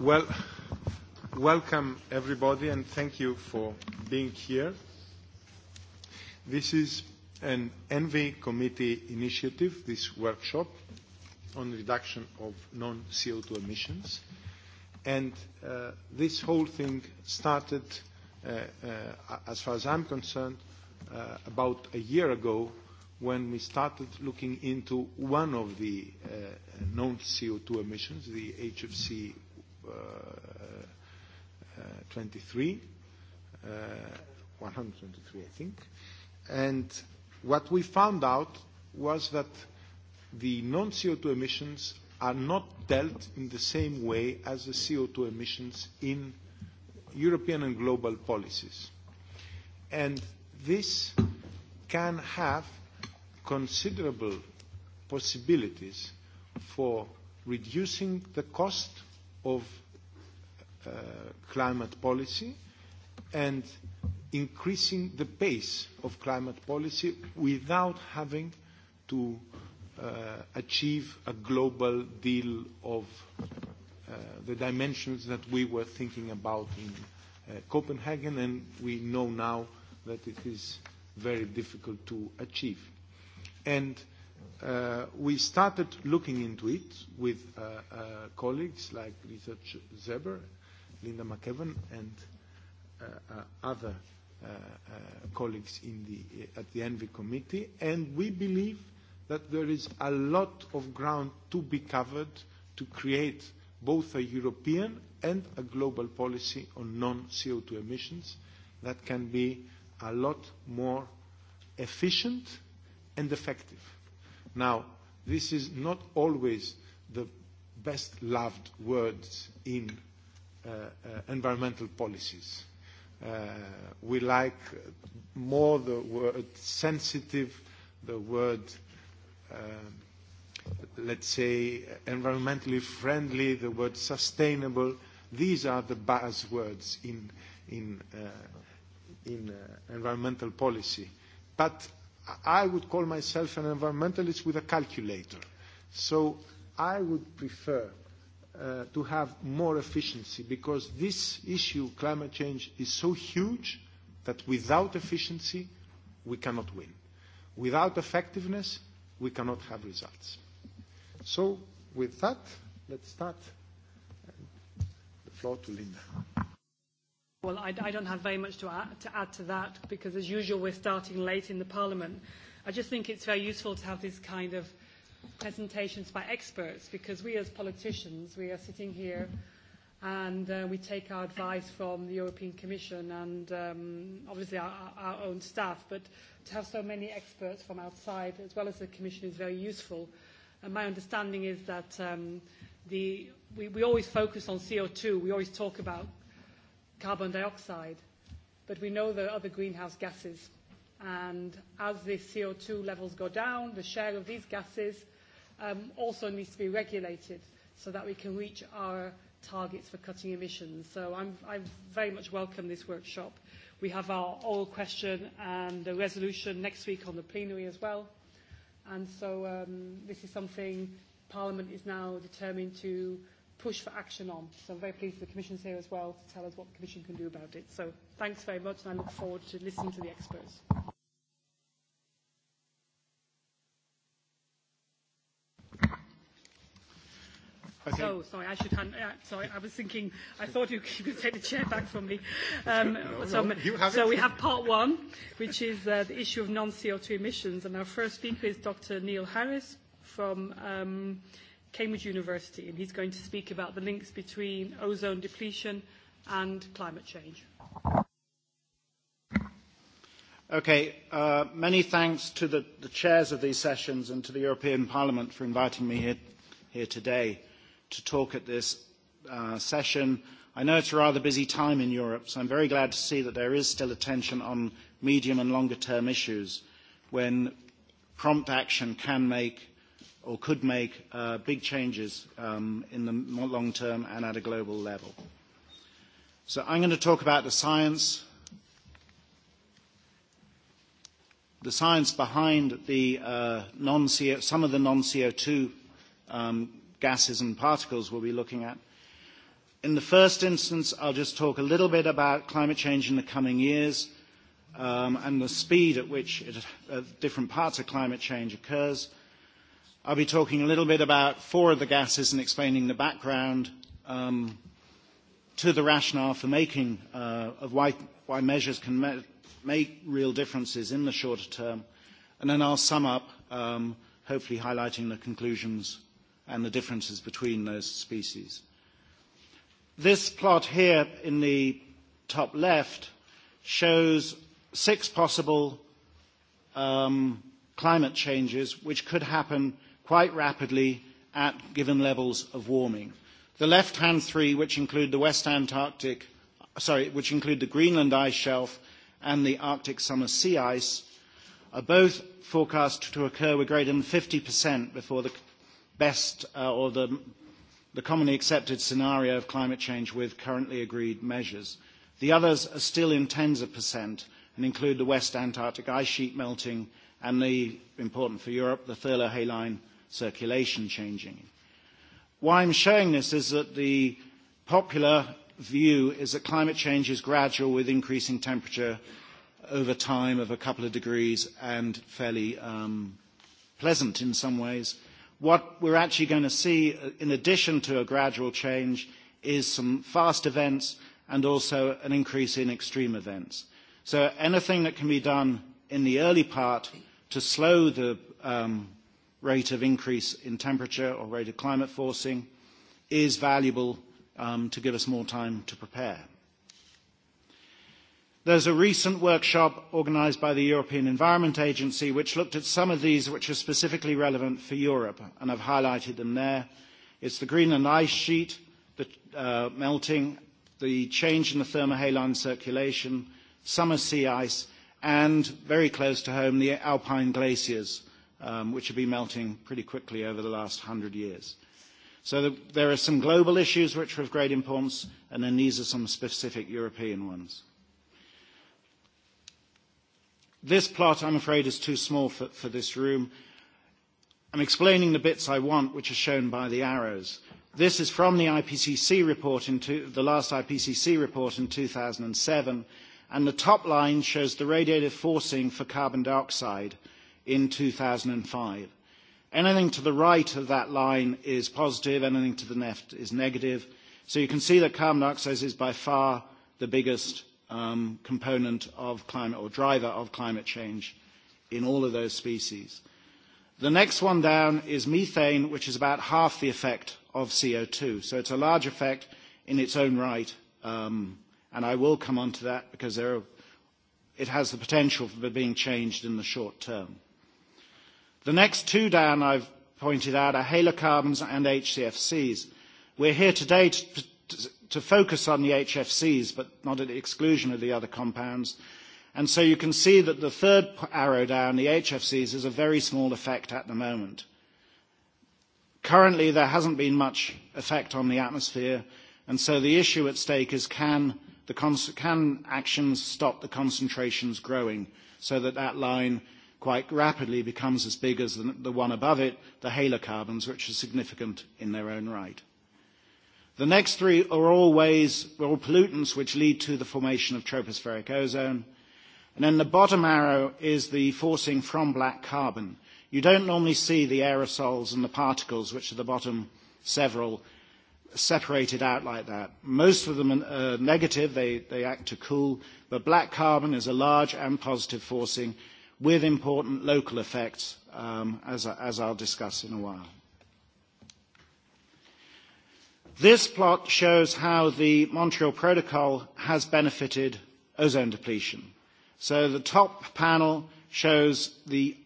Well, welcome everybody and thank you for being here. This is an ENVI committee initiative, this workshop on reduction of non-CO2 emissions. And uh, this whole thing started, uh, uh, as far as I'm concerned, uh, about a year ago when we started looking into one of the uh, known CO2 emissions, the HFC uh, uh, 23, uh, 123, I think. And what we found out was that the non-CO2 emissions are not dealt in the same way as the CO2 emissions in European and global policies. And this can have considerable possibilities for reducing the cost of uh, climate policy and increasing the pace of climate policy without having to uh, achieve a global deal of uh, the dimensions that we were thinking about in uh, Copenhagen, and we know now that it is very difficult to achieve. And uh, we started looking into it with uh, uh, colleagues like Richard Zeber Linda McEwan and uh, uh, other uh, uh, colleagues in the, uh, at the Envy Committee, and we believe that there is a lot of ground to be covered to create both a European and a global policy on non-CO2 emissions that can be a lot more efficient and effective. Now, this is not always the best loved words in uh, uh, environmental policies. Uh, we like more the word sensitive, the word, uh, let's say, environmentally friendly, the word sustainable. These are the buzzwords in, in, uh, in uh, environmental policy. But I would call myself an environmentalist with a calculator. So I would prefer uh, uh, to have more efficiency because this issue, climate change, is so huge that without efficiency, we cannot win. Without effectiveness, we cannot have results. So with that, let's start. The floor to Linda. Well, I, I don't have very much to add, to add to that because, as usual, we're starting late in the Parliament. I just think it's very useful to have this kind of uh, presentations by experts because we as politicians, we are sitting here and uh, we take our advice from the European Commission and um, obviously our, our own staff, but to have so many experts from outside as well as the Commission is very useful. And my understanding is that um, the, we, we always focus on CO2, we always talk about carbon dioxide, but we know there are other greenhouse gases And as the CO2 levels go down, the share of these gases um, also needs to be regulated so that we can reach our targets for cutting emissions. So I'm, I very much welcome this workshop. We have our oral question and the resolution next week on the plenary as well. And so um, this is something Parliament is now determined to push for action on. So I'm very pleased the Commission's here as well to tell us what the Commission can do about it. So thanks very much, and I look forward to listening to the experts. Okay. So, sorry, I should hand. Uh, sorry, I was thinking. I thought you, you could take the chair back from me. Um, no, so, no, you have so it. we have part one, which is uh, the issue of non-CO2 emissions, and our first speaker is Dr. Neil Harris from um, uh, Cambridge University, and he's going to speak about the links between ozone depletion and climate change. Okay, uh, many thanks to the, the chairs of these sessions and to the European Parliament for inviting me here, here today to talk at this uh, session. I know it's a rather busy time in Europe, so I'm very glad to see that there is still attention on medium and longer term issues when prompt action can make or could make uh, big changes um, in the long term and at a global level. So I'm going to talk about the science, the science behind the uh, non-CO, some of the non-CO2 um, gases and particles we'll be looking at. In the first instance, I'll just talk a little bit about climate change in the coming years um, and the speed at which it, uh, different parts of climate change occurs. Uh, I'll be talking a little bit about four of the gases and explaining the background um, to the rationale for making, uh, of why, why measures can me- make real differences in the shorter term. And then I'll sum up, um, hopefully highlighting the conclusions and the differences between those species. This plot here in the top left shows six possible um, climate changes which could happen quite rapidly at given levels of warming. The left-hand three, which include the West Antarctic, sorry, which include the Greenland ice shelf and the Arctic summer sea ice, are both forecast to occur with greater than 50% before the best uh, or the, the commonly accepted scenario of climate change with currently agreed measures. The others are still in tens of percent and include the West Antarctic ice sheet melting and the, important for Europe, the Thurlow Hay Line circulation changing. Why I'm showing this is that the popular view is that climate change is gradual with increasing temperature over time of a couple of degrees and fairly um, pleasant in some ways. What we're actually going to see, uh, in addition to a gradual change, is some fast events and also an increase in extreme events. So anything that can be done in the early part to slow the um, rate of increase in temperature or rate of climate forcing is valuable um, to give us more time to prepare. There's a recent workshop organized by the European Environment Agency which looked at some of these which are specifically relevant for Europe, and I've highlighted them there. It's the Greenland ice sheet, the uh, melting, the change in the thermohaline circulation, summer sea ice, and very close to home, the alpine glaciers, um, which have been melting pretty quickly over the last 100 years. So the, there are some global issues which are of great importance, and then these are some specific European ones. This plot, I'm afraid, is too small for, for this room. I'm explaining the bits I want, which are shown by the arrows. This is from the IPCC report, in two, the last IPCC report in 2007, and the top line shows the radiative forcing for carbon dioxide – in 2005. Anything to the right of that line is positive, anything to the left is negative. So you can see that carbon dioxide is by far the biggest um, component of climate or driver of climate change in all of those species. The next one down is methane, which is about half the effect of CO2. So it's a large effect in its own right. Um, and I will come on to that because there are, it has the potential for being changed in the short term. The next two down I've pointed out are halocarbons and HCFCs. We're here today to, to, to focus on the HFCs, but not at the exclusion of the other compounds. And so you can see that the third arrow down, the HFCs, is a very small effect at the moment. Currently, there hasn't been much effect on the atmosphere, and so the issue at stake is can, the cons- can actions stop the concentrations growing so that that line quite rapidly becomes as big as the, the one above it, the halocarbons, which are significant in their own right. The next three are all ways, are all pollutants which lead to the formation of tropospheric ozone. And then the bottom arrow is the forcing from black carbon. You don't normally see the aerosols and the particles, which are the bottom several, separated out like that. Most of them are negative, they, they act to cool, but black carbon is a large and positive forcing, with important local effects, um, as, as I'll discuss in a while. This plot shows how the Montreal Protocol has benefited ozone depletion. So the top panel shows the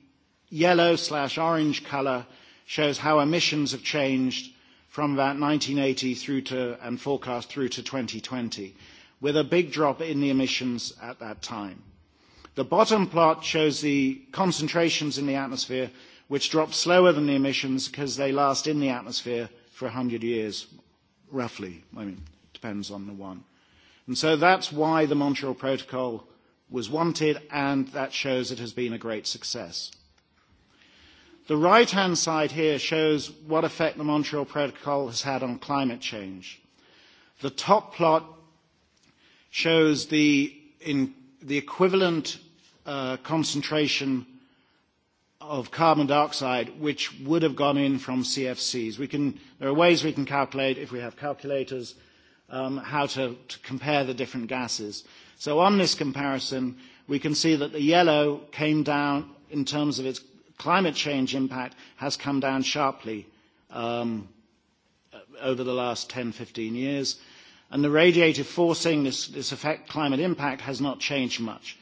yellow slash orange color shows how emissions have changed from about 1980 through to and forecast through to 2020, with a big drop in the emissions at that time. The bottom plot shows the concentrations in the atmosphere, which drop slower than the emissions because they last in the atmosphere for 100 years, roughly. I mean, depends on the one. And so that's why the Montreal Protocol was wanted, and that shows it has been a great success. The right-hand side here shows what effect the Montreal Protocol has had on climate change. The top plot shows the, in, the equivalent uh, concentration of carbon dioxide which would have gone in from CFCs. We can, there are ways we can calculate, if we have calculators, um, how to, to compare the different gases. So on this comparison, we can see that the yellow came down in terms of its climate change impact has come down sharply um, over the last 10, 15 years. And the radiative forcing, this, this effect climate impact, has not changed much.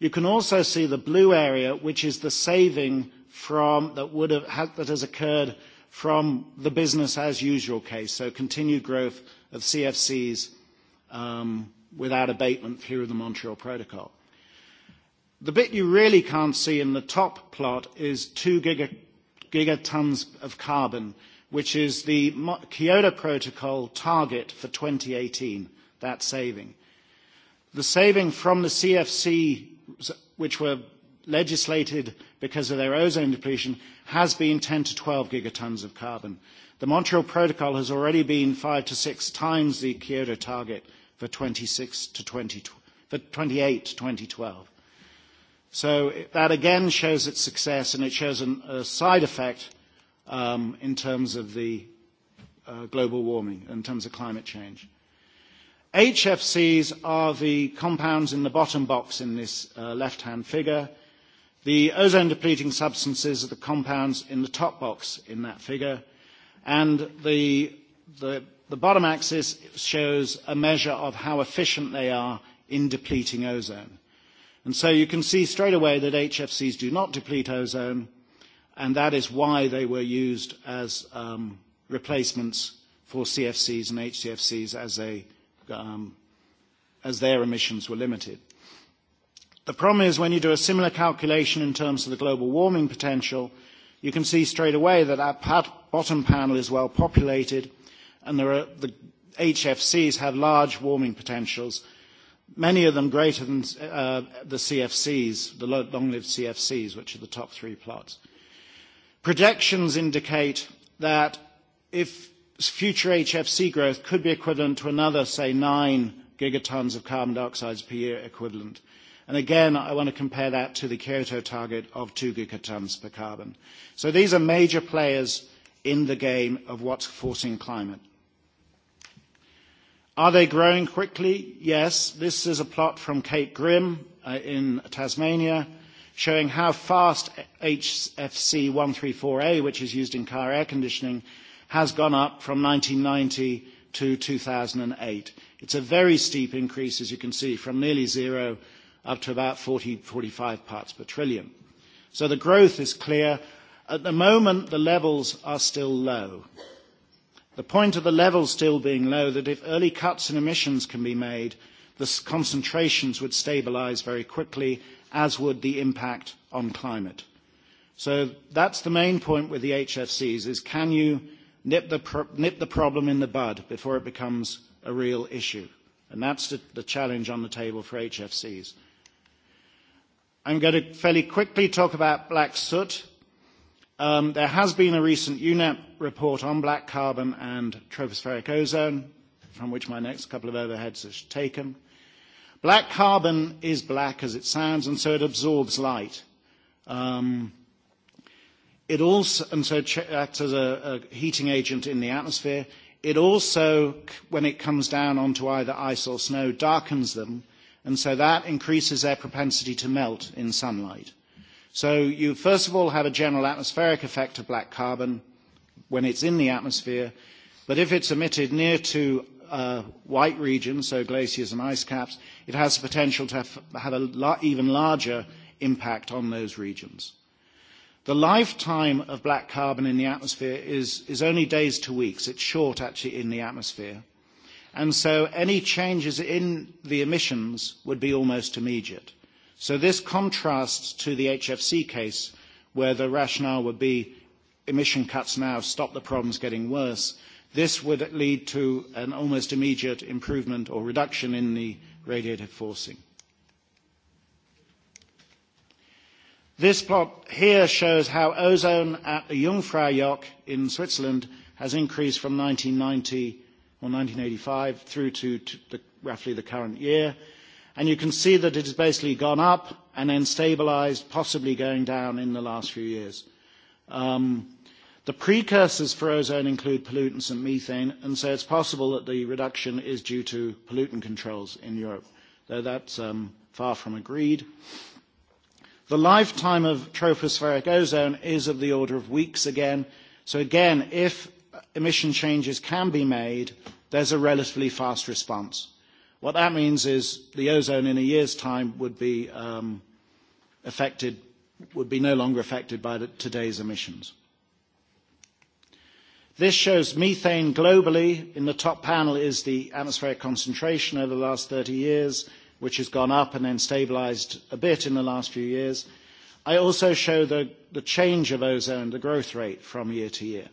You can also see the blue area, which is the saving from that would have that has occurred from the business as usual case, so continued growth of CFCs um, without abatement through the Montreal Protocol. The bit you really can't see in the top plot is 2 giga, gigatons of carbon, which is the Mo- Kyoto Protocol target for 2018, that saving. The saving from the CFC which were legislated because of their ozone depletion has been 10 to 12 gigatons of carbon. The Montreal Protocol has already been five to six times the Kyoto target for 26 to 20, for 28 to 2012. So that again shows its success and it shows an, a side effect um, in terms of the uh, global warming, in terms of climate change. HFCs are the compounds in the bottom box in this uh, left-hand figure. The ozone-depleting substances are the compounds in the top box in that figure. And the, the, the bottom axis shows a measure of how efficient they are in depleting ozone. And so you can see straight away that HFCs do not deplete ozone, and that is why they were used as um, replacements for CFCs and HCFCs as a um, as their emissions were limited. The problem is when you do a similar calculation in terms of the global warming potential, you can see straight away that that pat- bottom panel is well populated and there are, the HFCs had large warming potentials, many of them greater than uh, the CFCs, the long-lived CFCs, which are the top three plots. Projections indicate that if future HFC growth could be equivalent to another, say, 9 gigatons of carbon dioxide per year equivalent. And again, I want to compare that to the Kyoto target of 2 gigatons per carbon. So these are major players in the game of what's forcing climate. Are they growing quickly? Yes. This is a plot from Cape Grim uh, in Tasmania showing how fast HFC 134A, which is used in car air conditioning, has gone up from 1990 to 2008. It's a very steep increase, as you can see, from nearly zero up to about 40, 45 parts per trillion. So the growth is clear. At the moment, the levels are still low. The point of the levels still being low, that if early cuts in emissions can be made, the concentrations would stabilize very quickly, as would the impact on climate. So that's the main point with the HFCs, is can you nip the, pro- nip the problem in the bud before it becomes a real issue. And that's the, the challenge on the table for HFCs. I'm going to fairly quickly talk about black soot. Um, there has been a recent UNEP report on black carbon and tropospheric ozone, from which my next couple of overheads are taken. Black carbon is black as it sounds, and so it absorbs light. Um, It also, and so ch- acts as a, a heating agent in the atmosphere. It also, when it comes down onto either ice or snow, darkens them, and so that increases their propensity to melt in sunlight. So you first of all have a general atmospheric effect of black carbon when it's in the atmosphere, but if it's emitted near to uh, white regions, so glaciers and ice caps, it has the potential to have, have an la- even larger impact on those regions. The lifetime of black carbon in the atmosphere is, is only days to weeks. It's short, actually, in the atmosphere. And so any changes in the emissions would be almost immediate. So this contrasts to the HFC case, where the rationale would be emission cuts now stop the problems getting worse. This would lead to an almost immediate improvement or reduction in the radiative forcing. This plot here shows how ozone at the Jungfraujoch in Switzerland has increased from 1990 or 1985 through to, to the, roughly the current year. And you can see that it has basically gone up and then stabilized, possibly going down in the last few years. Um, the precursors for ozone include pollutants and methane, and so it's possible that the reduction is due to pollutant controls in Europe, though that's um, far from agreed. Uh, The lifetime of tropospheric ozone is of the order of weeks again. So again, if emission changes can be made, there's a relatively fast response. What that means is the ozone in a year's time would be um, affected, would be no longer affected by the, today's emissions. This shows methane globally. In the top panel is the atmospheric concentration over the last 30 years which has gone up and then stabilized a bit in the last few years. I also show the, the change of ozone, the growth rate from year to year.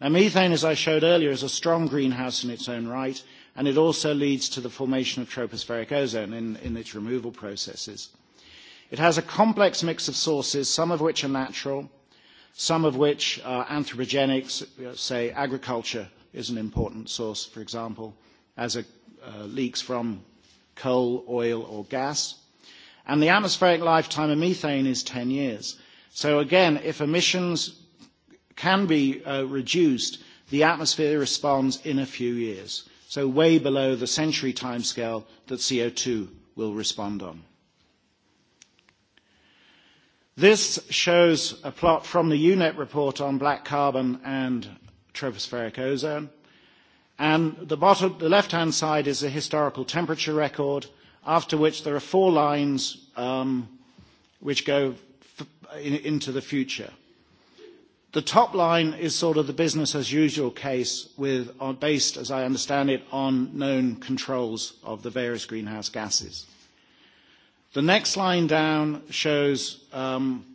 Now, methane, as I showed earlier, is a strong greenhouse in its own right, and it also leads to the formation of tropospheric ozone in, in its removal processes. It has a complex mix of sources, some of which are natural, some of which are anthropogenic, say agriculture is an important source, for example, as a, uh, leaks from coal, oil, or gas. And the atmospheric lifetime of methane is 10 years. So again, if emissions can be uh, reduced, the atmosphere responds in a few years, so way below the century timescale that CO2 will respond on. This shows a plot from the UNEP report on black carbon and tropospheric ozone. And the, bottom, the left-hand side is a historical temperature record, after which there are four lines um, which go f- in, into the future. The top line is sort of the business as usual case with, uh, based, as I understand it, on known controls of the various greenhouse gases. The next line down shows um,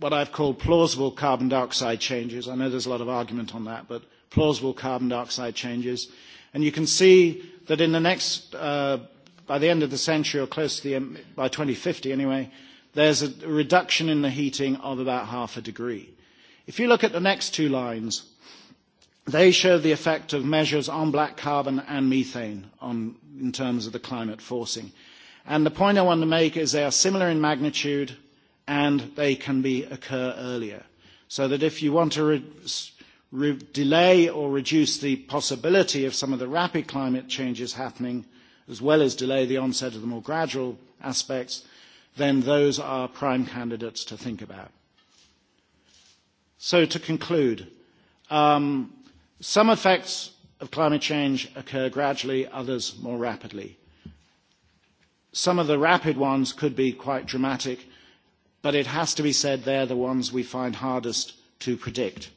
what I've called plausible carbon dioxide changes. I know there's a lot of argument on that, but plausible carbon dioxide changes. And you can see that in the next, uh, by the end of the century or close to the, um, by 2050 anyway, there's a reduction in the heating of about half a degree. If you look at the next two lines, they show the effect of measures on black carbon and methane on, in terms of the climate forcing. And the point I want to make is they are similar in magnitude and they can be occur earlier. So that if you want to re- re- delay or reduce the possibility of some of the rapid climate changes happening, as well as delay the onset of the more gradual aspects, then those are prime candidates to think about. So to conclude, um, some effects of climate change occur gradually, others more rapidly. Some of the rapid ones could be quite dramatic, but it has to be said they're the ones we find hardest to predict.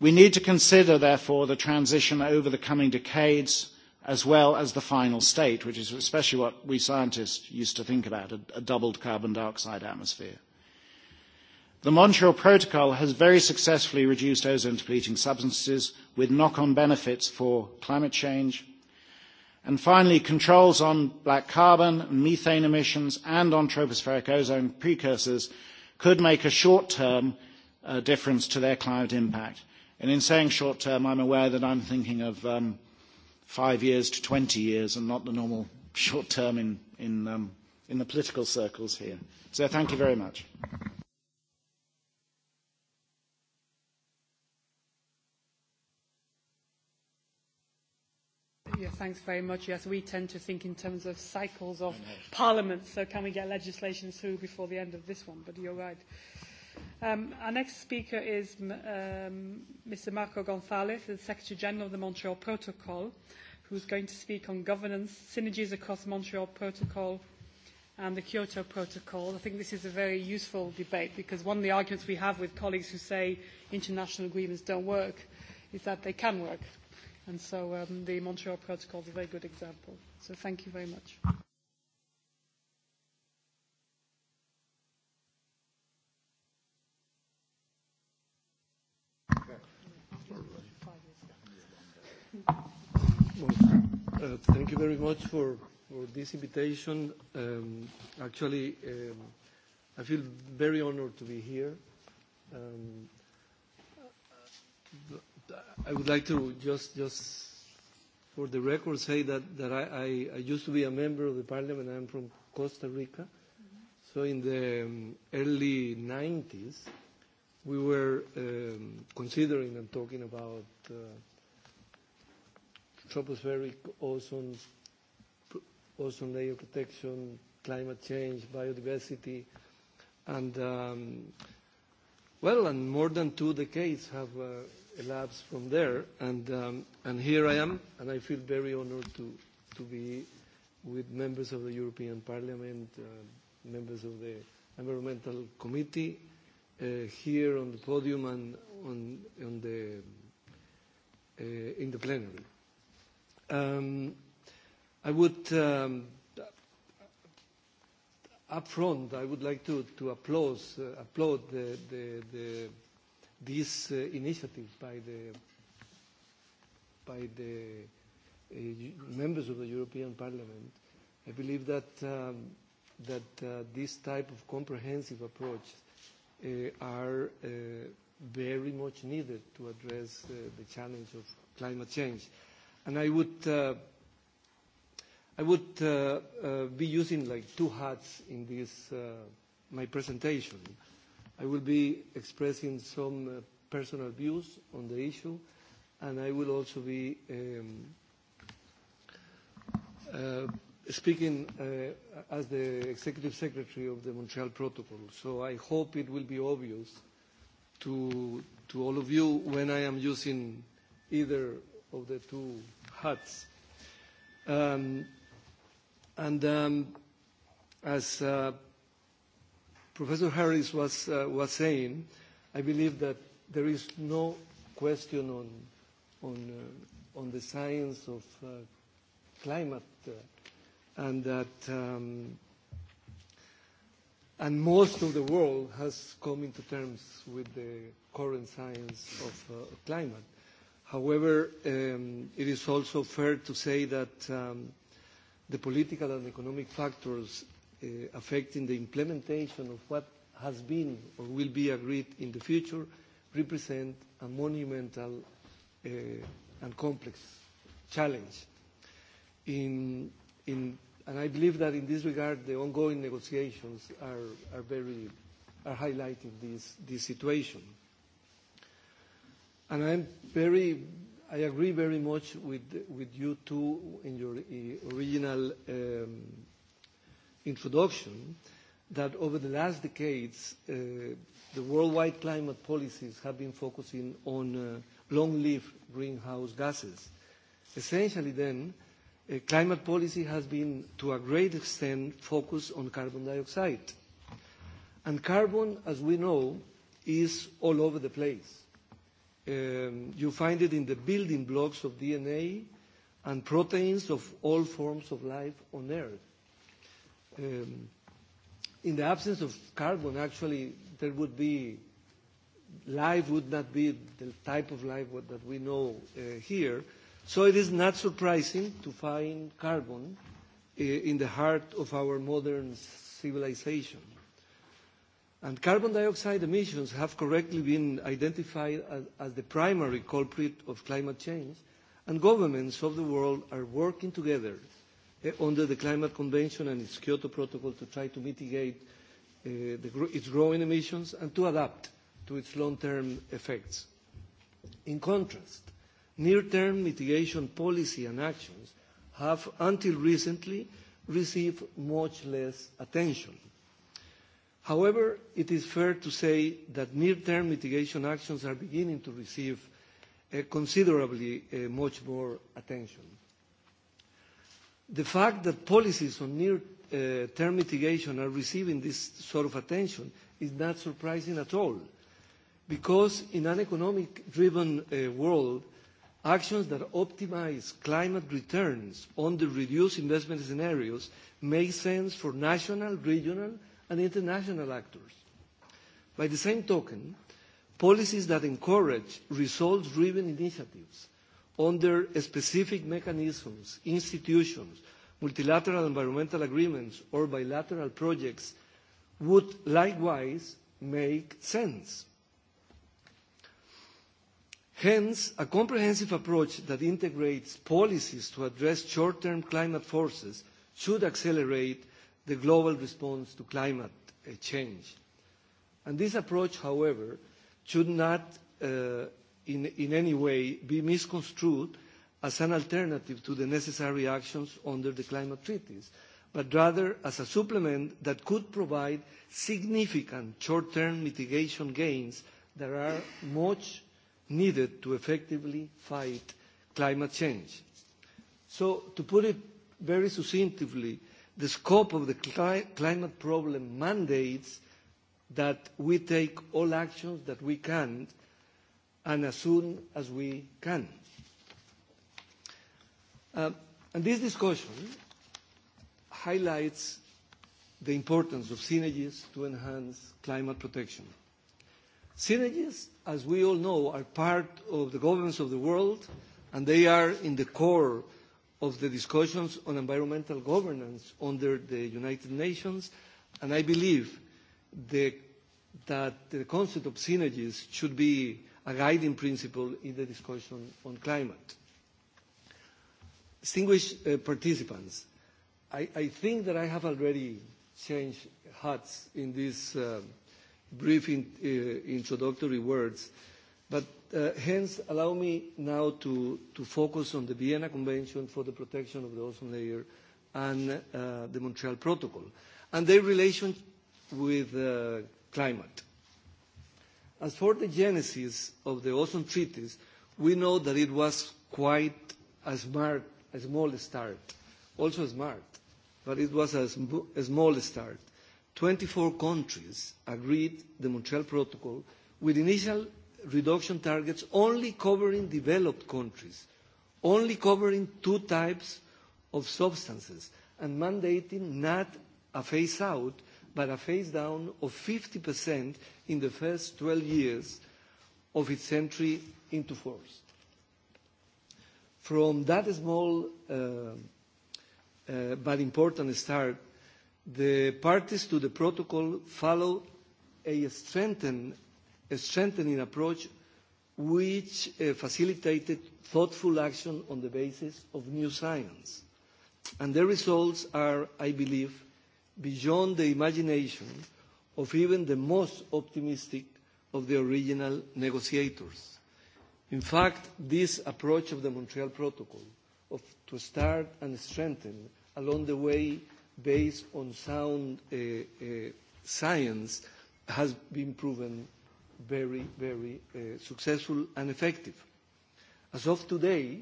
We need to consider, therefore, the transition over the coming decades as well as the final state, which is especially what we scientists used to think about, a, a doubled carbon dioxide atmosphere. The Montreal Protocol has very successfully reduced ozone depleting substances with knock-on benefits for climate change. And finally, controls on black carbon and methane emissions and on tropospheric ozone precursors could make a short-term uh, difference to their climate impact And in saying short term, I'm aware that I'm thinking of um, five years to 20 years and not the normal short term in, in, um, in the political circles here. So thank you very much. Yeah, thanks very much. Yes, we tend to think in terms of cycles of parliament, so can we get legislation through before the end of this one? But you're right. Uh, Um, our next speaker is um, Mr. Marco Gonzalez, the Secretary General of the Montreal Protocol, who's going to speak on governance, synergies across Montreal Protocol and the Kyoto Protocol. I think this is a very useful debate because one of the arguments we have with colleagues who say international agreements don't work is that they can work. And so um, the Montreal Protocol is a very good example. So thank you very much. Uh, thank you very much for, for this invitation. Um, actually, um, I feel very honored to be here. Um, I would like to just, just for the record, say that, that I, I, I used to be a member of the parliament. I'm from Costa Rica. So in the um, early 90s, we were um, considering and talking about uh, tropospheric ozone, ozone layer protection, climate change, biodiversity, and um, well, and more than two decades have uh, elapsed from there, and um, and here I am, and I feel very honoured to to be with members of the European Parliament, uh, members of the Environmental Committee, uh, here on the podium and on on the uh, in the plenary. Um, I would um, upfront, I would like to, to applause, uh, applaud the, the, the, this uh, initiative by the, by the uh, members of the European Parliament. I believe that, um, that uh, this type of comprehensive approach uh, are uh, very much needed to address uh, the challenge of climate change. Uh, And I would, uh, I would uh, uh, be using like two hats in this, uh, my presentation. I will be expressing some uh, personal views on the issue, and I will also be um, uh, speaking uh, as the executive secretary of the Montreal Protocol. So I hope it will be obvious to, to all of you when I am using either of the two huts. Um, and um, as uh, Professor Harris was, uh, was saying, I believe that there is no question on, on, uh, on the science of uh, climate uh, and that um, and most of the world has come into terms with the current science of uh, climate. However, um, it is also fair to say that um, the political and economic factors uh, affecting the implementation of what has been or will be agreed in the future represent a monumental uh, and complex challenge. In, in, and I believe that in this regard, the ongoing negotiations are, are, very, are highlighting this, this situation. Uh, And I'm very, I agree very much with, with you two in your eh, original um, introduction that over the last decades, uh, the worldwide climate policies have been focusing on uh, long-lived greenhouse gases. Essentially then, uh, climate policy has been, to a great extent, focused on carbon dioxide. And carbon, as we know, is all over the place. Um, you find it in the building blocks of DNA and proteins of all forms of life on Earth. Um, in the absence of carbon, actually, there would be life would not be the type of life that we know uh, here. So it is not surprising to find carbon uh, in the heart of our modern civilization. And carbon dioxide emissions have correctly been identified as, as the primary culprit of climate change, and governments of the world are working together uh, under the Climate Convention and its Kyoto Protocol to try to mitigate uh, the, its growing emissions and to adapt to its long-term effects. In contrast, near-term mitigation policy and actions have, until recently, received much less attention – However, it is fair to say that near-term mitigation actions are beginning to receive uh, considerably uh, much more attention. The fact that policies on near-term uh, mitigation are receiving this sort of attention is not surprising at all, because in an economic-driven uh, world, actions that optimize climate returns on the reduced investment scenarios make sense for national, regional, and international actors. By the same token, policies that encourage results-driven initiatives under specific mechanisms, institutions, multilateral environmental agreements, or bilateral projects would likewise make sense. Hence, a comprehensive approach that integrates policies to address short-term climate forces should accelerate the global response to climate eh, change. And this approach, however, should not uh, in, in any way be misconstrued as an alternative to the necessary actions under the climate treaties, but rather as a supplement that could provide significant short-term mitigation gains that are much needed to effectively fight climate change. So to put it very succinctively, the scope of the cli climate problem mandates that we take all actions that we can and as soon as we can. Uh, and this discussion highlights the importance of synergies to enhance climate protection. Synergies, as we all know, are part of the governments of the world, and they are in the core of of the discussions on environmental governance under the United Nations, and I believe the, that the concept of synergies should be a guiding principle in the discussion on climate. Distinguished uh, participants, I, I think that I have already changed hats in these uh, brief in, uh, introductory words, but Uh, hence, allow me now to, to focus on the Vienna Convention for the Protection of the Ozone Layer and uh, the Montreal Protocol and their relation with uh, climate. As for the genesis of the Ozone Treaties, we know that it was quite a smart, a small start, also smart, but it was a, sm a small start. 24 countries agreed the Montreal Protocol with initial reduction targets only covering developed countries, only covering two types of substances, and mandating not a phase out, but a phase down of 50% in the first 12 years of its entry into force. From that small uh, uh, but important start, the parties to the protocol follow a strengthened a strengthening approach which uh, facilitated thoughtful action on the basis of new science. And the results are, I believe, beyond the imagination of even the most optimistic of the original negotiators. In fact, this approach of the Montreal Protocol, of to start and strengthen along the way based on sound uh, uh, science, has been proven very, very uh, successful and effective. As of today,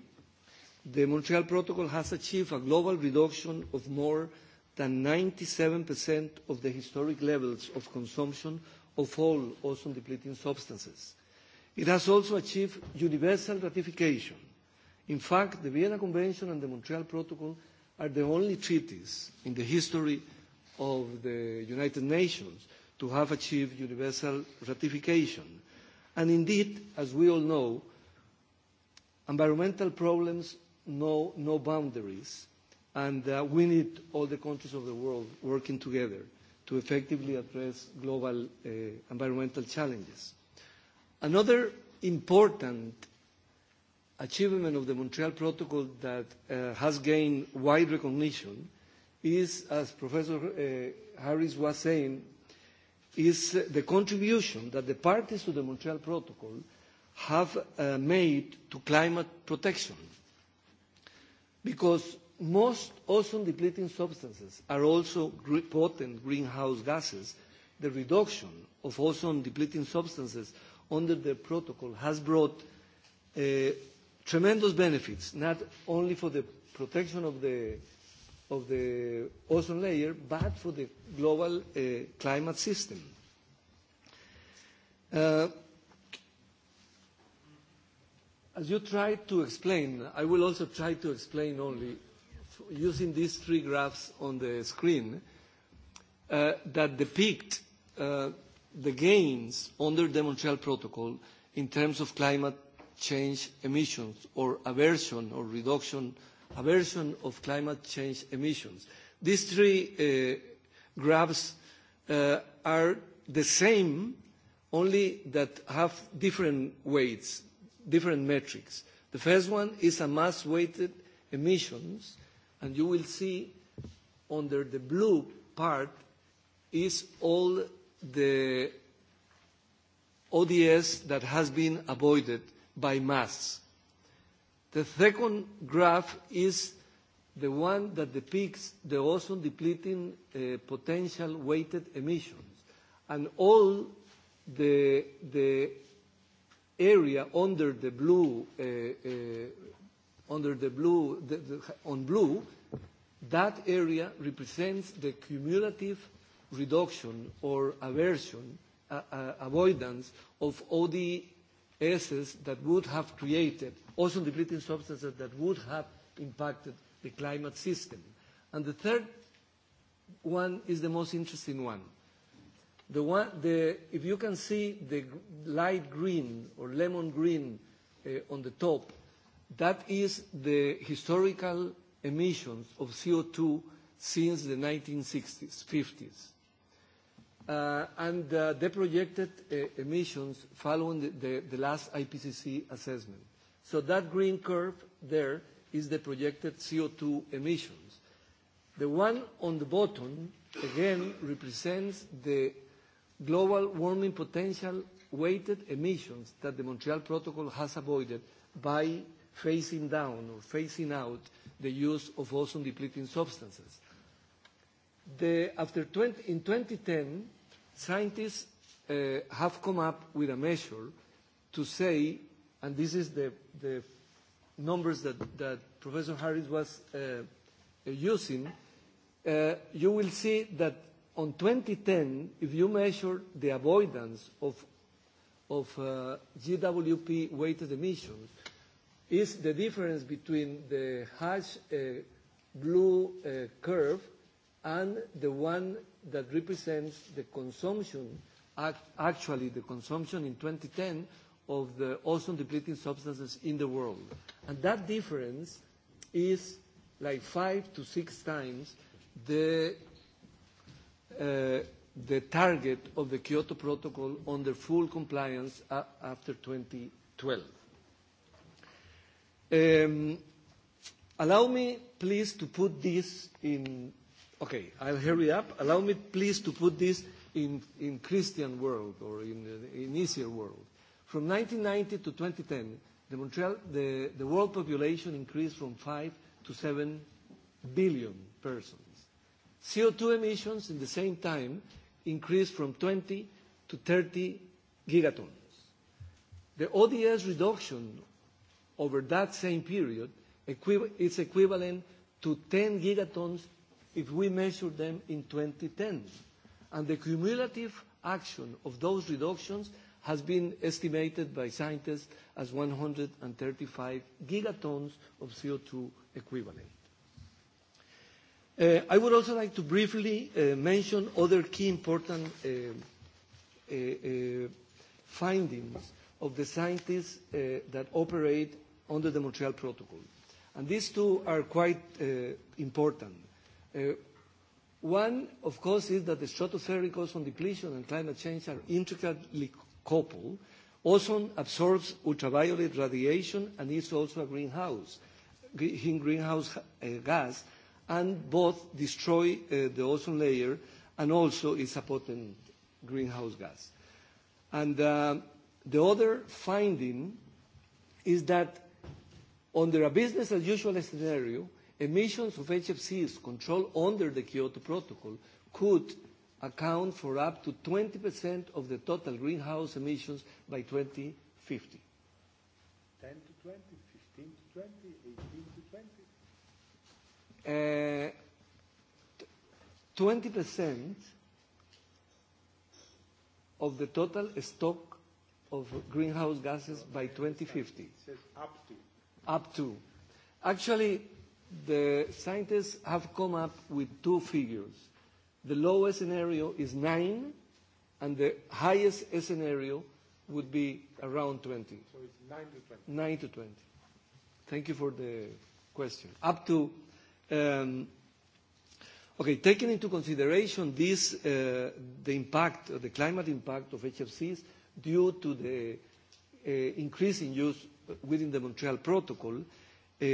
the Montreal Protocol has achieved a global reduction of more than 97% of the historic levels of consumption of all ozone-depleting substances. It has also achieved universal ratification. In fact, the Vienna Convention and the Montreal Protocol are the only treaties in the history of the United Nations to have achieved universal ratification. And indeed, as we all know, environmental problems know no boundaries, and uh, we need all the countries of the world working together to effectively address global uh, environmental challenges. Another important achievement of the Montreal Protocol that uh, has gained wide recognition is, as Professor uh, Harris was saying, is the contribution that the parties to the Montreal Protocol have uh, made to climate protection. Because most ozone depleting substances are also potent greenhouse gases. The reduction of ozone depleting substances under the protocol has brought uh, tremendous benefits, not only for the protection of the of the ozone layer, but for the global uh, climate system. Uh, as you try to explain, I will also try to explain only using these three graphs on the screen uh, that depict uh, the gains under the Montreal Protocol in terms of climate change emissions or aversion or reduction uh, aversion of climate change emissions. These three uh, graphs uh, are the same, only that have different weights, different metrics. The first one is a mass-weighted emissions, and you will see under the blue part is all the ODS that has been avoided by mass. The second graph is the one that depicts the ozone depleting uh, potential weighted emissions. And all the, the area under the blue, uh, uh, under the blue, the, the, on blue, that area represents the cumulative reduction or aversion, uh, uh, avoidance of ODSs that would have created ozone depleting substances that would have impacted the climate system. And the third one is the most interesting one. The one, the, if you can see the light green or lemon green uh, on the top, that is the historical emissions of CO2 since the 1960s, 50s. Uh, and uh, the projected uh, emissions following the, the, the last IPCC assessment. So that green curve there is the projected CO2 emissions. The one on the bottom, again, represents the global warming potential weighted emissions that the Montreal Protocol has avoided by phasing down or phasing out the use of ozone-depleting substances. The, after 20, in 2010, scientists uh, have come up with a measure to say and this is the, the numbers that, that Professor Harris was uh, uh using, uh, you will see that on 2010, if you measure the avoidance of, of uh, GWP-weighted emissions, is the difference between the hash uh, blue uh, curve and the one that represents the consumption, act, actually the consumption in 2010 of the ozone-depleting substances in the world. And that difference is like five to six times the, uh, the target of the Kyoto Protocol on the full compliance after 2012. Um, allow me, please, to put this in... Okay, I'll hurry up. Allow me, please, to put this in, in Christian world or in, uh, in easier world. From 1990 to 2010, the, Montreal, the, the world population increased from 5 to 7 billion persons. CO2 emissions in the same time increased from 20 to 30 gigatons. The ODS reduction over that same period is equivalent to 10 gigatons if we measure them in 2010. And the cumulative action of those reductions has been estimated by scientists as 135 gigatons of CO2 equivalent. Uh, I would also like to briefly uh, mention other key important uh, uh, uh findings of the scientists uh, that operate under the Montreal Protocol. And these two are quite important. One, of course, is that the stratospheric ozone depletion and climate change are intricately couple, ozone absorbs ultraviolet radiation and is also a greenhouse, greenhouse uh, gas, and both destroy uh, the ozone layer and also is a potent greenhouse gas. And uh, the other finding is that under a business as usual scenario, emissions of HFCs controlled under the Kyoto Protocol could account for up to 20% of the total greenhouse emissions by 2050. 10 to 20, 15 to 20, 18 to 20? Uh, 20% of the total stock of greenhouse gases by 2050. It says up to. Up to. Actually, the scientists have come up with two figures The lowest scenario is 9, and the highest scenario would be around 20. So it's 9 to 20. 9 to 20. Thank you for the question. Up to, um, okay, taking into consideration this, uh, the impact, uh, the climate impact of HFCs due to the uh, increase in use within the Montreal Protocol, uh,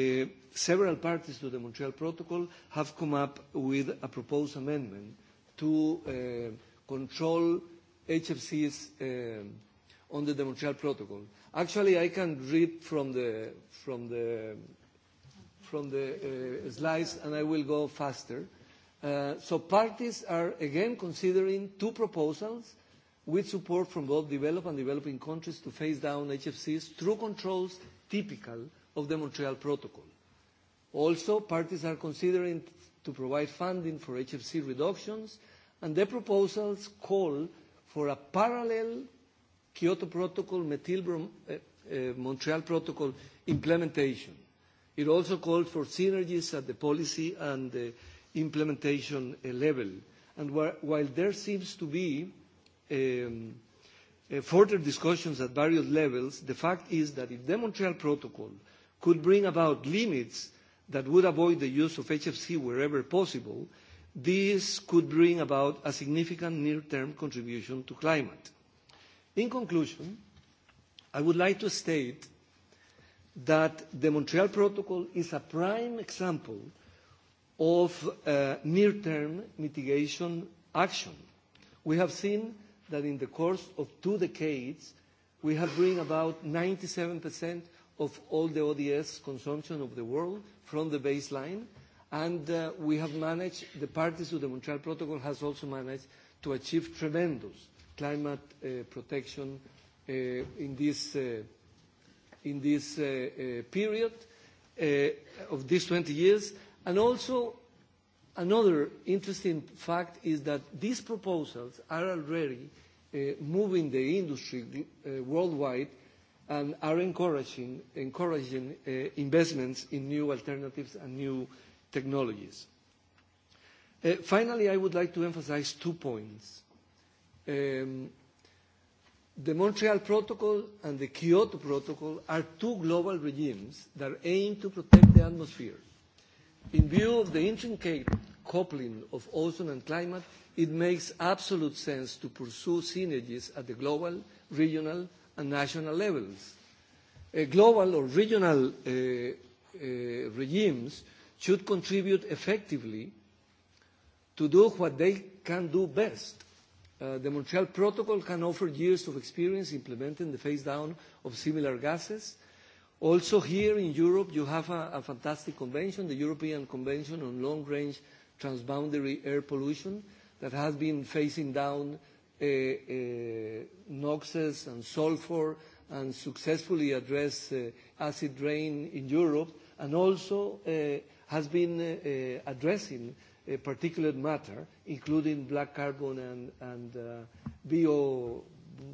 several parties to the Montreal Protocol have come up with a proposed amendment to uh, control HFCs um, eh, on the Montreal Protocol. Actually, I can read from the, from the, from the uh, slides, and I will go faster. Uh, so parties are again considering two proposals with support from both developed and developing countries to phase down HFCs through controls typical of the Montreal Protocol. Also, parties are considering to provide funding for HFC reductions, and the proposals call for a parallel Kyoto Protocol Methyl Brom uh, eh, uh, eh, Montreal Protocol implementation. It also called for synergies at the policy and the implementation uh, level. And wh while there seems to be um, uh, further discussions at various levels, the fact is that if the Montreal Protocol could bring about limits that would avoid the use of HFC wherever possible, this could bring about a significant near-term contribution to climate. In conclusion, I would like to state that the Montreal Protocol is a prime example of uh, near-term mitigation action. We have seen that in the course of two decades, we have bring about 97% of all the ODS consumption of the world from the baseline. And uh, we have managed, the parties to the Montreal Protocol has also managed to achieve tremendous climate uh, protection uh, in this, uh, in this uh, uh, period uh, of these 20 years. And also, another interesting fact is that these proposals are already uh, moving the industry uh, worldwide uh, and are encouraging, encouraging uh, investments in new alternatives and new technologies. Uh, finally, I would like to emphasize two points. Um, the Montreal Protocol and the Kyoto Protocol are two global regimes that aim to protect the atmosphere. In view of the intricate coupling of ozone and climate, it makes absolute sense to pursue synergies at the global, regional, and national levels. Uh, global or regional uh, uh, regimes should contribute effectively to do what they can do best. Uh, the Montreal Protocol can offer years of experience implementing the phase down of similar gases. Also here in Europe, you have a, a fantastic convention, the European Convention on Long-Range Transboundary Air Pollution, that has been phasing down uh, Uh, uh, NOxes and sulfur and successfully address uh, acid rain in Europe, and also has been addressing particulate matter, including black carbon and, and uh, bio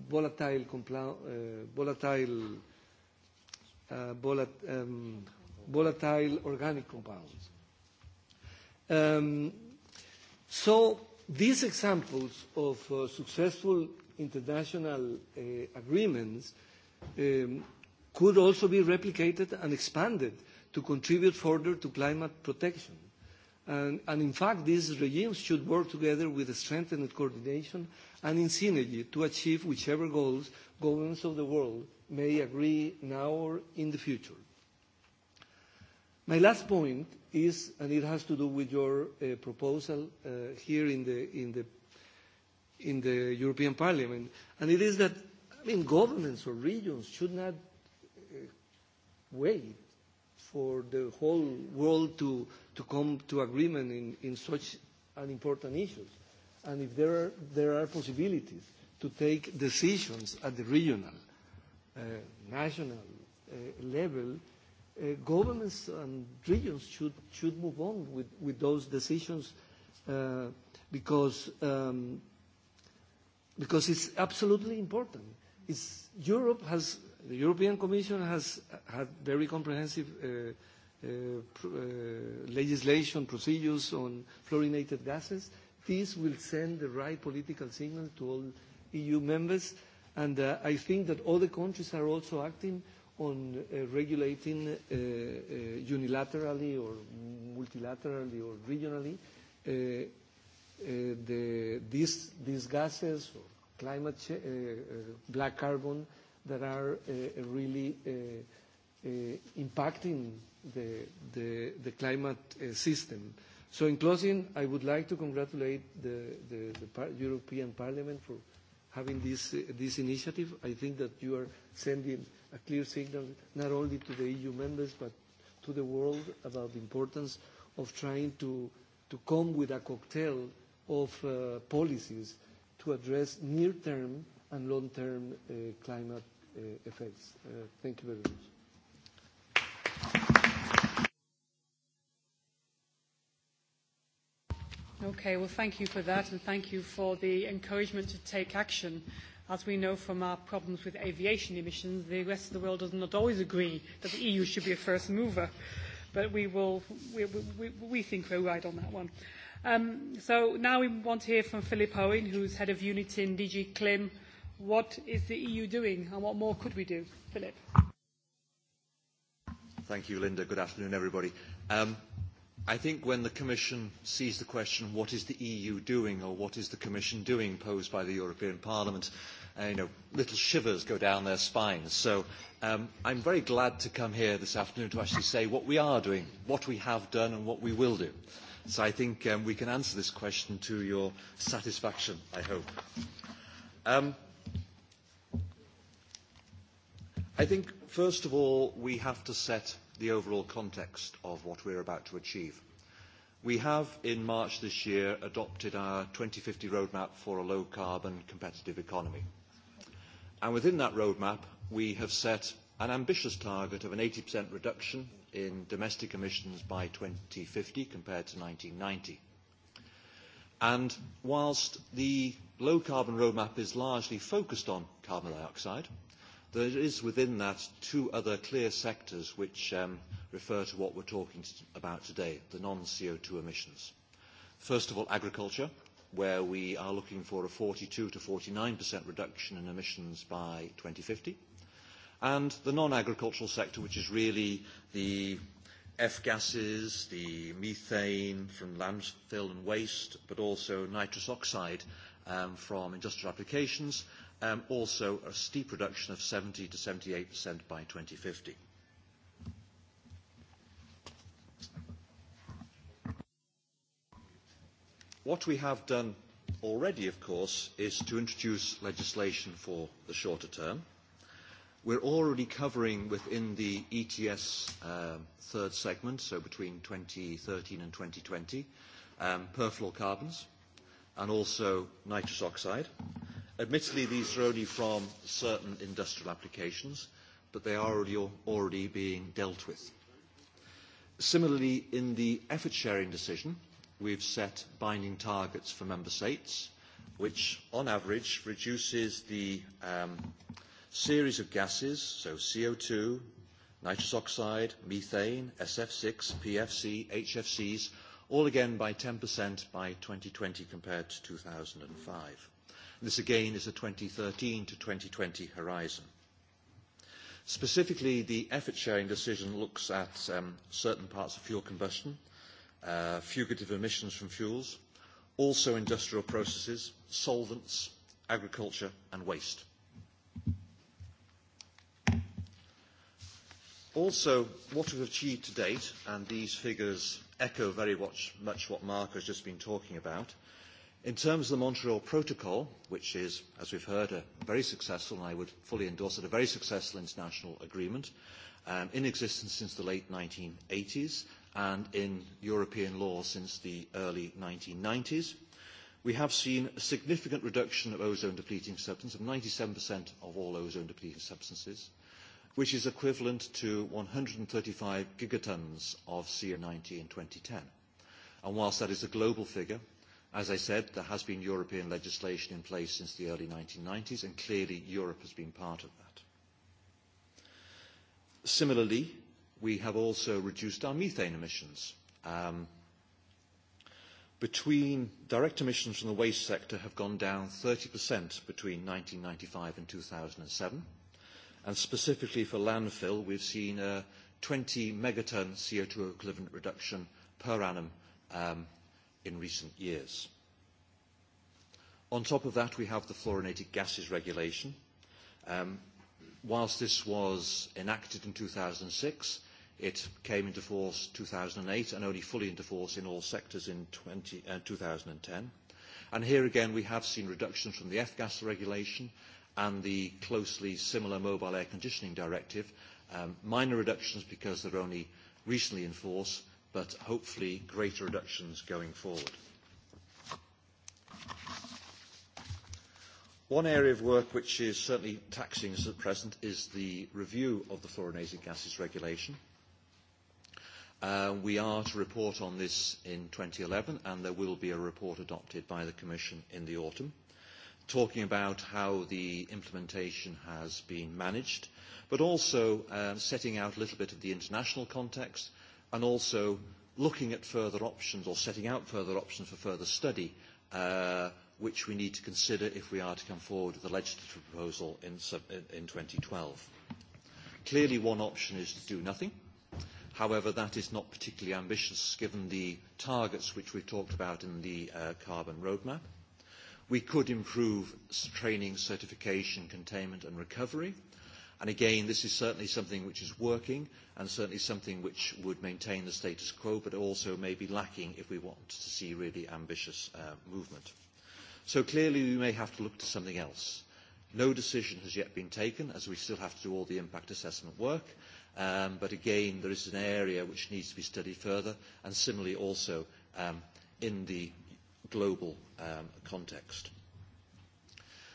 volatile compla- uh, volatile uh, volat- um, volatile organic compounds. Um, so These examples of uh, successful international uh, agreements um, could also be replicated and expanded to contribute further to climate protection. And, and in fact, these regimes should work together with a strengthened coordination and in synergy to achieve whichever goals governments of the world may agree now or in the future. My last point is, and it has to do with your uh, proposal uh, here in the, in, the, in the European Parliament, and it is that, I mean, governments or regions should not uh, wait for the whole world to, to come to agreement in, in such an important issue. And if there are, there are possibilities to take decisions at the regional, uh, national uh, level, uh, uh, governments and regions should, should move on with, with those decisions uh, because, um, because it's absolutely important. It's, Europe has, the European Commission has had very comprehensive uh, Uh, pr uh, legislation procedures on fluorinated gases. This will send the right political signal to all EU members, and uh, I think that other countries are also acting on uh, regulating uh, uh, unilaterally or multilaterally or regionally uh, uh, the, these, these gases or climate ch- uh, uh, black carbon that are uh, really uh, uh, impacting the, the, the climate uh, system. So in closing, I would like to congratulate the, the, the par- European Parliament for having this, uh, this initiative. I think that you are sending uh, a clear signal not only to the EU members but to the world about the importance of trying to, to come with a cocktail of uh, policies to address near-term and long-term uh, climate uh, effects. Uh, thank you very much. Okay, well, thank you for that, and thank you for the encouragement to take action as we know from our problems with aviation emissions, the rest of the world does not always agree that the EU should be a first mover. But we, will, we, we, we think we're right on that one. Um, so now we want to hear from Philip Owen, who's head of unit in DG CLIM. What is the EU doing and what more could we do? Philip. Thank you, Linda. Good afternoon, everybody. Um, I think when the Commission sees the question, what is the EU doing or what is the Commission doing, posed by the European Parliament, uh, you know, little shivers go down their spines. So um, I'm very glad to come here this afternoon to actually say what we are doing, what we have done and what we will do. So I think um, we can answer this question to your satisfaction, I hope. Um, I think, first of all, we have to set the overall context of what we're about to achieve. We have, in March this year, adopted our 2050 roadmap for a low-carbon competitive economy. And within that roadmap, we have set an ambitious target of an 80% reduction in domestic emissions by 2050 compared to 1990. And whilst the low carbon roadmap is largely focused on carbon dioxide, there is within that two other clear sectors which um, refer to what we're talking about today, the non-CO2 emissions. First of all, agriculture, where we are looking for a 42 to 49% reduction in emissions by 2050. And the non-agricultural sector, which is really the F-gases, the methane from landfill and waste, but also nitrous oxide um, from industrial applications, um, also a steep reduction of 70 to 78% by 2050. What we have done already, of course, is to introduce legislation for the shorter term. We're already covering within the ETS um, third segment, so between 2013 and 2020, um, perfluorocarbons and also nitrous oxide. Admittedly, these are only from certain industrial applications, but they are already, already being dealt with. Similarly, in the effort-sharing decision, we've set binding targets for member states, which on average reduces the um, series of gases, so CO2, nitrous oxide, methane, SF6, PFC, HFCs, all again by 10% by 2020 compared to 2005. This again is a 2013 to 2020 horizon. Specifically, the effort sharing decision looks at um, certain parts of fuel combustion, uh, fugitive emissions from fuels, also industrial processes, solvents, agriculture and waste. Also, what we've achieved to date, and these figures echo very much, much what Mark has just been talking about, in terms of the Montreal Protocol, which is, as we've heard, a very successful, and I would fully endorse it, a very successful international agreement um, in existence since the late 1980s, and in European law since the early 1990s. We have seen a significant reduction of ozone-depleting substances, of 97% of all ozone-depleting substances, which is equivalent to 135 gigatons of CO90 in 2010. And whilst that is a global figure, as I said, there has been European legislation in place since the early 1990s, and clearly Europe has been part of that. Similarly, we have also reduced our methane emissions. Um, between direct emissions from the waste sector have gone down 30% between 1995 and 2007. And specifically for landfill, we've seen a 20 megaton CO2 equivalent reduction per annum um, in recent years. On top of that, we have the fluorinated gases regulation. Um, whilst this was enacted in 2006, It came into force 2008 and only fully into force in all sectors in 20, uh, 2010. And here again, we have seen reductions from the F-gas regulation and the closely similar mobile air conditioning directive. Um, minor reductions because they're only recently in force, but hopefully greater reductions going forward. One area of work which is certainly taxing us at present is the review of the fluorinated gases regulation. Uh, we are to report on this in 2011, and there will be a report adopted by the Commission in the autumn, talking about how the implementation has been managed, but also uh, setting out a little bit of the international context, and also looking at further options or setting out further options for further study, uh, which we need to consider if we are to come forward with a legislative proposal in, in 2012. Clearly, one option is to do nothing, uh, However, that is not particularly ambitious given the targets which we've talked about in the uh, carbon roadmap. We could improve training, certification, containment and recovery. And again, this is certainly something which is working and certainly something which would maintain the status quo, but also may be lacking if we want to see really ambitious uh, movement. So clearly we may have to look to something else. No decision has yet been taken, as we still have to do all the impact assessment work, Um, but again, there is an area which needs to be studied further, and similarly also um, in the global um, context.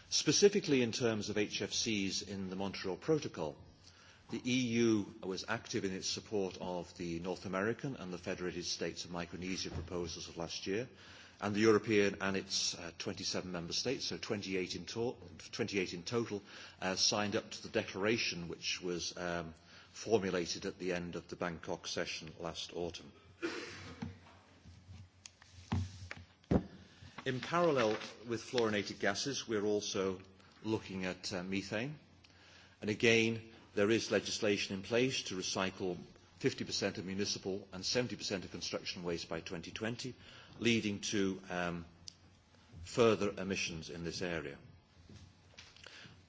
Specifically in terms of HFCs in the Montreal Protocol, the EU was active in its support of the North American and the Federated States of Micronesia proposals of last year, and the European and its uh, 27 member states, so 28 in, to- 28 in total, uh, signed up to the declaration which was um, – formulated at the end of the Bangkok session last autumn. In parallel with fluorinated gases, we're also looking at uh, methane. And again, there is legislation in place to recycle 50% of municipal and 70% of construction waste by 2020, leading to um, further emissions in this area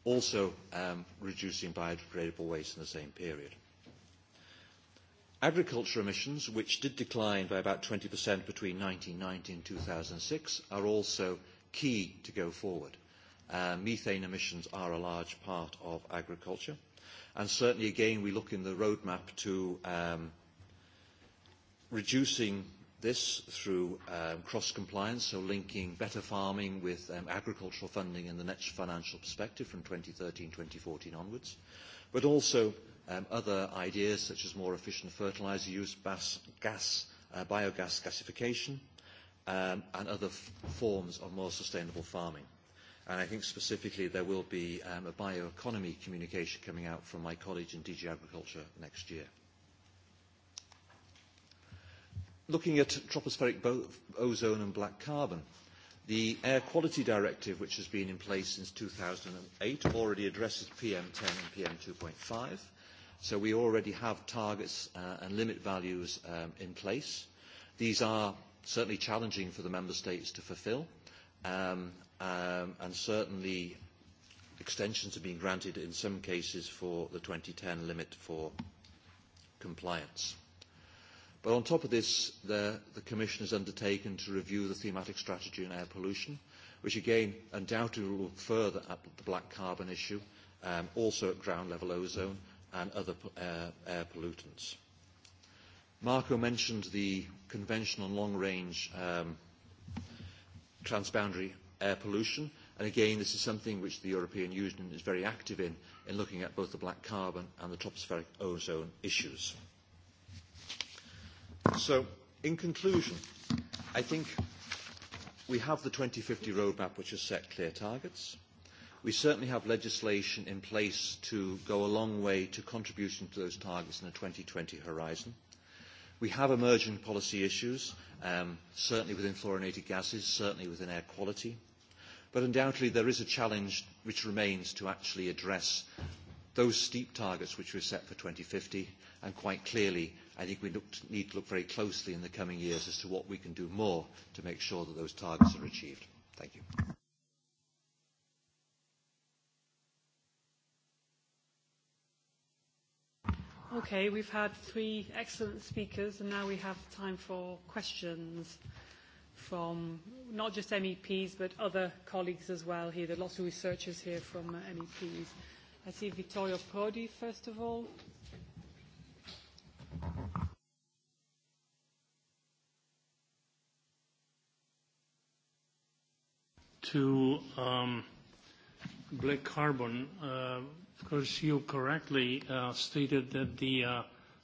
also um, reducing biodegradable waste in the same period. Agriculture emissions, which did decline by about 20% between 1990 and 2006, are also key to go forward. Uh, methane emissions are a large part of agriculture. And certainly, again, we look in the roadmap to um, reducing this through um, cross-compliance, so linking better farming with um, agricultural funding in the next financial perspective from 2013-2014 onwards, but also um, other ideas such as more efficient fertilizer use, bas- gas, uh, biogas gasification, um, and other f- forms of more sustainable farming. And I think specifically there will be um, a bioeconomy communication coming out from my college in DG Agriculture next year looking at tropospheric bo- ozone and black carbon, the Air Quality Directive, which has been in place since 2008, already addresses PM10 and PM2.5. So we already have targets uh, and limit values um, in place. These are certainly challenging for the member states to fulfill, um, um, and certainly extensions are being granted in some cases for the 2010 limit for compliance. But on top of this, the, the Commission has undertaken to review the thematic strategy on air pollution, which again undoubtedly will look further at the black carbon issue, um, also at ground level ozone and other uh, air pollutants. Marco mentioned the Convention on Long-Range um, Transboundary Air Pollution, and again this is something which the European Union is very active in, in looking at both the black carbon and the tropospheric ozone issues. So, in conclusion, I think we have the 2050 roadmap which has set clear targets. We certainly have legislation in place to go a long way to contributing to those targets in the 2020 horizon. We have emerging policy issues, um, certainly within fluorinated gases, certainly within air quality. But undoubtedly there is a challenge which remains to actually address those steep targets which were set for 2050 and quite clearly I think we look, need to look very closely in the coming years as to what we can do more to make sure that those targets are achieved. Thank you. Okay, we've had three excellent speakers, and now we have time for questions from not just MEPs, but other colleagues as well here. There are lots of researchers here from MEPs. I see Vittorio Prodi, first of all. to um, black carbon, uh, because you correctly uh, stated that the uh,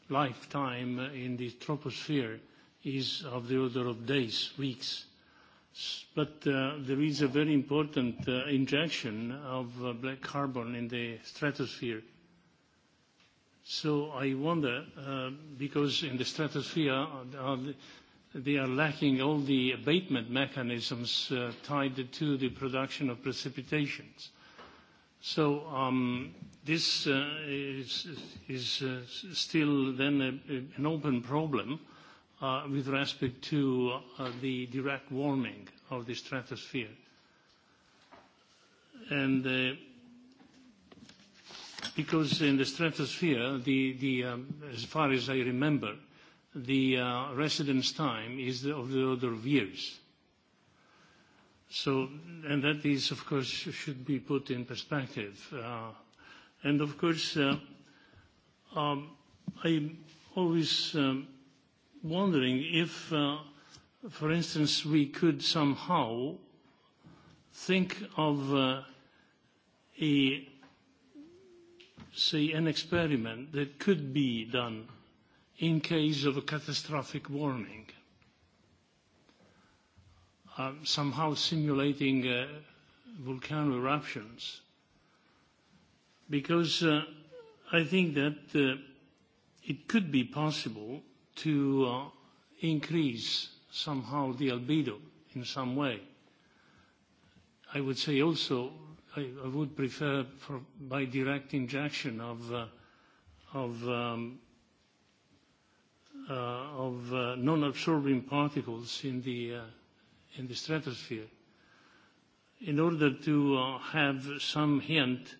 lifetime in the troposphere is of the order of days, weeks. But uh, there is a very important uh, injection of uh, black carbon in the stratosphere. So I wonder, uh, because in the stratosphere, uh, they are lacking all the abatement mechanisms uh, tied to the production of precipitations. So um, this uh, is, is uh, still then a, a, an open problem uh, with respect to uh, the direct warming of the stratosphere. And uh, because in the stratosphere, the, the, um, as far as I remember, uh, the uh, residence time is the, of the order of years. So, and that is, of course, should be put in perspective. Uh, and of course, uh, um, I'm always um, wondering if, uh, for instance, we could somehow think of uh, a, say, an experiment that could be done in case of a catastrophic warning, uh, somehow simulating uh, volcano eruptions, because uh, I think that uh, it could be possible to uh, increase somehow the albedo in some way. I would say also I, I would prefer for, by direct injection of, uh, of um, uh, of uh, non-absorbing particles in the, uh, in the stratosphere in order to uh, have some hint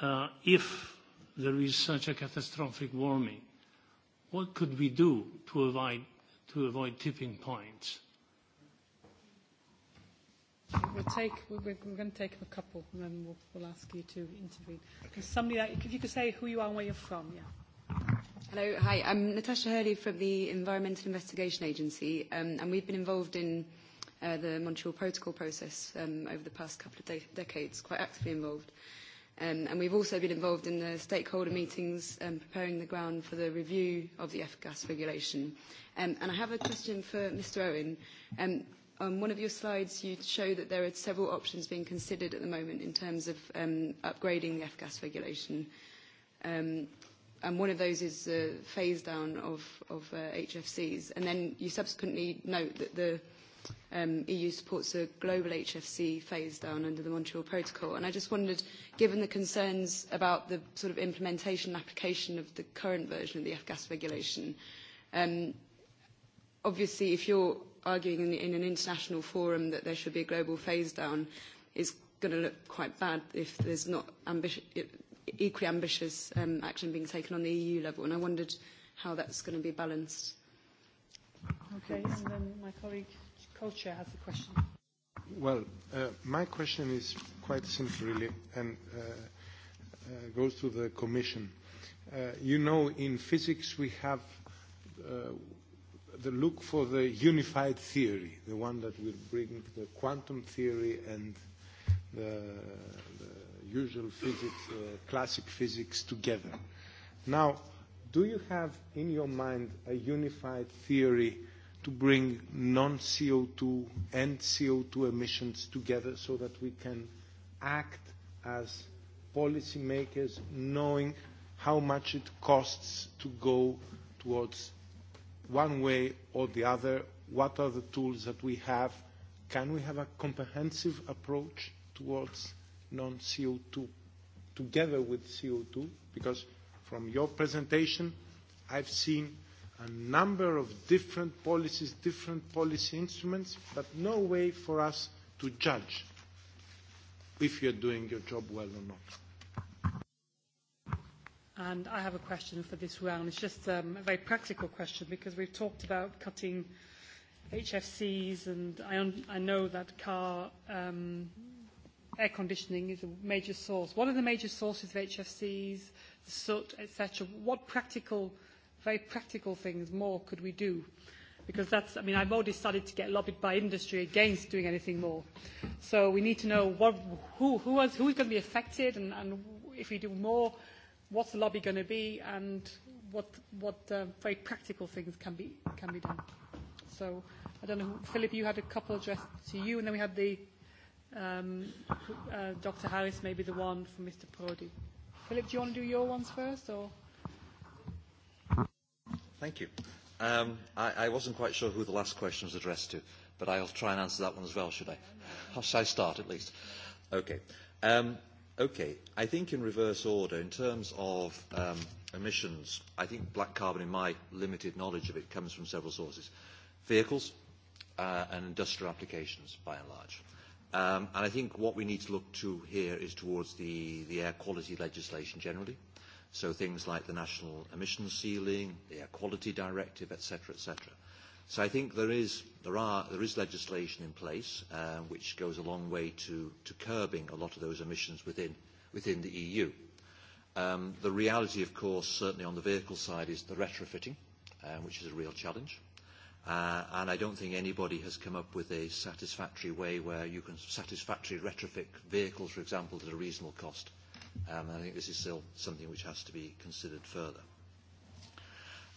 uh, if there is such a catastrophic warming. What could we do to avoid, to avoid tipping points? We'll take, we're, we're going to take a couple and then we'll, we'll ask you to intervene. Okay. Somebody, that, if you could say who you are and where you're from, yeah. Hello. Hi. I'm Natasha Hurley from the Environmental Investigation Agency, um, and we've been involved in uh, the Montreal Protocol process um, over the past couple of de decades, quite actively involved. Um, and we've also been involved in the stakeholder meetings um, preparing the ground for the review of the F-gas regulation. Um, and I have a question for Mr. Owen. Um, on one of your slides, you show that there are several options being considered at the moment in terms of um, upgrading the F-gas regulation. Um, and one of those is the phase down of, of uh, HFCs. And then you subsequently note that the um, EU supports a global HFC phase down under the Montreal Protocol. And I just wondered, given the concerns about the sort of implementation and application of the current version of the F-gas regulation, um, obviously if you're arguing in, in an international forum that there should be a global phase down, it's going to look quite bad if there's not ambition equally ambitious um, action being taken on the EU level, and I wondered how that's going to be balanced. Okay, and then my colleague co-chair has a question. Well, uh, my question is quite simple, really, and uh, uh, goes to the Commission. Uh, you know, in physics we have uh, the look for the unified theory, the one that will bring the quantum theory and the, the usual physics, uh, classic physics together. Now, do you have in your mind a unified theory to bring non-CO2 and CO2 emissions together so that we can act as policymakers knowing how much it costs to go towards one way or the other? What are the tools that we have? Can we have a comprehensive approach towards non-CO2 together with CO2? Because from your presentation, I've seen a number of different policies, different policy instruments, but no way for us to judge if you're doing your job well or not. And I have a question for this round. It's just um, a very practical question because we've talked about cutting HFCs, and I, un- I know that car um, air conditioning is a major source. What are the major sources of HFCs, the soot, etc.? What practical, very practical things more could we do? Because that's, I mean, I've already started to get lobbied by industry against doing anything more. So we need to know what, who, who is, who's going to be affected and, and if we do more, what's the lobby going to be and what, what uh, very practical things can be, can be done. So I don't know, Philip, you had a couple addressed to you and then we had the Um, uh, Dr. Harris may be the one for Mr. Prodi. Philip, do you want to do your ones first? Or? Thank you. Um, I, I wasn't quite sure who the last question was addressed to, but I'll try and answer that one as well, should I? Or should I start at least? Okay. Um, okay. I think in reverse order, in terms of um, emissions, I think black carbon, in my limited knowledge of it, comes from several sources. Vehicles uh, and industrial applications, by and large. Uh, Um, and I think what we need to look to here is towards the, the air quality legislation generally. So things like the national emissions ceiling, the air quality directive, etc., etc. So I think there is, there are, there is legislation in place uh, which goes a long way to, to curbing a lot of those emissions within, within the EU. Um, the reality, of course, certainly on the vehicle side, is the retrofitting, uh, which is a real challenge. Uh, and I don't think anybody has come up with a satisfactory way where you can satisfactorily retrofit vehicles, for example, at a reasonable cost. Um, I think this is still something which has to be considered further.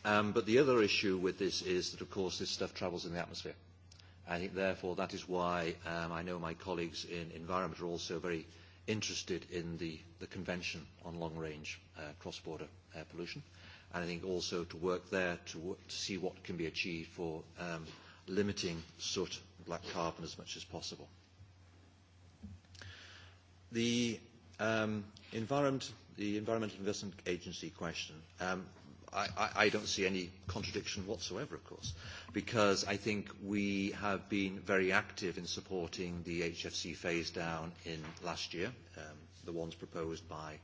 Um, but the other issue with this is that, of course, this stuff travels in the atmosphere. I think, therefore, that is why um, I know my colleagues in environment are also very interested in the, the Convention on Long-Range uh, Cross-Border Air Pollution. Uh, And I think also to work there to, work, to see what can be achieved for um, limiting soot, black carbon as much as possible. The um, environment, the Environmental Investment Agency question, um, I, I, I don't see any contradiction whatsoever, of course, because I think we have been very active in supporting the HFC phase down in last year, um, the ones proposed by uh,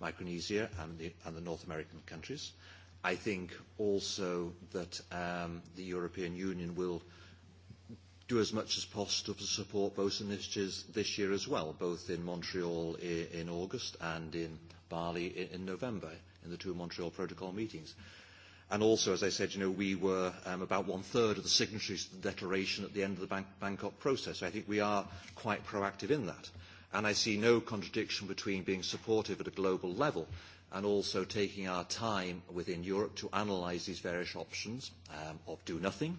Micronesia and the, and the North American countries. I think also that um, the European Union will do as much as possible to support both initiatives this year as well, both in Montreal in, in August and in Bali in, in November, in the two Montreal Protocol meetings. And also, as I said, you know, we were um, about one-third of the signatories to the declaration at the end of the Bang- Bangkok process. So I think we are quite proactive in that. And I see no contradiction between being supportive at a global level and also taking our time within Europe to analyse these various options um, of do nothing,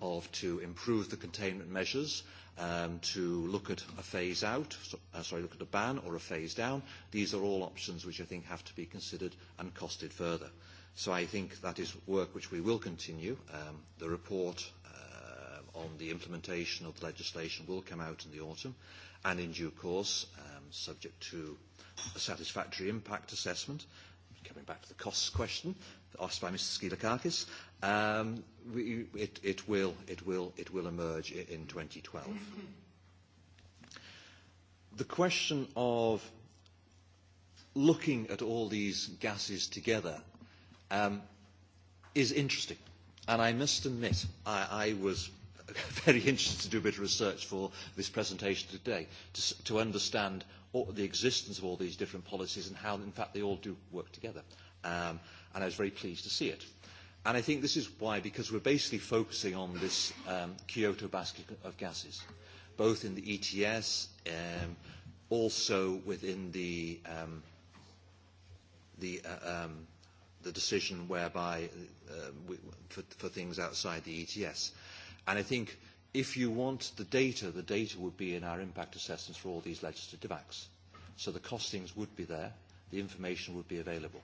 of to improve the containment measures, um, to look at a phase out, so, uh, sorry, look at a ban or a phase down. These are all options which I think have to be considered and costed further. So I think that is work which we will continue. Um, the report uh, on the implementation of the legislation will come out in the autumn and in due course, um, subject to a satisfactory impact assessment, coming back to the costs question asked by Mr. Skylakakis, um, we, it, it, will, it, will, it will emerge in 2012. the question of looking at all these gases together um, is interesting. And I must admit, I, I was very interested to do a bit of research for this presentation today to, to understand all, the existence of all these different policies and how, in fact, they all do work together. Um, and I was very pleased to see it. And I think this is why, because we're basically focusing on this um, Kyoto basket of gases, both in the ETS, um, also within the, um, the, uh, um, the decision whereby uh, we, for, for things outside the ETS. And I think if you want the data, the data would be in our impact assessments for all these legislative acts. So the costings would be there, the information would be available.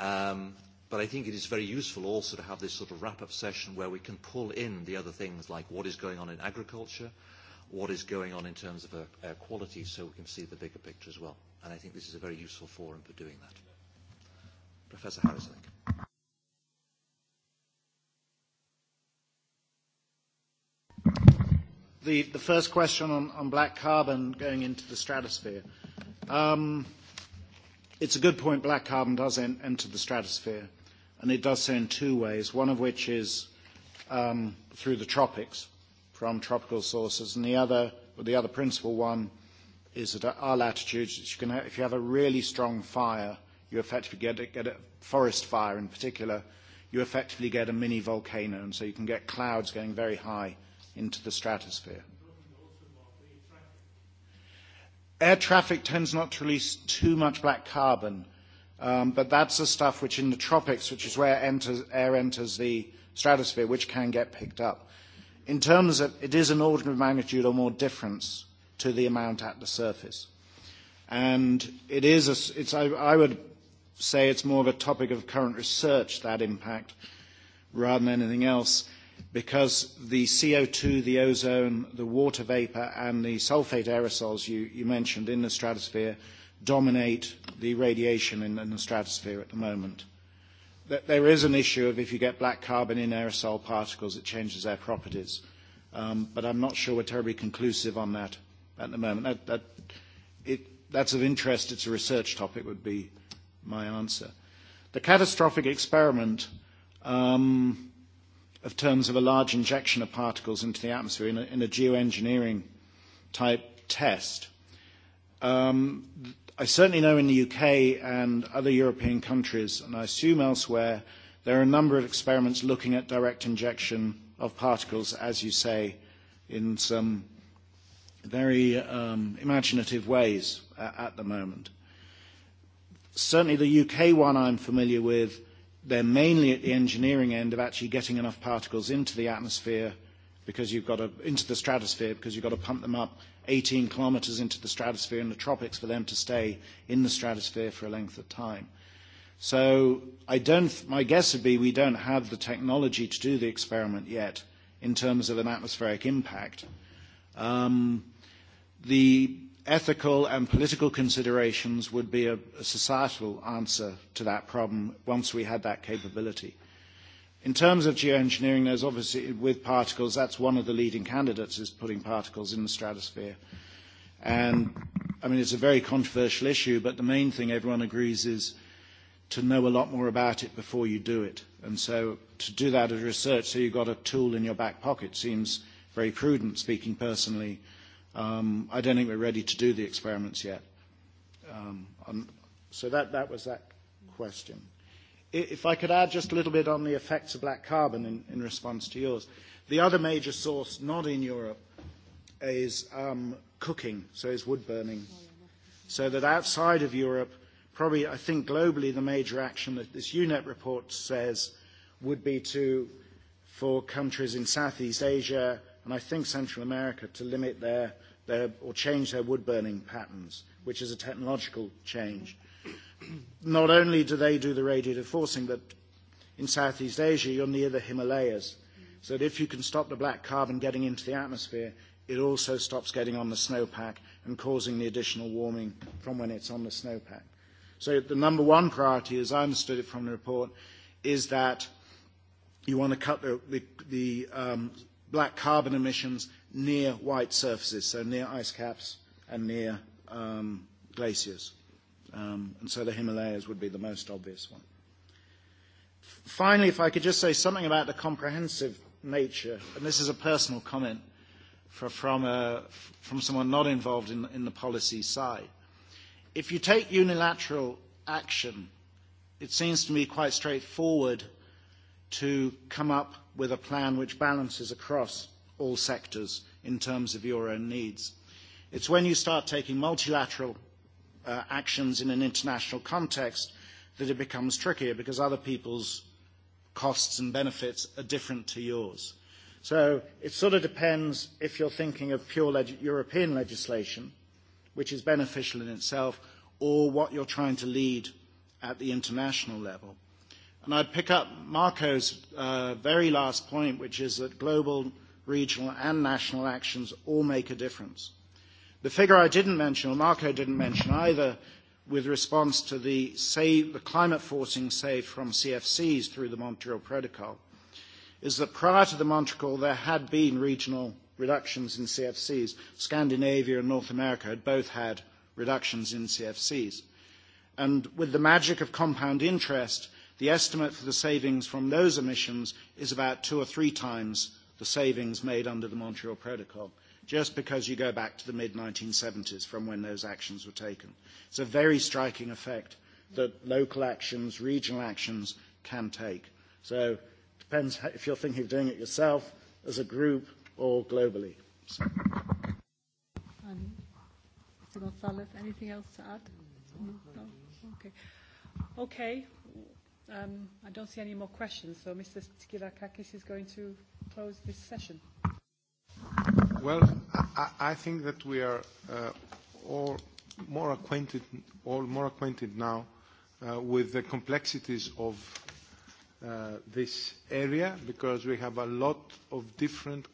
Um, but I think it is very useful also to have this sort of wrap-up session where we can pull in the other things like what is going on in agriculture, what is going on in terms of air, uh, air quality, so we can see the bigger picture as well. And I think this is a very useful forum for doing that. Professor Harris, I think. the, the first question on, on black carbon going into the stratosphere. Um, it's a good point. Black carbon does en- enter the stratosphere, and it does so in two ways. One of which is um, through the tropics, from tropical sources, and the other, or the other principal one, is that at our latitudes, you can have, if you have a really strong fire, you effectively get a, get a forest fire in particular. You effectively get a mini volcano, and so you can get clouds going very high into the stratosphere. Air traffic tends not to release too much black carbon, um, but that's the stuff which in the tropics, which is where enters, air enters the stratosphere, which can get picked up. In terms of, it is an order of magnitude or more difference to the amount at the surface. And it is, a, it's, I, I would say it's more of a topic of current research, that impact, rather than anything else because the CO2, the ozone, the water vapor, and the sulfate aerosols you, you mentioned in the stratosphere dominate the radiation in, in the stratosphere at the moment. There is an issue of if you get black carbon in aerosol particles, it changes their properties. Um, but I'm not sure we're terribly conclusive on that at the moment. That, that, it, that's of interest. It's a research topic, would be my answer. The catastrophic experiment, um, of terms of a large injection of particles into the atmosphere in a, in a geoengineering type test. Um, I certainly know in the UK and other European countries, and I assume elsewhere, there are a number of experiments looking at direct injection of particles, as you say, in some very um, imaginative ways at, at the moment. Certainly the UK one I'm familiar with they're mainly at the engineering end of actually getting enough particles into the atmosphere because you've got to, into the stratosphere because you've got to pump them up 18 kilometers into the stratosphere in the tropics for them to stay in the stratosphere for a length of time. So I don't, my guess would be we don't have the technology to do the experiment yet in terms of an atmospheric impact. Um, the ethical and political considerations would be a, a societal answer to that problem once we had that capability. In terms of geoengineering, there's obviously, with particles, that's one of the leading candidates is putting particles in the stratosphere. And, I mean, it's a very controversial issue, but the main thing everyone agrees is to know a lot more about it before you do it. And so to do that as research, so you've got a tool in your back pocket, seems very prudent, speaking personally, uh, Um, I don't think we're ready to do the experiments yet. Um, um, so that, that was that question. If I could add just a little bit on the effects of black carbon in, in response to yours. The other major source, not in Europe, is um, cooking, so is wood burning. So that outside of Europe, probably I think globally the major action that this UNEP report says would be to, for countries in Southeast Asia and I think Central America, to limit their their, or change their wood burning patterns, which is a technological change. Not only do they do the radiative forcing, but in Southeast Asia, you're near the Himalayas. So that if you can stop the black carbon getting into the atmosphere, it also stops getting on the snowpack and causing the additional warming from when it's on the snowpack. So the number one priority, as I understood it from the report, is that you want to cut the, the, the um, black carbon emissions near white surfaces, so near ice caps and near um, glaciers. Um, and so the Himalayas would be the most obvious one. Finally, if I could just say something about the comprehensive nature, and this is a personal comment for, from, a, uh, from someone not involved in, in the policy side. If you take unilateral action, it seems to me quite straightforward to come up with a plan which balances across all sectors in terms of your own needs. It's when you start taking multilateral uh, actions in an international context that it becomes trickier because other people's costs and benefits are different to yours. So it sort of depends if you're thinking of pure leg- European legislation, which is beneficial in itself, or what you're trying to lead at the international level. And I'd pick up Marco's uh, very last point, which is that global regional, and national actions all make a difference. The figure I didn't mention, or Marco didn't mention either, with response to the, save, the climate forcing saved from CFCs through the Montreal Protocol, is that prior to the Montreal, there had been regional reductions in CFCs. Scandinavia and North America had both had reductions in CFCs. And with the magic of compound interest, the estimate for the savings from those emissions is about two or three times the savings made under the Montreal Protocol, just because you go back to the mid-1970s from when those actions were taken. It's a very striking effect that local actions, regional actions can take. So it depends if you're thinking of doing it yourself, as a group, or globally. So. Um, Mr. Gonzalez, anything else to add? No? no? Okay. Okay. Um, I don't see any more questions, so Mr. Skilakakis is going to close this session. Well, I, I think that we are uh, all more acquainted, all more acquainted now uh, with the complexities of uh, this area because we have a lot of different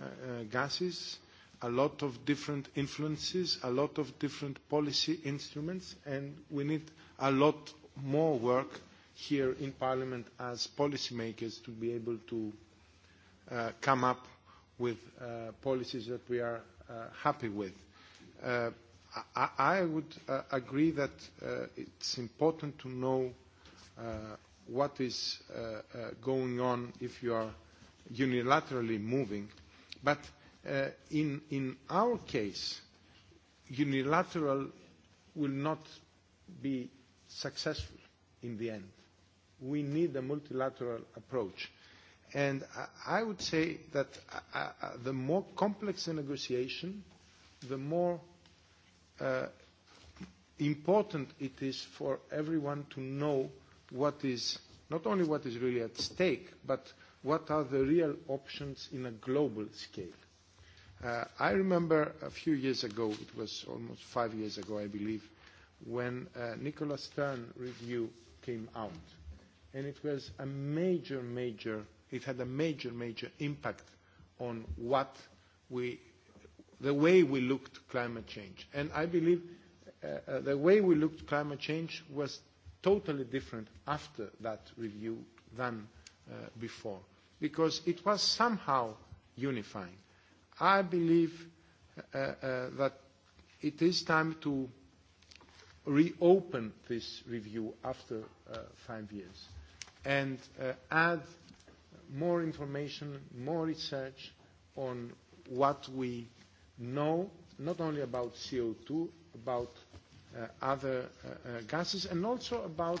uh, uh, gases, a lot of different influences, a lot of different policy instruments, and we need a lot more work here in Parliament as policymakers to be able to uh, come up with uh, policies that we are uh, happy with. Uh, I, I would uh, agree that uh, it's important to know uh, what is uh, uh, going on if you are unilaterally moving. But uh, in, in our case, unilateral will not be successful in the end we need a multilateral approach. And I, I would say that uh, uh, the more complex a negotiation, the more uh, important it is for everyone to know what is, not only what is really at stake, but what are the real options in a global scale. Uh, I remember a few years ago, it was almost five years ago, I believe, when uh, Nicholas Stern review came out and it was a major, major, it had a major, major impact on what we, the way we looked at climate change. And I believe uh, uh the way we looked at climate change was totally different after that review than uh, before, because it was somehow unifying. I believe uh, uh, that it is time to reopen this review after uh, five years and uh, add more information, more research on what we know, not only about CO2, about uh, other uh, uh, gases, and also about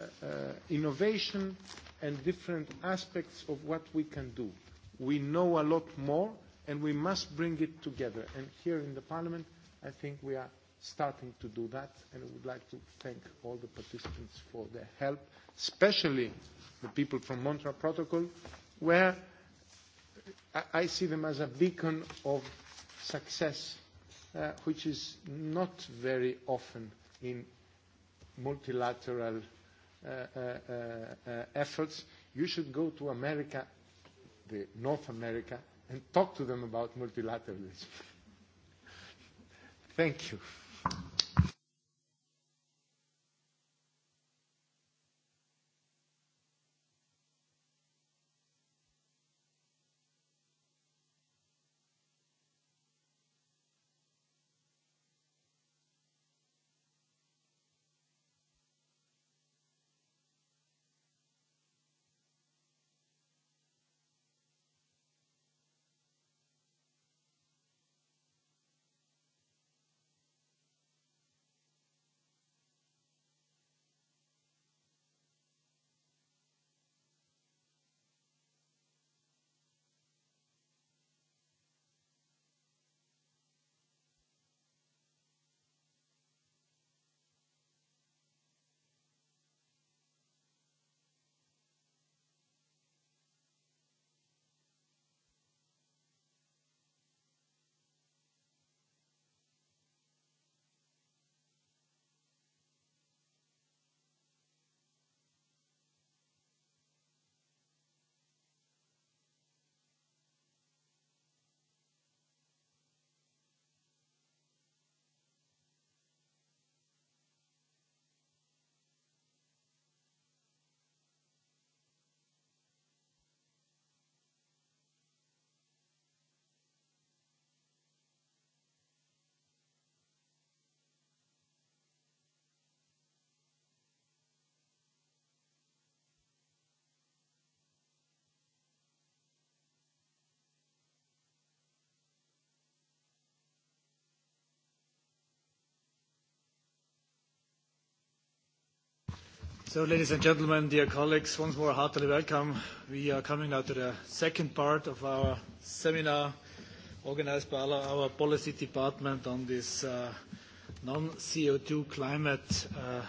uh, uh, innovation and different aspects of what we can do. We know a lot more, and we must bring it together. And here in the Parliament, I think we are starting to do that, and I would like to thank all the participants for their help, especially the people from Montreal Protocol, where I, I see them as a beacon of success, uh, which is not very often in multilateral uh, uh, uh, efforts. You should go to America, the North America, and talk to them about multilateralism. Thank you. So, ladies and gentlemen, dear colleagues, once more, heartily welcome. We are coming now to the second part of our seminar organized by our policy department on this uh, non-CO2 climate uh,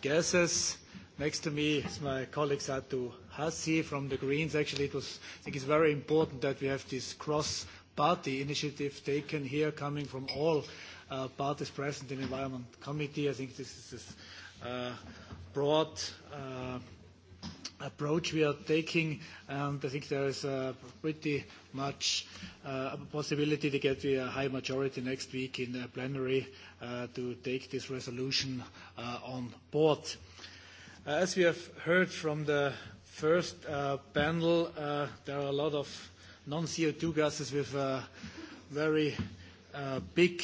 gases. Next to me is my colleague, Satu Hassi from the Greens. Actually, it was, I think it's very important that we have this cross-party initiative taken here, coming from all uh, parties present in Environment Committee. I think this is uh, broad uh, approach we are taking, and I think there is uh, pretty much uh, possibility to get a uh, high majority next week in plenary uh, to take this resolution uh, on board. As we have heard from the first panel, there are a lot of non-CO2 gases with very big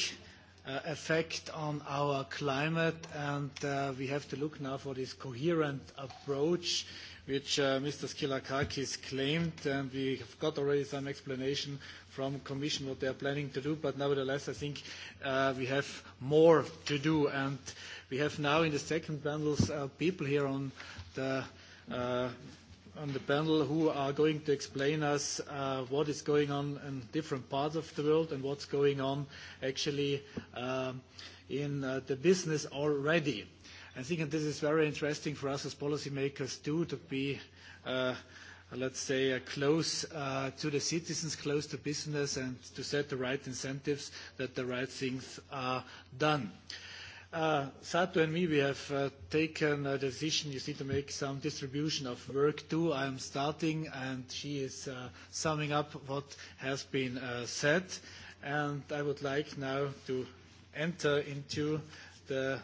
uh, effect on our climate, and uh, we have to look now for this coherent approach which uh, Mr. Skylakakis claimed, and we have got already some explanation from Commission what they are planning to do. But nevertheless, I think uh, we have more to do, and we have now in the second panels uh, people here on the uh, on the panel who are going to explain us uh, what is going on in different parts of the world and what's going on actually uh, in uh, the business already. I think this is very interesting for us as policymakers too to be, uh, let's say, uh, close uh, to the citizens, close to business, and to set the right incentives that the right things are done. Uh, Uh, Satu and me, we have uh, taken a decision. You see, to make some distribution of work too. I'm starting, and she is uh, summing up what has been uh, said. And I would like now to enter into the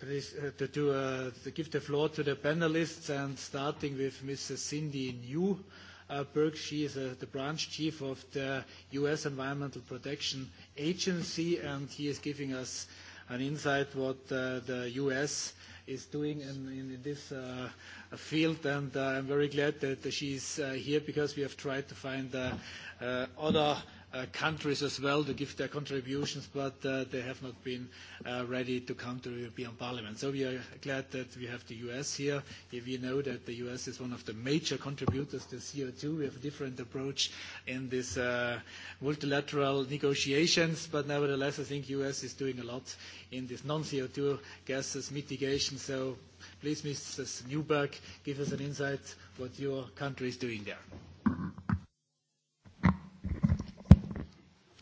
Please, uh, uh, to, do, uh, to give the floor to the panelists, and starting with Mrs. Cindy Newberg. Uh, she is uh, the branch chief of the U.S. Environmental Protection agency, and he is giving us an insight what uh, the U.S. is doing in, in, in this uh, field. And uh, I'm very glad that she's uh, here because we have tried to find uh, uh, other uh, countries as well to give their contributions, but uh, they have not been uh, ready to come to the European Parliament. So we are glad that we have the US here. If you know that the US is one of the major contributors to CO2, we have a different approach in this uh, multilateral negotiations, but nevertheless, I think US is doing a lot in this non-CO2 gases mitigation. So please, Mrs. Newberg, give us an insight what your country is doing there. Mm-hmm.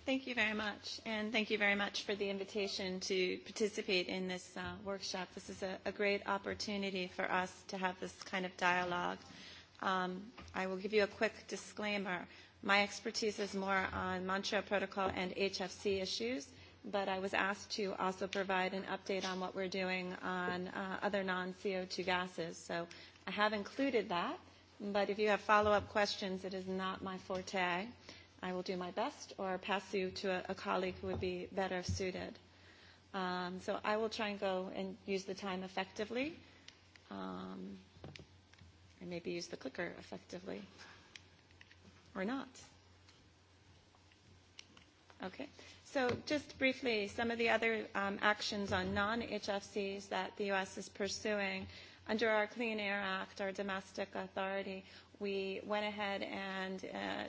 Thank you very much, and thank you very much for the invitation to participate in this uh, workshop. This is a, a great opportunity for us to have this kind of dialogue. Um, I will give you a quick disclaimer. My expertise is more on Montreal Protocol and HFC issues, but I was asked to also provide an update on what we're doing on uh, other non-CO2 gases. So I have included that, but if you have follow-up questions, it is not my forte. I will do my best or pass you to a, a colleague who would be better suited. Um, so I will try and go and use the time effectively um, and maybe use the clicker effectively or not. Okay. So just briefly, some of the other um, actions on non-HFCs that the U.S. is pursuing. Under our Clean Air Act, our domestic authority, we went ahead and uh,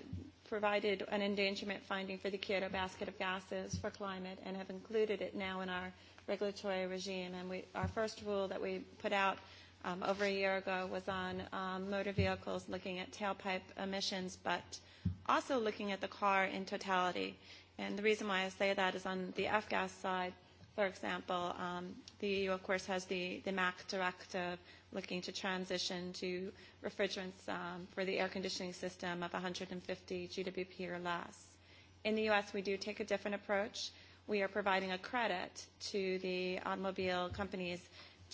provided an endangerment finding for the Kyoto basket of gases for climate and have included it now in our regulatory regime. And we, our first rule that we put out um, over a year ago was on um, motor vehicles looking at tailpipe emissions, but also looking at the car in totality. And the reason why I say that is on the F-gas side, For example, um, the EU, of course, has the, the MAC directive looking to transition to refrigerants um, for the air conditioning system of 150 GWP or less. In the U.S., we do take a different approach. We are providing a credit to the automobile companies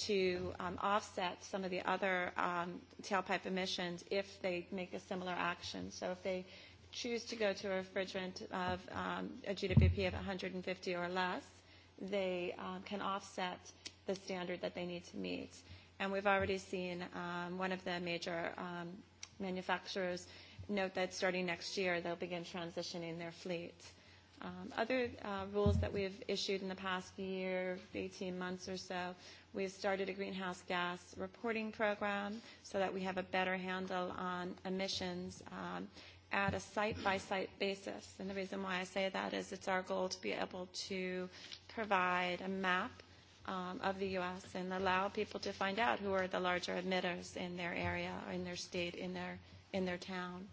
to um, offset some of the other um, tailpipe emissions if they make a similar action. So if they choose to go to a refrigerant of um, a GWP of 150 or less, they um, can offset the standard that they need to meet. And we've already seen um, one of the major um, manufacturers note that starting next year, they'll begin transitioning their fleet. Um, other uh, rules that we've issued in the past year, 18 months or so, we've started a greenhouse gas reporting program so that we have a better handle on emissions um, at a site-by-site -site basis. And the reason why I say that is it's our goal to be able to provide a map um, of the U.S. and allow people to find out who are the larger emitters in their area, or in their state, in their in their town.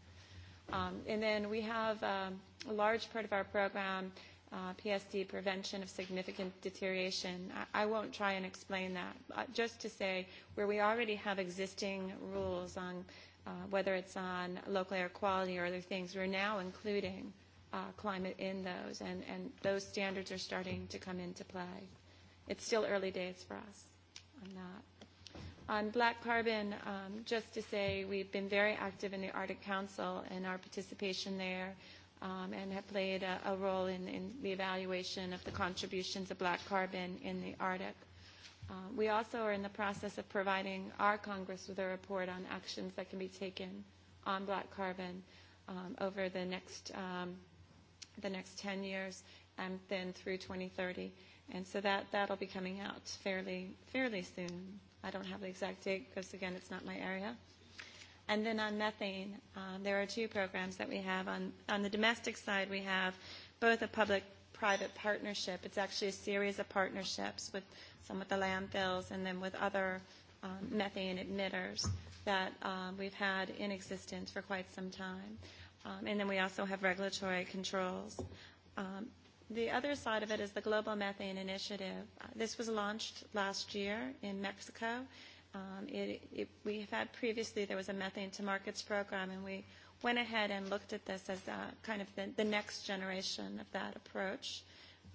Um, and then we have um, a large part of our program, uh, PSD, prevention of significant deterioration. I, I won't try and explain that. Uh, just to say, where we already have existing rules on uh, whether it's on local air quality or other things, we're now including uh, uh, climate in those, and, and those standards are starting to come into play. It's still early days for us on that. On black carbon, um, just to say we've been very active in the Arctic Council and our participation there um, and have played a, a role in, in the evaluation of the contributions of black carbon in the Arctic. Uh, we also are in the process of providing our Congress with a report on actions that can be taken on black carbon um, over the next um, the next 10 years, and then through 2030. And so that, that'll be coming out fairly, fairly soon. I don't have the exact date because, again, it's not my area. And then on methane, um, there are two programs that we have. On, on the domestic side, we have both a public-private partnership. It's actually a series of partnerships with some with the landfills and then with other um, methane emitters that um, we've had in existence for quite some time. Uh, Um, and then we also have regulatory controls. Um, the other side of it is the Global Methane Initiative. Uh, this was launched last year in Mexico. Um, it, it, we have had previously there was a methane to markets program, and we went ahead and looked at this as uh, kind of the, the next generation of that approach.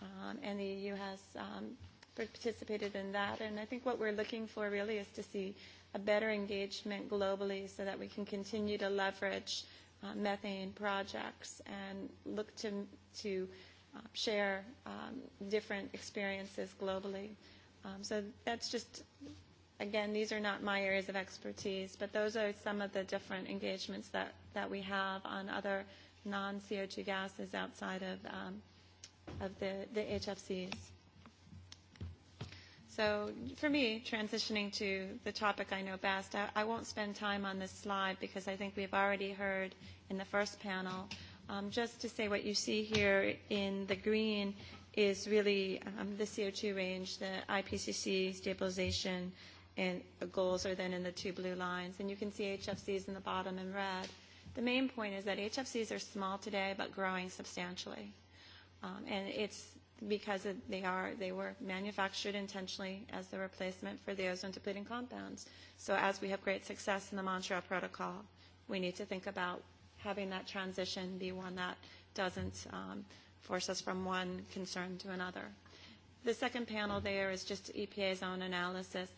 Um, and the EU has um, participated in that. And I think what we're looking for really is to see a better engagement globally so that we can continue to leverage – uh, methane projects and look to, to uh, share um, different experiences globally. Um, so that's just, again, these are not my areas of expertise, but those are some of the different engagements that, that we have on other non-CO2 gases outside of, um, of the, the HFCs. So for me, transitioning to the topic I know best, I, I won't spend time on this slide because I think we've already heard in the first panel. Um, just to say what you see here in the green is really um, the CO2 range, the IPCC stabilization and goals are then in the two blue lines. And you can see HFCs in the bottom in red. The main point is that HFCs are small today but growing substantially. Um, and it's because of, they are they were manufactured intentionally as the replacement for the ozone depleting compounds. So as we have great success in the Montreal Protocol, we need to think about having that transition be one that doesn't um, force us from one concern to another. The second panel there is just EPA's own analysis.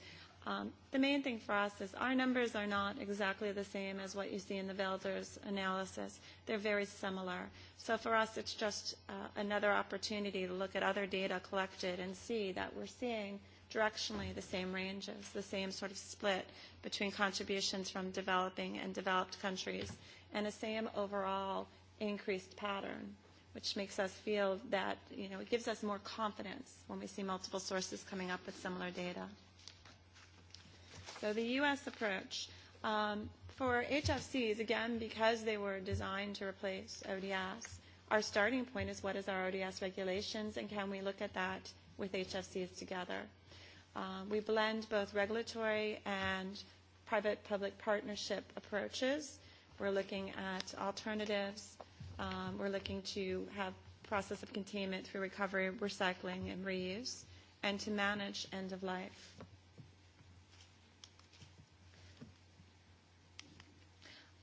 Um, the main thing for us is our numbers are not exactly the same as what you see in the Velders analysis. They're very similar. So for us, it's just uh, another opportunity to look at other data collected and see that we're seeing directionally the same ranges, the same sort of split between contributions from developing and developed countries, and the same overall increased pattern, which makes us feel that, you know, it gives us more confidence when we see multiple sources coming up with similar data. So the U.S. approach um, for HFCs, again, because they were designed to replace ODS, our starting point is what is our ODS regulations and can we look at that with HFCs together? Um, we blend both regulatory and private-public partnership approaches. We're looking at alternatives. Um, we're looking to have process of containment through recovery, recycling, and reuse, and to manage end of life.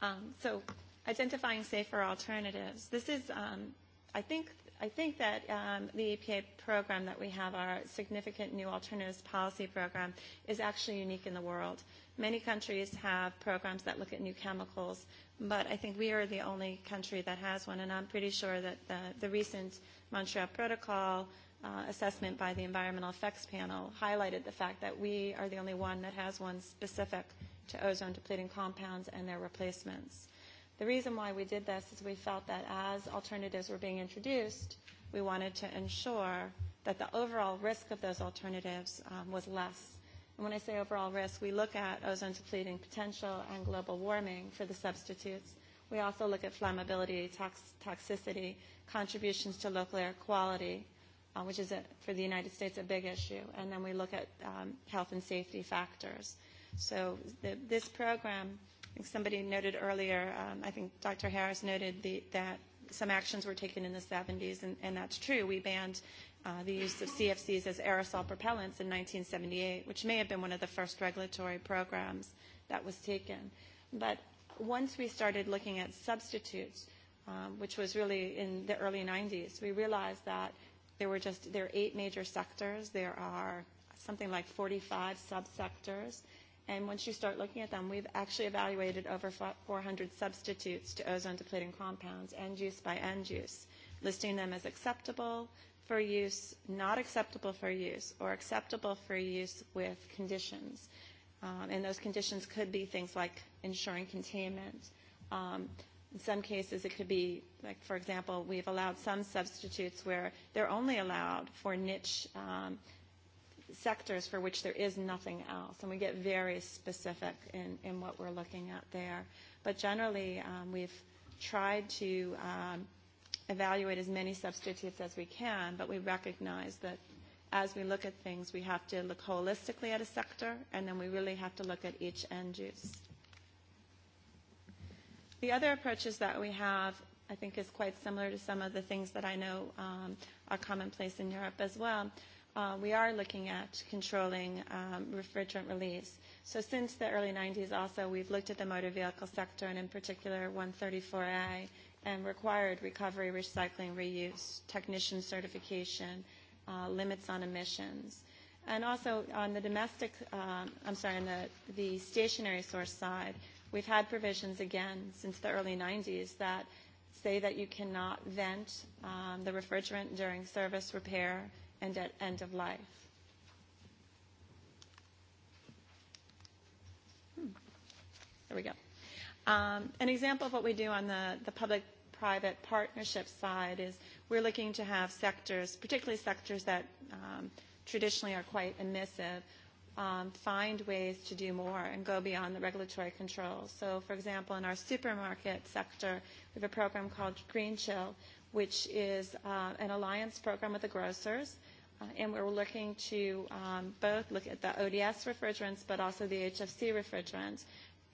Um, so identifying safer alternatives. This is, um, I think, I think that um, the EPA program that we have, our significant new alternatives policy program, is actually unique in the world. Many countries have programs that look at new chemicals, but I think we are the only country that has one, and I'm pretty sure that the, the recent Montreal Protocol uh, assessment by the Environmental Effects Panel highlighted the fact that we are the only one that has one specific to ozone-depleting compounds and their replacements. The reason why we did this is we felt that as alternatives were being introduced, we wanted to ensure that the overall risk of those alternatives um, was less. And when I say overall risk, we look at ozone depleting potential and global warming for the substitutes. We also look at flammability, tox- toxicity, contributions to local air quality, uh, which is a, for the United States a big issue. And then we look at um, health and safety factors. So the, this program, I think somebody noted earlier, um, I think Dr. Harris noted the, that some actions were taken in the 70s, and, and that's true. We banned uh, the use of CFCs as aerosol propellants in 1978, which may have been one of the first regulatory programs that was taken. But once we started looking at substitutes, um, which was really in the early 90s, we realized that there were just there are eight major sectors. There are something like 45 subsectors. And once you start looking at them, we've actually evaluated over 400 substitutes to ozone depleting compounds, end use by end use, listing them as acceptable for use, not acceptable for use, or acceptable for use with conditions. Um, and those conditions could be things like ensuring containment. Um, in some cases, it could be, like, for example, we've allowed some substitutes where they're only allowed for niche um, sectors for which there is nothing else, and we get very specific in, in what we're looking at there. But generally, um, we've tried to um, evaluate as many substitutes as we can, but we recognize that as we look at things, we have to look holistically at a sector, and then we really have to look at each end use. The other approaches that we have, I think, is quite similar to some of the things that I know um, are commonplace in Europe as well uh, we are looking at controlling um, refrigerant release. So since the early 90s also, we've looked at the motor vehicle sector and in particular 134A and required recovery, recycling, reuse, technician certification, uh, limits on emissions. And also on the domestic, um, I'm sorry, on the, the stationary source side, we've had provisions again since the early 90s that say that you cannot vent um, the refrigerant during service repair and at end of life. Hmm. There we go. Um, an example of what we do on the, the public-private partnership side is we're looking to have sectors, particularly sectors that um, traditionally are quite emissive, um, find ways to do more and go beyond the regulatory controls. So, for example, in our supermarket sector, we have a program called Green Chill, which is uh, an alliance program with the grocers Uh, and we're looking to um, both look at the ODS refrigerants, but also the HFC refrigerants,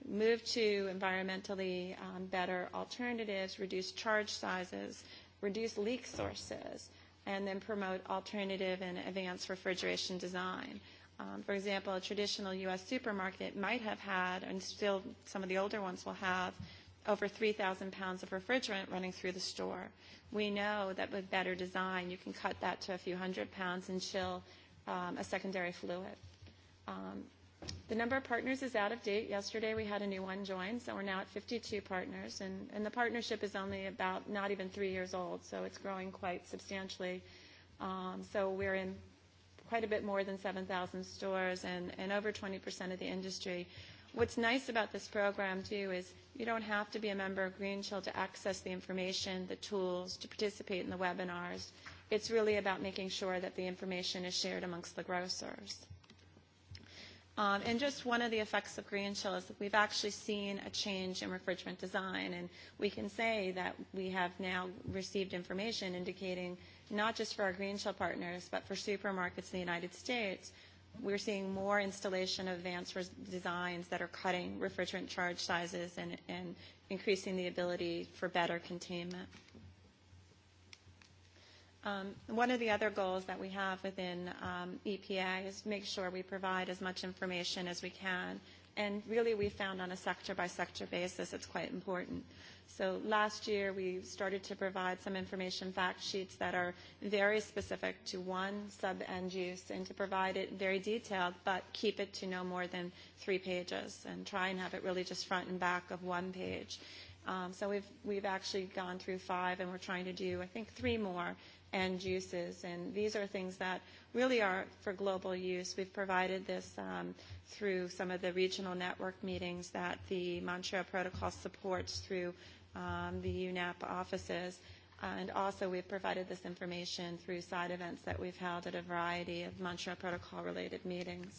move to environmentally um, better alternatives, reduce charge sizes, reduce leak sources, and then promote alternative and advanced refrigeration design. Um, for example, a traditional U.S. supermarket might have had, and still some of the older ones will have, over 3,000 pounds of refrigerant running through the store. We know that with better design, you can cut that to a few hundred pounds and chill um, a secondary fluid. Um, the number of partners is out of date. Yesterday we had a new one join, so we're now at 52 partners, and, and the partnership is only about not even three years old, so it's growing quite substantially. Um, so we're in quite a bit more than 7,000 stores and, and over 20% of the industry. What's nice about this program, too, is You don't have to be a member of Greenchill to access the information, the tools, to participate in the webinars. It's really about making sure that the information is shared amongst the grocers. Um, and just one of the effects of Greenchill is that we've actually seen a change in refrigerant design, and we can say that we have now received information indicating not just for our Greenchill partners, but for supermarkets in the United States, We're seeing more installation of advanced res- designs that are cutting refrigerant charge sizes and, and increasing the ability for better containment. Um, one of the other goals that we have within um, EPA is make sure we provide as much information as we can. And really, we found on a sector by sector basis, it's quite important. So last year we started to provide some information fact sheets that are very specific to one sub-end use and to provide it very detailed, but keep it to no more than three pages and try and have it really just front and back of one page. Um, so we've, we've actually gone through five and we're trying to do, I think, three more end uses. And these are things that really are for global use. We've provided this um, through some of the regional network meetings that the Montreal Protocol supports through um, the UNAP offices. Uh, and also we've provided this information through side events that we've held at a variety of Montreal Protocol related meetings.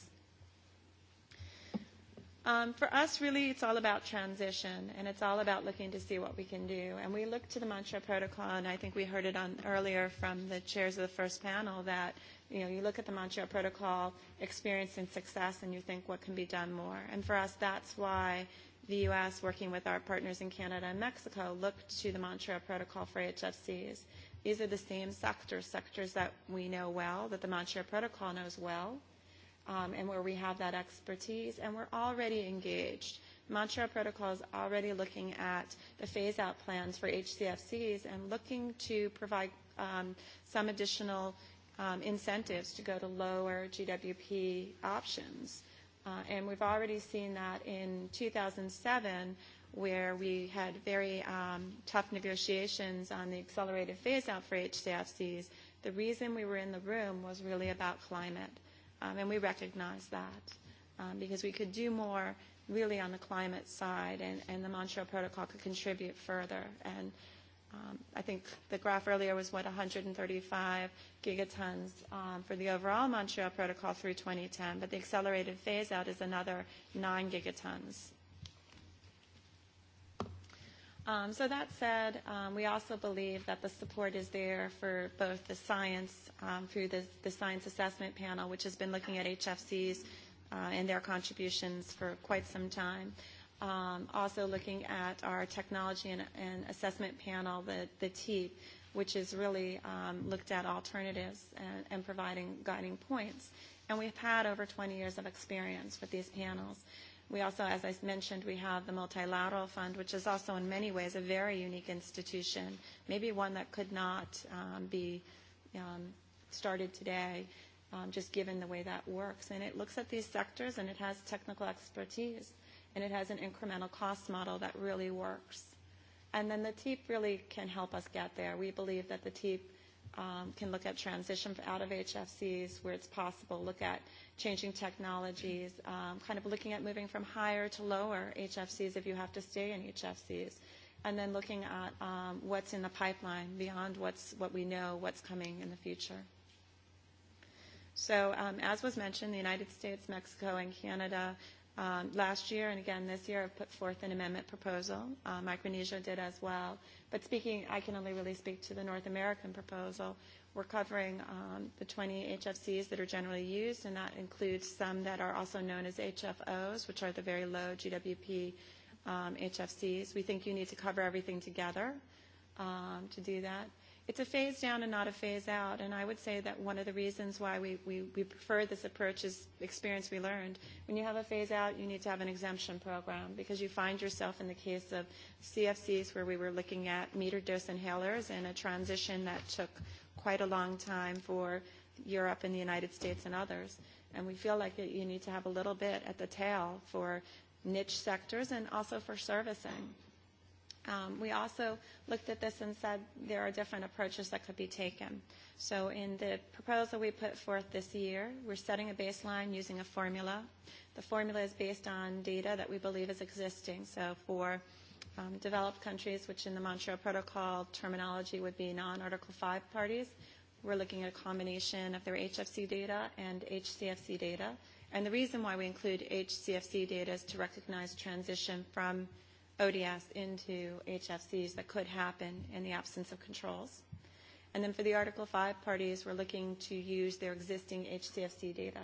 Um, for us, really, it's all about transition, and it's all about looking to see what we can do. And we look to the Montreal Protocol, and I think we heard it on earlier from the chairs of the first panel that you know you look at the Montreal Protocol experience and success, and you think what can be done more. And for us, that's why the U.S., working with our partners in Canada and Mexico, look to the Montreal Protocol for HFCs. These are the same sectors, sectors that we know well, that the Montreal Protocol knows well, um, and where we have that expertise, and we're already engaged. Montreal Protocol is already looking at the phase-out plans for HCFCs and looking to provide um, some additional um, incentives to go to lower GWP options Uh, and we've already seen that in 2007, where we had very um, tough negotiations on the accelerated phase out for HCFCs. The reason we were in the room was really about climate, um, and we recognized that um, because we could do more really on the climate side, and, and the Montreal Protocol could contribute further. And um, I think the graph earlier was what 135 gigatons um, for the overall Montreal Protocol through 2010, but the accelerated phase out is another 9 gigatons. Um, so that said, um, we also believe that the support is there for both the science um, through the, the science assessment panel, which has been looking at HFCs uh, and their contributions for quite some time. Uh, um, also looking at our technology and, and assessment panel, the, the TEEP, which has really um, looked at alternatives and, and providing guiding points. And we've had over 20 years of experience with these panels. We also, as I mentioned, we have the Multilateral Fund, which is also in many ways a very unique institution, maybe one that could not um, be um, started today, um, just given the way that works. And it looks at these sectors and it has technical expertise and it has an incremental cost model that really works. And then the TEEP really can help us get there. We believe that the TEEP um, can look at transition out of HFCs where it's possible, look at changing technologies, um, kind of looking at moving from higher to lower HFCs if you have to stay in HFCs, and then looking at um, what's in the pipeline beyond what's, what we know, what's coming in the future. So um, as was mentioned, the United States, Mexico, and Canada Um, last year and again this year, I've put forth an amendment proposal. Uh, Micronesia did as well. But speaking, I can only really speak to the North American proposal. We're covering um, the 20 HFCs that are generally used, and that includes some that are also known as HFOs, which are the very low GWP um, HFCs. We think you need to cover everything together um, to do that it's a phase down and not a phase out. And I would say that one of the reasons why we, we, we prefer this approach is experience we learned. When you have a phase out, you need to have an exemption program because you find yourself in the case of CFCs where we were looking at meter dose inhalers and a transition that took quite a long time for Europe and the United States and others. And we feel like that you need to have a little bit at the tail for niche sectors and also for servicing. Um, we also looked at this and said there are different approaches that could be taken. So in the proposal we put forth this year, we're setting a baseline using a formula. The formula is based on data that we believe is existing. So for um, developed countries, which in the Montreal Protocol terminology would be non-Article 5 parties, we're looking at a combination of their HFC data and HCFC data. And the reason why we include HCFC data is to recognize transition from – ODS into HFCs that could happen in the absence of controls. And then for the Article 5 parties, we're looking to use their existing HCFC data.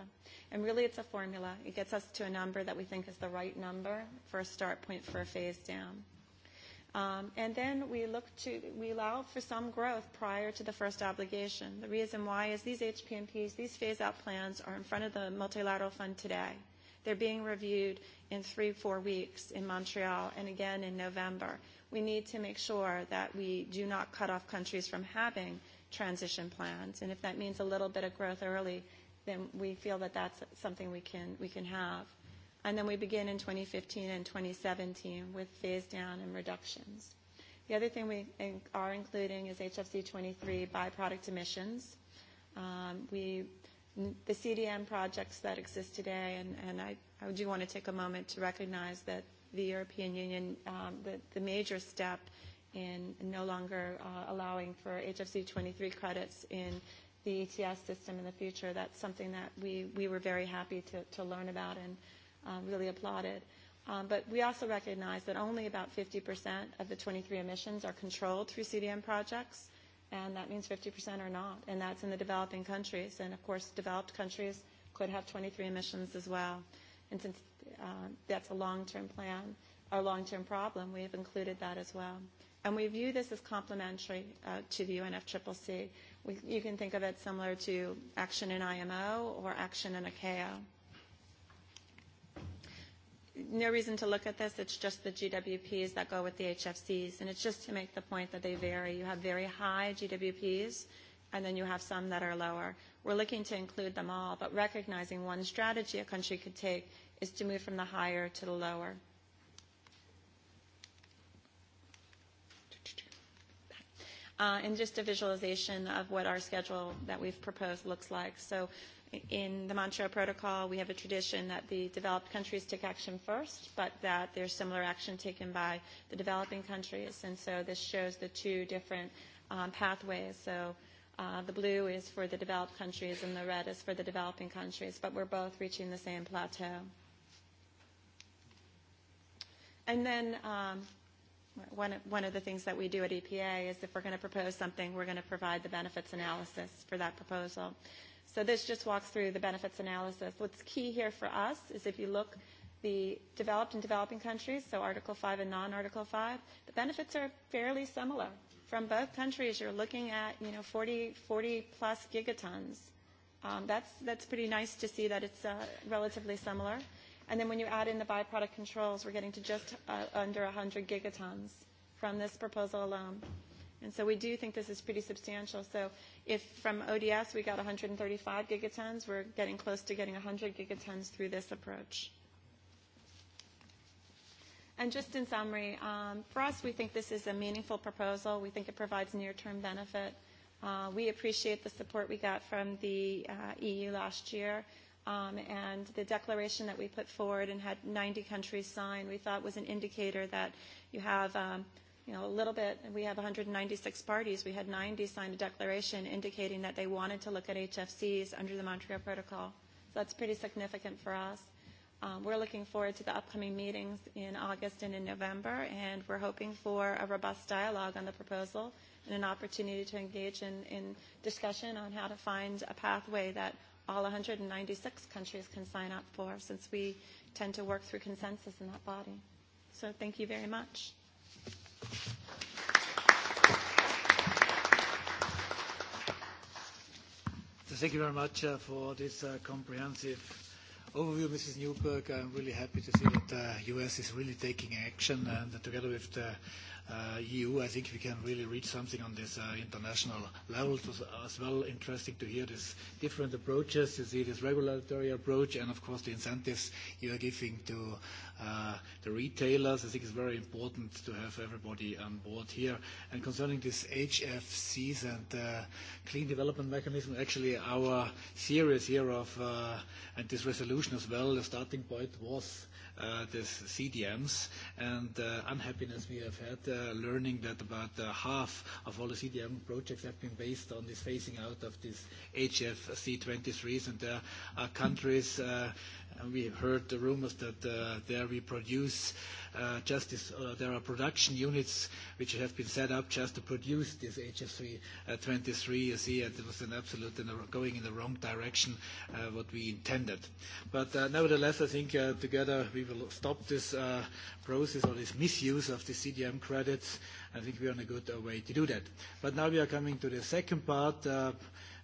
And really, it's a formula. It gets us to a number that we think is the right number for a start point for a phase down. Um, and then we look to, we allow for some growth prior to the first obligation. The reason why is these HPMPs, these phase out plans are in front of the multilateral fund today. They're being reviewed in three, four weeks in Montreal and again in November. We need to make sure that we do not cut off countries from having transition plans. And if that means a little bit of growth early, then we feel that that's something we can, we can have. And then we begin in 2015 and 2017 with phase down and reductions. The other thing we are including is HFC 23 byproduct emissions. Um, we the CDM projects that exist today, and, and I, I do want to take a moment to recognize that the European Union, um, the, the major step in no longer uh, allowing for HFC 23 credits in the ETS system in the future. That's something that we, we were very happy to, to learn about and um, really applauded. Um, but we also recognize that only about 50% of the 23 emissions are controlled through CDM projects and that means 50% are not, and that's in the developing countries. And of course, developed countries could have 23 emissions as well. And since uh, that's a long-term plan, our long-term problem, we have included that as well. And we view this as complementary uh, to the UNFCCC. We, you can think of it similar to action in IMO or action in ICAO no reason to look at this. It's just the GWPs that go with the HFCs. And it's just to make the point that they vary. You have very high GWPs, and then you have some that are lower. We're looking to include them all, but recognizing one strategy a country could take is to move from the higher to the lower. Uh, and just a visualization of what our schedule that we've proposed looks like. So in the Montreal Protocol, we have a tradition that the developed countries take action first, but that there's similar action taken by the developing countries. And so this shows the two different um, pathways. So uh, the blue is for the developed countries and the red is for the developing countries, but we're both reaching the same plateau. And then um, one, one of the things that we do at EPA is if we're going to propose something, we're going to provide the benefits analysis for that proposal. So this just walks through the benefits analysis. What's key here for us is if you look the developed and developing countries, so Article 5 and non-Article 5, the benefits are fairly similar. From both countries, you're looking at, you know, 40, 40 plus gigatons. Um, that's, that's pretty nice to see that it's uh, relatively similar. And then when you add in the byproduct controls, we're getting to just uh, under 100 gigatons from this proposal alone. Um, And so we do think this is pretty substantial. So if from ODS we got 135 gigatons, we're getting close to getting 100 gigatons through this approach. And just in summary, um, for us, we think this is a meaningful proposal. We think it provides near-term benefit. Uh, we appreciate the support we got from the uh, EU last year. Um, and the declaration that we put forward and had 90 countries sign, we thought was an indicator that you have um, – you know, a little bit, we have 196 parties. We had 90 sign a declaration indicating that they wanted to look at HFCs under the Montreal Protocol. So that's pretty significant for us. Um, we're looking forward to the upcoming meetings in August and in November, and we're hoping for a robust dialogue on the proposal and an opportunity to engage in, in discussion on how to find a pathway that all 196 countries can sign up for, since we tend to work through consensus in that body. So thank you very much. Thank you very much uh, for this uh, comprehensive overview, Mrs. Newberg. I'm really happy to see that the uh, U.S. is really taking action, and together with the uh, EU, I think we can really reach something on this uh, international level. It was uh, as well interesting to hear these different approaches. You see this regulatory approach and, of course, the incentives you are giving to uh, the retailers. I think it's very important to have everybody on board here. And concerning these HFCs and uh, clean development mechanism, actually our series here of, uh, and this resolution as well, the starting point was uh, this CDMs. And uh, unhappiness we have had uh, learning that about uh, half of all the CDM projects have been based on this phasing out of these HFC23s. And there are countries uh, And we heard the rumors that uh, there we produce uh, just this, uh, there are production units which have been set up just to produce this HF3 uh, 23. You see, it was an absolute in the, going in the wrong direction uh, what we intended. But uh, nevertheless, I think uh, together we will stop this uh, process or this misuse of the CDM credits. I think we are on a good uh, way to do that. But now we are coming to the second part. Uh,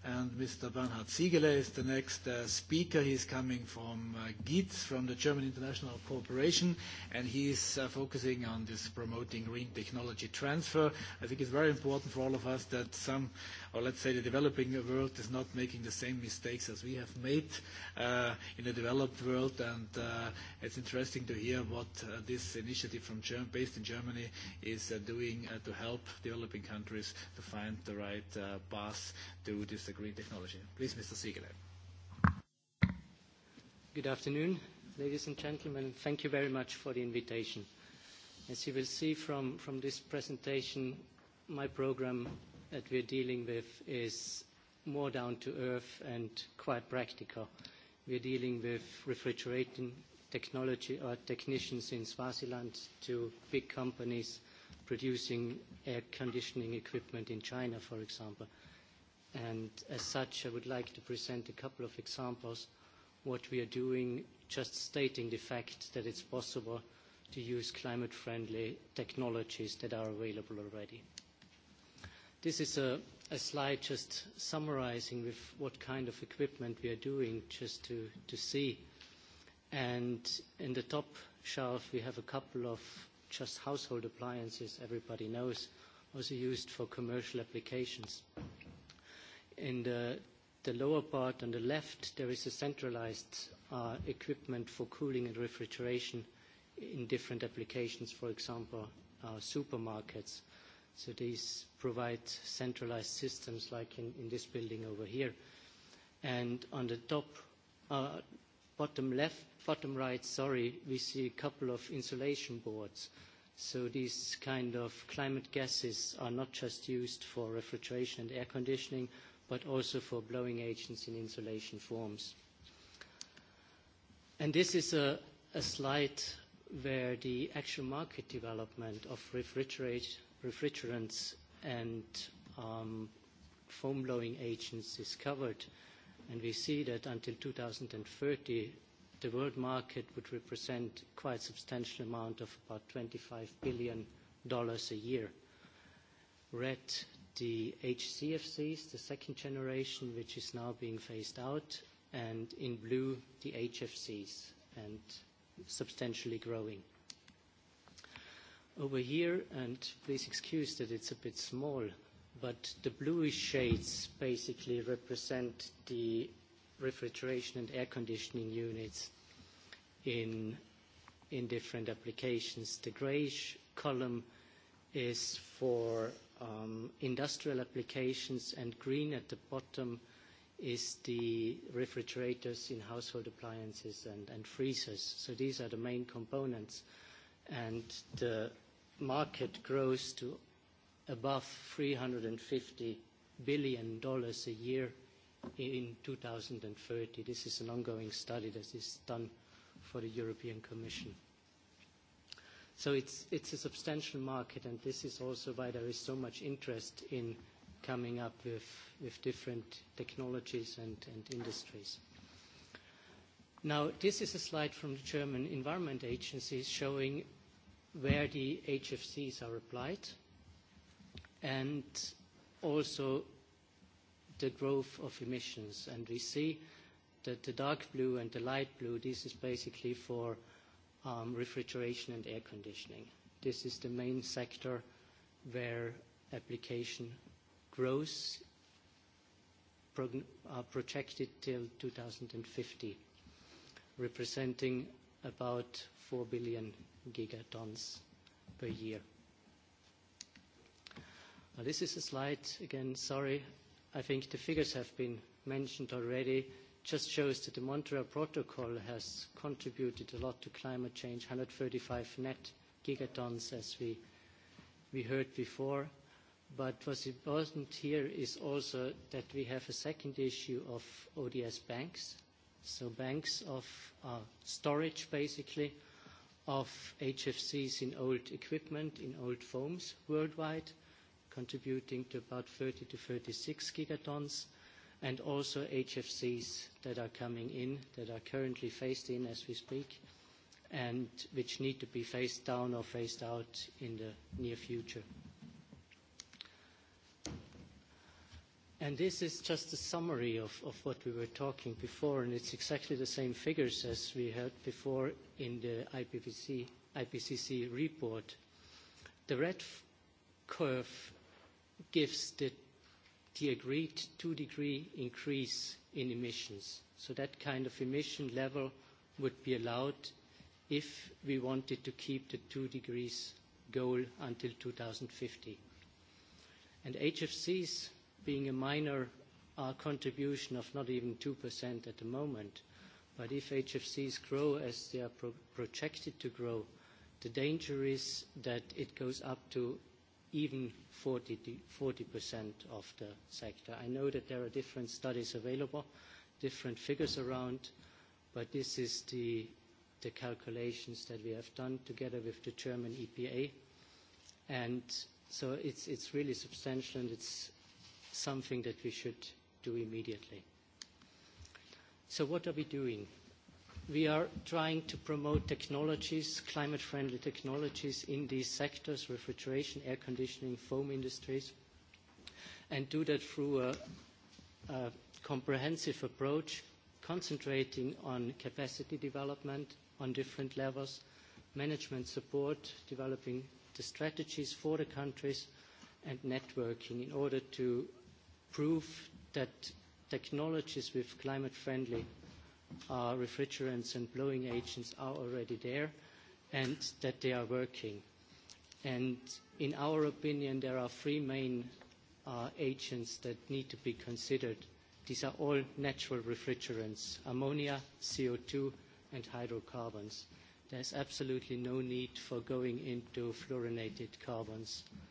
and Mr. Bernhard Ziegele is the next uh, speaker. He's coming from uh, GITS, from the German International Corporation, and he's uh, focusing on this promoting green technology transfer. I think it's very important for all of us that some uh, or let's say the developing world is not making the same mistakes as we have made uh, in the developed world. And uh, it's interesting to hear what uh, this initiative from Germ- based in Germany is uh, doing uh, to help developing countries to find the right uh, path to this uh, green technology. Please, Mr. Siegele. Good afternoon, ladies and gentlemen. Thank you very much for the invitation. As you will see from, from this presentation, my program that we're dealing with is more down to earth and quite practical. We're dealing with refrigeration technology or uh, technicians in Swaziland to big companies producing air conditioning equipment in China, for example. And as such, I would like to present a couple of examples what we are doing, just stating the fact that it's possible to use climate-friendly technologies that are available already. This is a, a slide just summarizing with what kind of equipment we are doing, just to, to see. And in the top shelf, we have a couple of just household appliances everybody knows, also used for commercial applications. In the, the lower part on the left, there is a centralized uh, equipment for cooling and refrigeration in different applications, for example, uh, supermarkets. So these provide centralized systems like in, in this building over here. And on the top, uh, bottom left, bottom right, sorry, we see a couple of insulation boards. So these kind of climate gases are not just used for refrigeration and air conditioning, but also for blowing agents in insulation forms. And this is a, a slide where the actual market development of refrigerate, refrigerants and um, foam blowing agents is covered, and we see that until 2030, the world market would represent quite substantial amount of about $25 billion a year. Read the HCFCs, the second generation, which is now being phased out, and in blue, the HFCs, and substantially growing over here, and please excuse that it's a bit small, but the bluish shades basically represent the refrigeration and air conditioning units in, in different applications. The grayish column is for um, industrial applications, and green at the bottom is the refrigerators in household appliances and, and freezers. So these are the main components. And the market grows to above $350 billion a year in 2030. This is an ongoing study that is done for the European Commission. So it's, it's a substantial market, and this is also why there is so much interest in coming up with, with different technologies and, and industries. Now, this is a slide from the German Environment Agency showing where the HFCs are applied, and also the growth of emissions. And we see that the dark blue and the light blue, this is basically for um, refrigeration and air conditioning. This is the main sector where application grows are projected till 2050, representing about 4 billion gigatons per year. Now, this is a slide, again, sorry, I think the figures have been mentioned already. Just shows that the Montreal Protocol has contributed a lot to climate change, 135 net gigatons, as we, we heard before. But what's important here is also that we have a second issue of ODS banks. So banks of uh, storage, basically, of HFCs in old equipment, in old foams worldwide, contributing to about 30 to 36 gigatons, and also HFCs that are coming in, that are currently phased in as we speak, and which need to be phased down or phased out in the near future. And this is just a summary of, of what we were talking before, and it's exactly the same figures as we had before in the IPPC, IPCC report. The red curve gives the, the agreed 2-degree increase in emissions. So that kind of emission level would be allowed if we wanted to keep the 2 degrees goal until 2050. And HFCs being a minor uh, contribution of not even 2% at the moment. But if HFCs grow as they are pro projected to grow, the danger is that it goes up to even 40%, 40 of the sector. I know that there are different studies available, different figures around, but this is the, the calculations that we have done together with the German EPA. And so it's, it's really substantial, and it's something that we should do immediately. So what are we doing? We are trying to promote technologies, climate-friendly technologies in these sectors, refrigeration, air conditioning, foam industries, and do that through a, a comprehensive approach, concentrating on capacity development on different levels, management support, developing the strategies for the countries, and networking in order to prove that technologies with climate-friendly uh, refrigerants and blowing agents are already there and that they are working. And in our opinion, there are three main uh, agents that need to be considered. These are all natural refrigerants, ammonia, CO2, and hydrocarbons. There's absolutely no need for going into fluorinated carbons. Mm-hmm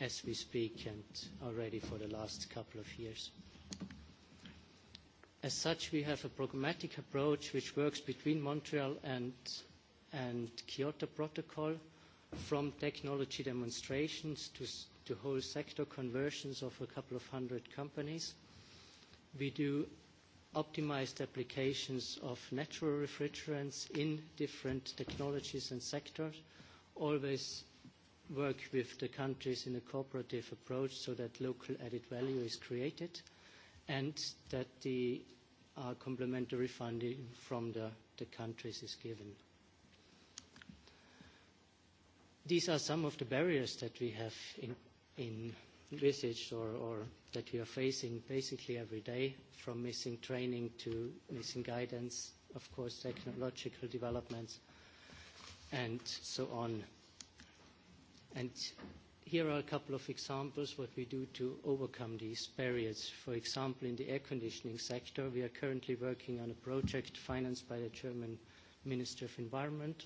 as we speak and already for the last couple of years. As such, we have a programmatic approach which works between Montreal and, and Kyoto Protocol, from technology demonstrations to, to whole sector conversions of a couple of hundred companies. We do optimized applications of natural refrigerants in different technologies and sectors, always work with the countries in a cooperative approach so that local added value is created and that the uh, complementary funding from the, the countries is given. These are some of the barriers that we have in, in envisaged or, or that we are facing basically every day, from missing training to missing guidance, of course, technological developments, and so on. And here are a couple of examples what we do to overcome these barriers. For example, in the air conditioning sector, we are currently working on a project financed by the German Minister of Environment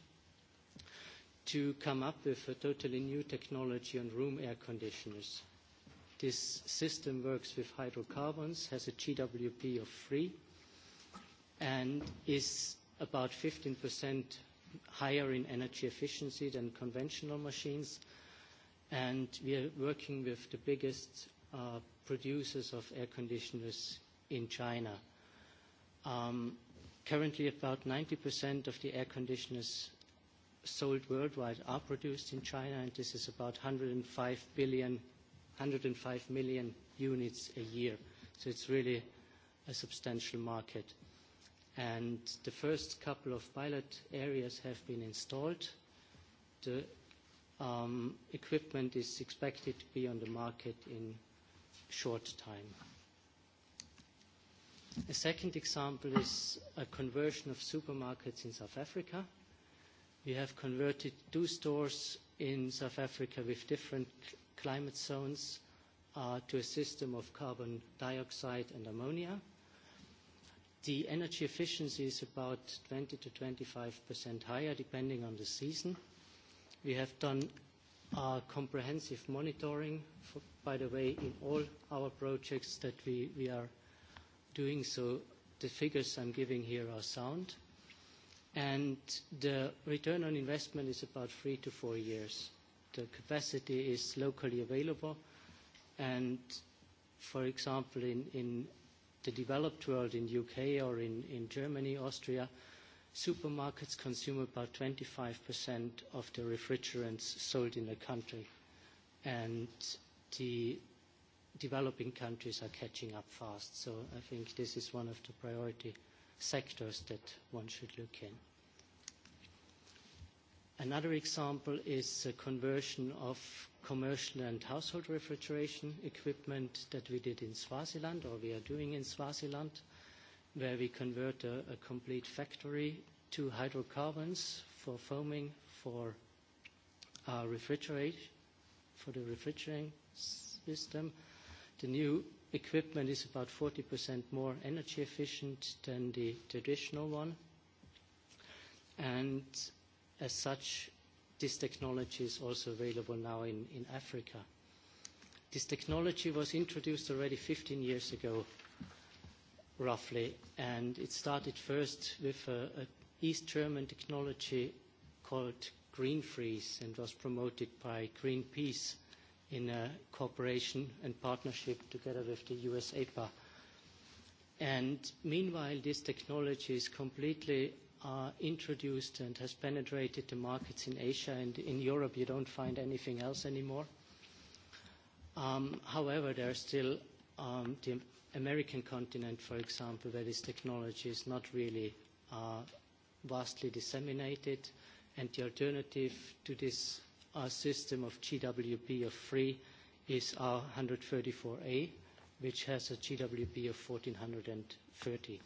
to come up with a totally new technology on room air conditioners. This system works with hydrocarbons, has a GWP of 3, and is about 15% higher in energy efficiency than conventional machines, and we are working with the biggest uh, producers of air conditioners in China. Um, currently, about 90% of the air conditioners sold worldwide are produced in China, and this is about 105 billion, 105 million units a year. So it's really a substantial market. And the first couple of pilot areas have been installed. The um, equipment is expected to be on the market in short time. A second example is a conversion of supermarkets in South Africa. We have converted two stores in South Africa with different climate zones uh, to a system of carbon dioxide and ammonia. The energy efficiency is about 20%-25% higher, depending on the season We have done uh, comprehensive monitoring, for, by the way, in all our projects that we, we are doing, so the figures I'm giving here are sound. And the return on investment is about three to four years. The capacity is locally available, and for example, in, in the developed world, in U.K. or in, in Germany, Austria, uh, supermarkets consume about 25% of the refrigerants sold in the country, and the developing countries are catching up fast. So I think this is one of the priority sectors that one should look in. Another example is the conversion of commercial and household refrigeration equipment that we did in Swaziland, or we are doing in Swaziland where we convert a, a complete factory to hydrocarbons for foaming, for uh, refrigerate, for the refrigerating system. The new equipment is about 40% more energy efficient than the traditional one. And as such, this technology is also available now in, in Africa. This technology was introduced already 15 years ago roughly, and it started first with a, a East German technology called Green Freeze and was promoted by Greenpeace in a cooperation and partnership together with the US APA. And meanwhile, this technology is completely uh, introduced and has penetrated the markets in Asia and in Europe. You don't find anything else anymore. Um, however, there are still um, the American continent, for example, where this technology is not really uh, vastly disseminated, and the alternative to this uh, system of GWB of 3 is R134A, which has a GWB of 1430.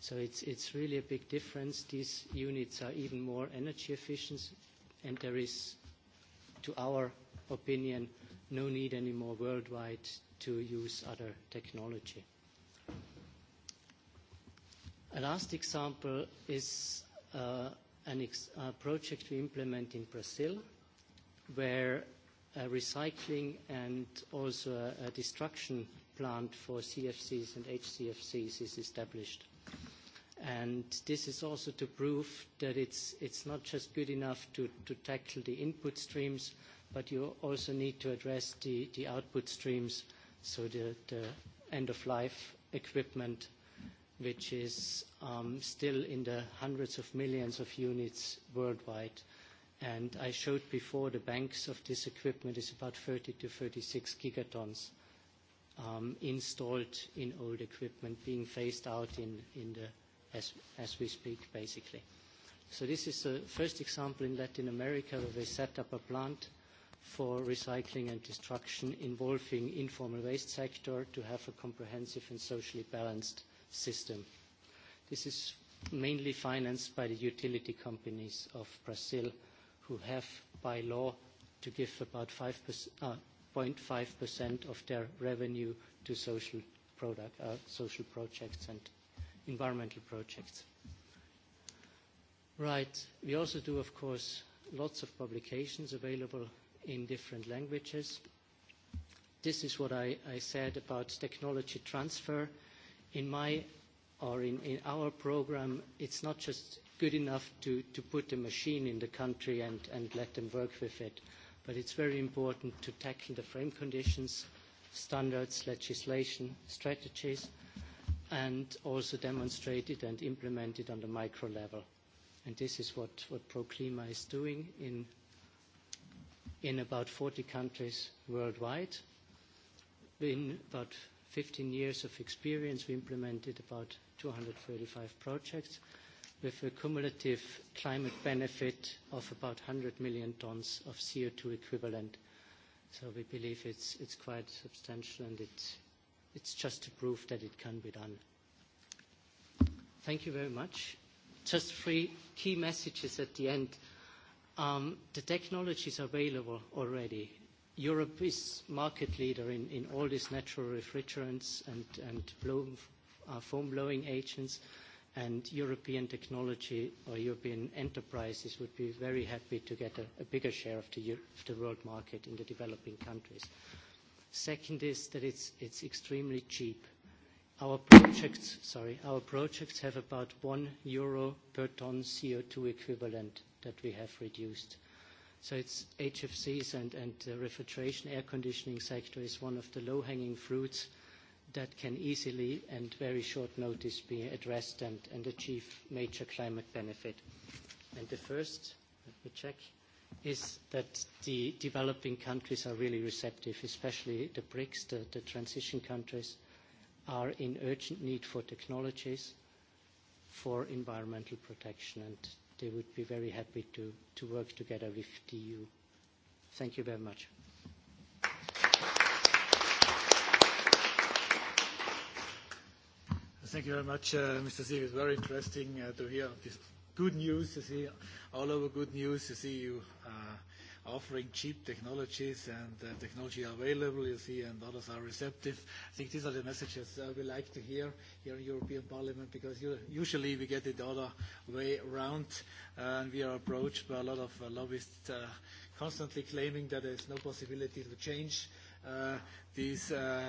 So it's, it's really a big difference. These units are even more energy efficient, and there is, to our opinion, no need anymore worldwide to use other technology. A last example is uh, an ex a project we implement in Brazil, where a recycling and also a, a destruction plant for CFCs and HCFCs is established. And this is also to prove that it's, it's not just good enough to, to tackle the input streams, but you also need to address the, the output streams so the, the end-of-life equipment, which is um, still in the hundreds of millions of units worldwide. And I showed before the banks of this equipment is about 30 to 36 gigatons um, installed in old equipment being phased out in, in the, as, as we speak, basically. So this is the first example in Latin America where we set up a plant uh, for recycling and destruction involving informal waste sector to have a comprehensive and socially balanced system. This is mainly financed by the utility companies of Brazil, who have by law to give about 5%, uh, 0.5% of their revenue to social, product, uh, social projects and environmental projects. Right. We also do, of course, lots of publications available in different languages. This is what I, I said about technology transfer. In my or in, in our program, it's not just good enough to, to put a machine in the country and, and let them work with it, but it's very important to tackle the frame conditions, standards, legislation, strategies, and also demonstrate it and implement it on the micro level. And this is what, what Proclima is doing in in about 40 countries worldwide. In about 15 years of experience, we implemented about 235 projects with a cumulative climate benefit of about 100 million tons of CO2 equivalent. So we believe it's, it's quite substantial, and it's, it's just to prove that it can be done. Thank you very much. Just three key messages at the end. Um, the technology is available already. Europe is market leader in, in all these natural refrigerants and, and blow, uh, foam blowing agents, and European technology or European enterprises would be very happy to get a, a bigger share of the, of the world market in the developing countries. Second is that it's, it's extremely cheap. Our projects, sorry, our projects have about 1 euro per ton CO2 equivalent that we have reduced. So it's HFCs and, and the uh, refrigeration, air conditioning sector is one of the low-hanging fruits that can easily and very short notice be addressed and, and achieve major climate benefit. And the first, let me check, is that the developing countries are really receptive, especially the BRICS, the, the transition countries, are in urgent need for technologies for environmental protection. And they would be very happy to, to work together with the EU. Thank you very much. Thank you very much, uh, Mr. Sieg. It's very interesting uh, to hear this good news. You see, all over good news, you see, you uh, offering cheap technologies and uh, technology available, you see, and others are receptive. I think these are the messages uh, we like to hear here in European Parliament because you, usually we get it the other way around uh, and we are approached by a lot of uh, lobbyists uh, constantly claiming that there is no possibility to change uh, uh, these uh,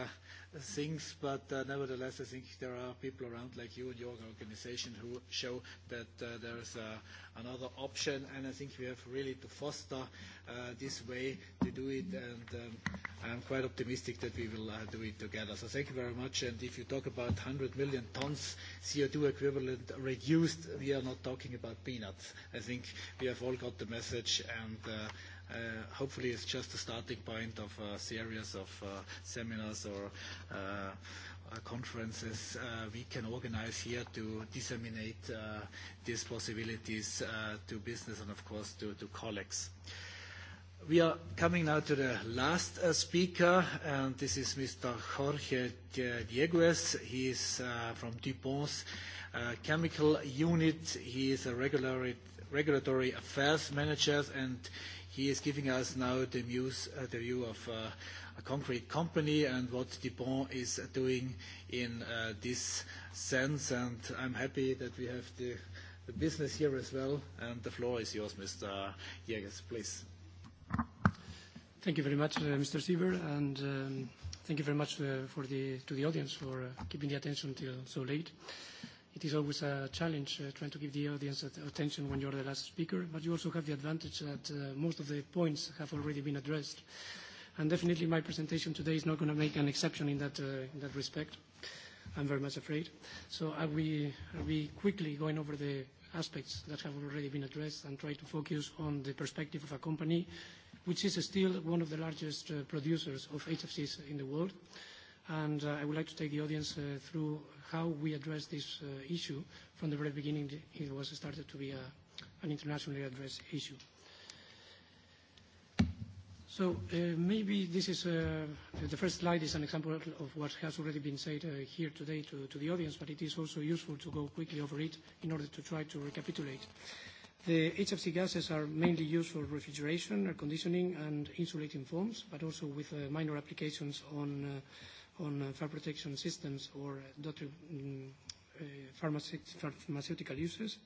things, but uh, nevertheless, I think there are people around like you and your organization who show that uh, there is uh, another option, and I think we have really to foster uh, this way to do it, and um, I'm quite optimistic that we will uh, do it together. So thank you very much, and if you talk about 100 million tons CO2 equivalent reduced, we are not talking about peanuts. I think we have all got the message, and uh, uh, hopefully it's just a starting point of a series of uh, seminars or uh, uh, conferences uh, we can organize here to disseminate uh, these possibilities uh, to business and of course to, to colleagues. We are coming now to the last uh, speaker, and this is Mr. Jorge Dieguez. He is uh, from DuPont's uh, chemical unit. He is a regulatory, regulatory affairs manager, and He is giving us now the, muse, uh, the view of uh, a concrete company and what Dupont is uh, doing in uh, this sense. And I'm happy that we have the, the business here as well. And the floor is yours, Mr. Jägers, please. Thank you very much, uh, Mr. Sieber, and um, thank you very much uh, for the, to the audience for uh, keeping the attention till so late. Uh, it is always a challenge uh, trying to give the audience attention when you're the last speaker, but you also have the advantage that uh, most of the points have already been addressed. And definitely my presentation today is not going to make an exception in that, uh, in that respect. I'm very much afraid. So I will, I will quickly going over the aspects that have already been addressed and try to focus on the perspective of a company which is still one of the largest uh, producers of HFCs in the world. And uh, I would like to take the audience uh, through how we address this uh, issue. From the very beginning, it was started to be a, uh, an internationally addressed issue. So uh, maybe this is uh, the first slide is an example of what has already been said uh, here today to, to the audience, but it is also useful to go quickly over it in order to try to recapitulate. The HFC gases are mainly used for refrigeration, air conditioning, and insulating foams, but also with uh, minor applications on uh, on uh, fire protection systems or uh, doctor, um, uh, pharmaceutical uses.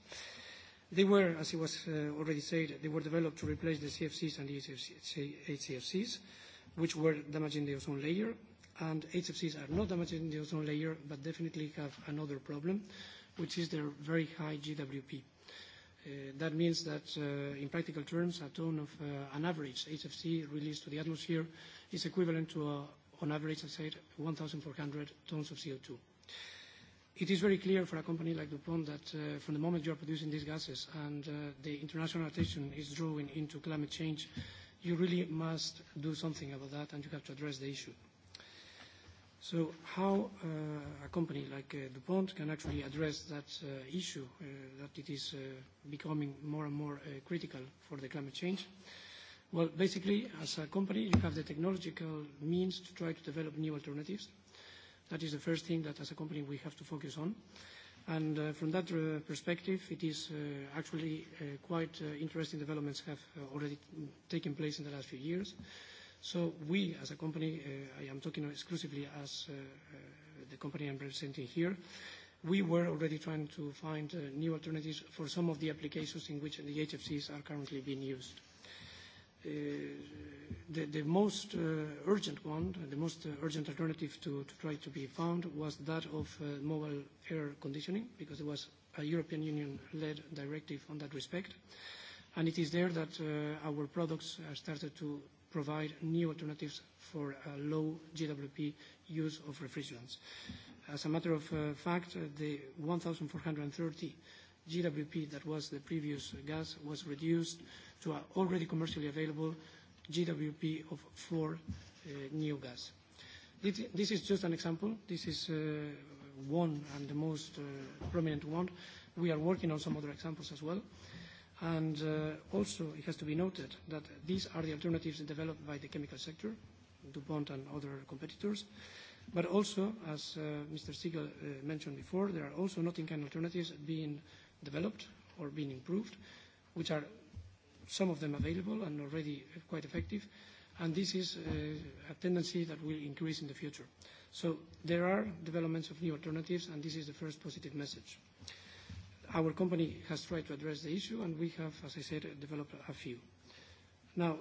They were, as it was uh, already said, they were developed to replace the CFCs and the HCFCs, which were damaging the ozone layer. And HFCs are not damaging the ozone layer, but definitely have another problem, which is their very high GWP. Uh, that means that, uh, in practical terms, a ton of uh, an average HFC released to the atmosphere is equivalent to a on average, I said, 1,400 tons of CO2. It is very clear for a company like DuPont that uh, from the moment you are producing these gases and uh, the international attention is drawing into climate change, you really must do something about that, and you have to address the issue. So how uh, a company like uh, DuPont can actually address that uh, issue, uh, that it is uh, becoming more and more uh, critical for the climate change? Well, basically, as a company, you have the technological means to try to develop new alternatives. That is the first thing that as a company we have to focus on. And uh, from that uh, perspective, it is uh, actually uh, quite uh, interesting developments have uh, already taken place in the last few years. So we, as a company, I am talking exclusively as the company I'm representing here, we were already trying to find new alternatives for some of the applications in which the HFCs are currently being used uh, the, the most uh, urgent one, the most uh, urgent alternative to, to try to be found was that of uh, mobile air conditioning, because there was a European Union-led directive on that respect. And it is there that uh, our products have started to provide new alternatives for a low GWP use of refrigerants. As a matter of uh, fact, uh, the 1,430 GWP that was the previous gas was reduced to our already commercially available GWP of 4 uh, new gas. This, this is just an example. This is uh, one and the most uh, prominent one. We are working on some other examples as well. And uh, also, it has to be noted that these are the alternatives developed by the chemical sector, DuPont and other competitors. But also, as uh, Mr. Siegel uh, mentioned before, there are also Nottingham alternatives being developed or being improved, which are some of them available and already quite effective, and this is uh, a tendency that will increase in the future. So there are developments of new alternatives, and this is the first positive message. Our company has tried to address the issue, and we have, as I said, developed a few. Now,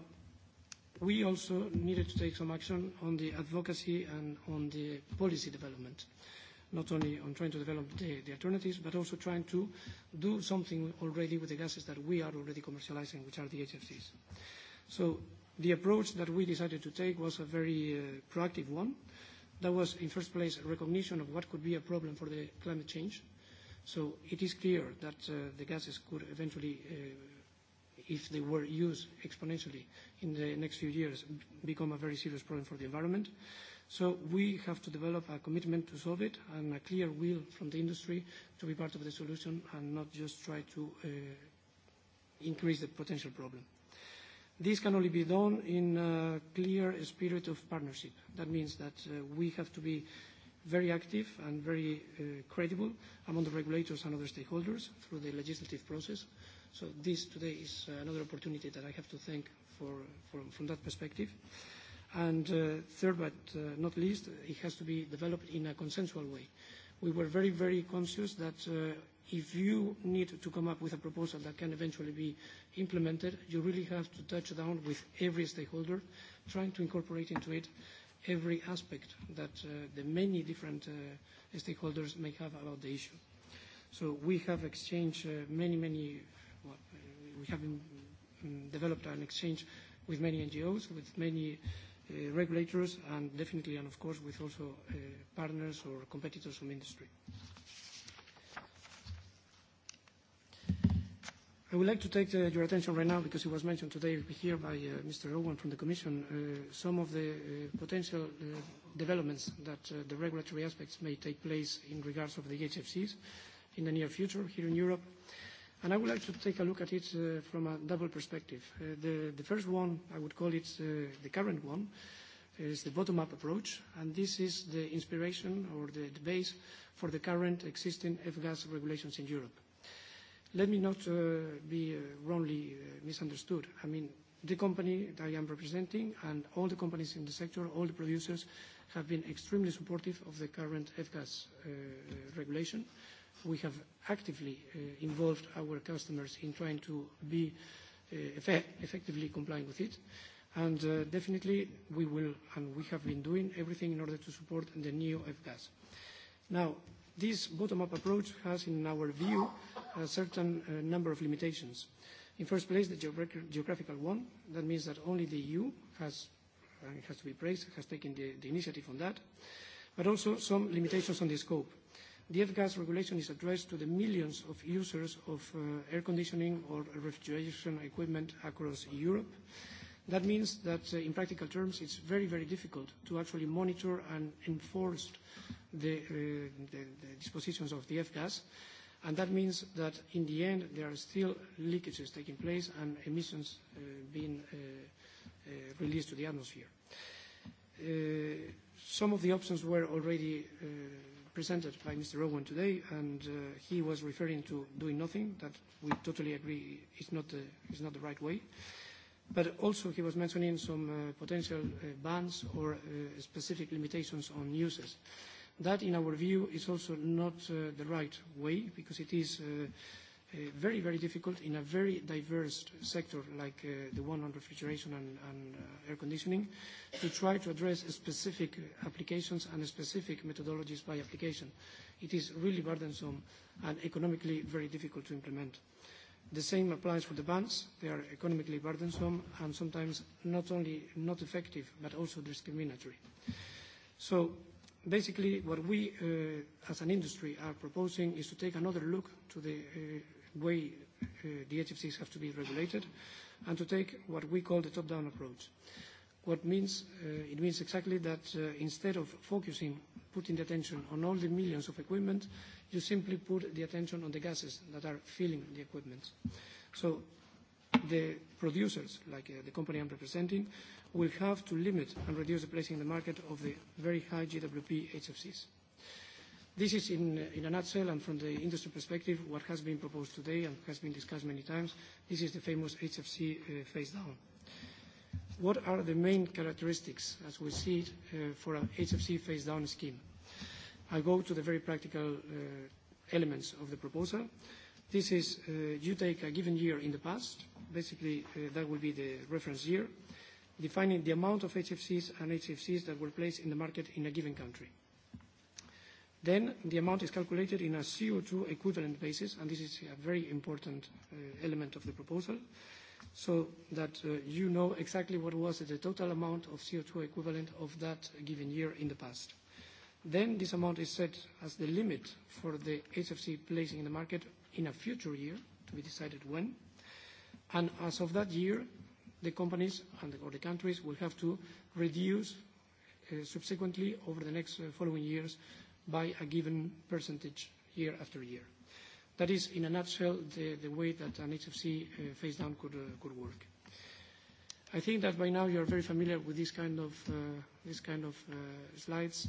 we also needed to take some action on the advocacy and on the policy development. Uh, not only on trying to develop the, the alternatives, but also trying to do something already with the gases that we are already commercializing, which are the HFCs. So the approach that we decided to take was a very uh, proactive one. That was, in first place, a recognition of what could be a problem for the climate change. So it is clear that uh, the gases could eventually, uh, if they were used exponentially in the next few years, become a very serious problem for the environment. Uh, So we have to develop a commitment to solve it and a clear will from the industry to be part of the solution and not just try to uh, increase the potential problem. This can only be done in a clear spirit of partnership. That means that uh, we have to be very active and very uh, credible among the regulators and other stakeholders through the legislative process. So this today is another opportunity that I have to thank for, for, from that perspective. Uh, And uh, third, but uh, not least, it has to be developed in a consensual way. We were very, very conscious that uh, if you need to come up with a proposal that can eventually be implemented, you really have to touch down with every stakeholder, trying to incorporate into it every aspect that uh, the many different uh, stakeholders may have about the issue. So we have exchanged uh, many, many... Well, we have um, developed an exchange with many NGOs, with many uh, uh, regulators and definitely and of course with also uh, partners or competitors from industry. I would like to take uh, your attention right now, because it was mentioned today here by uh, Mr. Owen from the Commission, uh, some of the uh, potential uh, developments that uh, the regulatory aspects may take place in regards of the HFCs in the near future here in Europe. Uh, And I would like to take a look at it uh, from a double perspective. Uh, the, the first one, I would call it uh, the current one, is the bottom-up approach, and this is the inspiration or the, the base for the current existing F-gas regulations in Europe. Let me not uh, be uh, wrongly uh, misunderstood. I mean, the company that I am representing and all the companies in the sector, all the producers, have been extremely supportive of the current F-gas uh, regulation we have actively uh, involved our customers in trying to be uh, effect effectively complying with it. And uh, definitely we will, and we have been doing everything in order to support the new FGAS. Now, this bottom-up approach has, in our view, a certain uh, number of limitations. In first place, the geogra geographical one. That means that only the EU has, and it has to be praised, has taken the, the initiative on that, but also some limitations on the scope. Uh, The F-gas regulation is addressed to the millions of users of uh, air conditioning or refrigeration equipment across Europe. That means that uh, in practical terms, it's very, very difficult to actually monitor and enforce the, uh, the, the dispositions of the F-gas. And that means that in the end, there are still leakages taking place and emissions uh, being uh, uh, released to the atmosphere. Uh, some of the options were already uh, presented by Mr. Owen today, and uh, he was referring to doing nothing. That we totally agree is not the, is not the right way. But also he was mentioning some uh, potential uh, bans or uh, specific limitations on uses. That, in our view, is also not uh, the right way because it is uh, Uh, very, very difficult in a very diverse sector like uh, the one on refrigeration and, and uh, air conditioning to try to address specific applications and specific methodologies by application. It is really burdensome and economically very difficult to implement. The same applies for the bans. They are economically burdensome and sometimes not only not effective, but also discriminatory. So basically, what we uh, as an industry are proposing is to take another look to the uh, way uh, the HFCs have to be regulated, and to take what we call the top-down approach. What means, uh, it means exactly that uh, instead of focusing, putting the attention on all the millions of equipment, you simply put the attention on the gases that are filling the equipment. So the producers, like uh, the company I'm representing, will have to limit and reduce the placing in the market of the very high GWP HFCs. This is in, in a nutshell and from the industry perspective what has been proposed today and has been discussed many times. This is the famous HFC uh, phase down. What are the main characteristics as we see it uh, for an HFC phase down scheme? I go to the very practical uh, elements of the proposal. This is uh, you take a given year in the past, basically uh, that will be the reference year, defining the amount of HFCs and HFCs that were placed in the market in a given country. Uh, Then the amount is calculated in a CO2 equivalent basis, and this is a very important uh, element of the proposal, so that uh, you know exactly what was the total amount of CO2 equivalent of that given year in the past. Then this amount is set as the limit for the HFC placing in the market in a future year, to be decided when. And as of that year, the companies and the, or the countries will have to reduce uh, subsequently over the next uh, following years by a given percentage year after year. That is, in a nutshell, the, the way that an HFC uh, phase down could, uh, could work. I think that by now you're very familiar with this kind of, uh, this kind of uh, slides.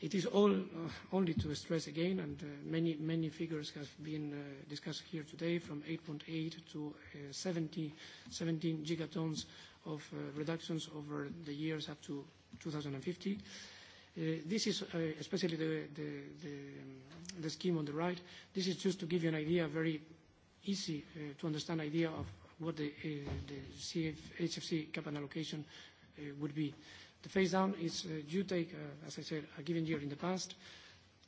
It is all uh, only to stress again, and uh, many, many figures have been discussed here today, from 8.8 to 70, 17 gigatons of reductions over the years up to 2050. Uh, this is uh, especially the, the, the, the scheme on the right. This is just to give you an idea, very easy uh, to understand idea of what the CF, HFC capital allocation would be. The phase down is you take, as I said, a given year in the past,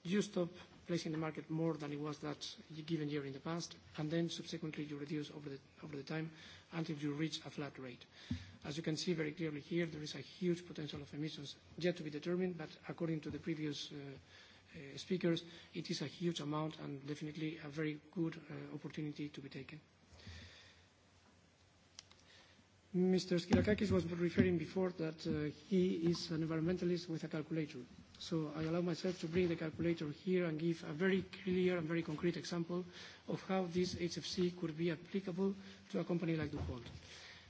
you stop placing the market more than it was that given year in the past, and then subsequently you reduce over the, over the time until you reach a flat rate. As you can see very clearly here, there is a huge potential of emissions yet to be determined, but according to the previous uh, uh, speakers, it is a huge amount and definitely a very good uh, opportunity to be taken. Mr. Skylakakis was referring before that uh, he is an environmentalist with a calculator. So I allow myself to bring the calculator here and give a very clear and very concrete example of how this HFC could be applicable to a company like DuPont.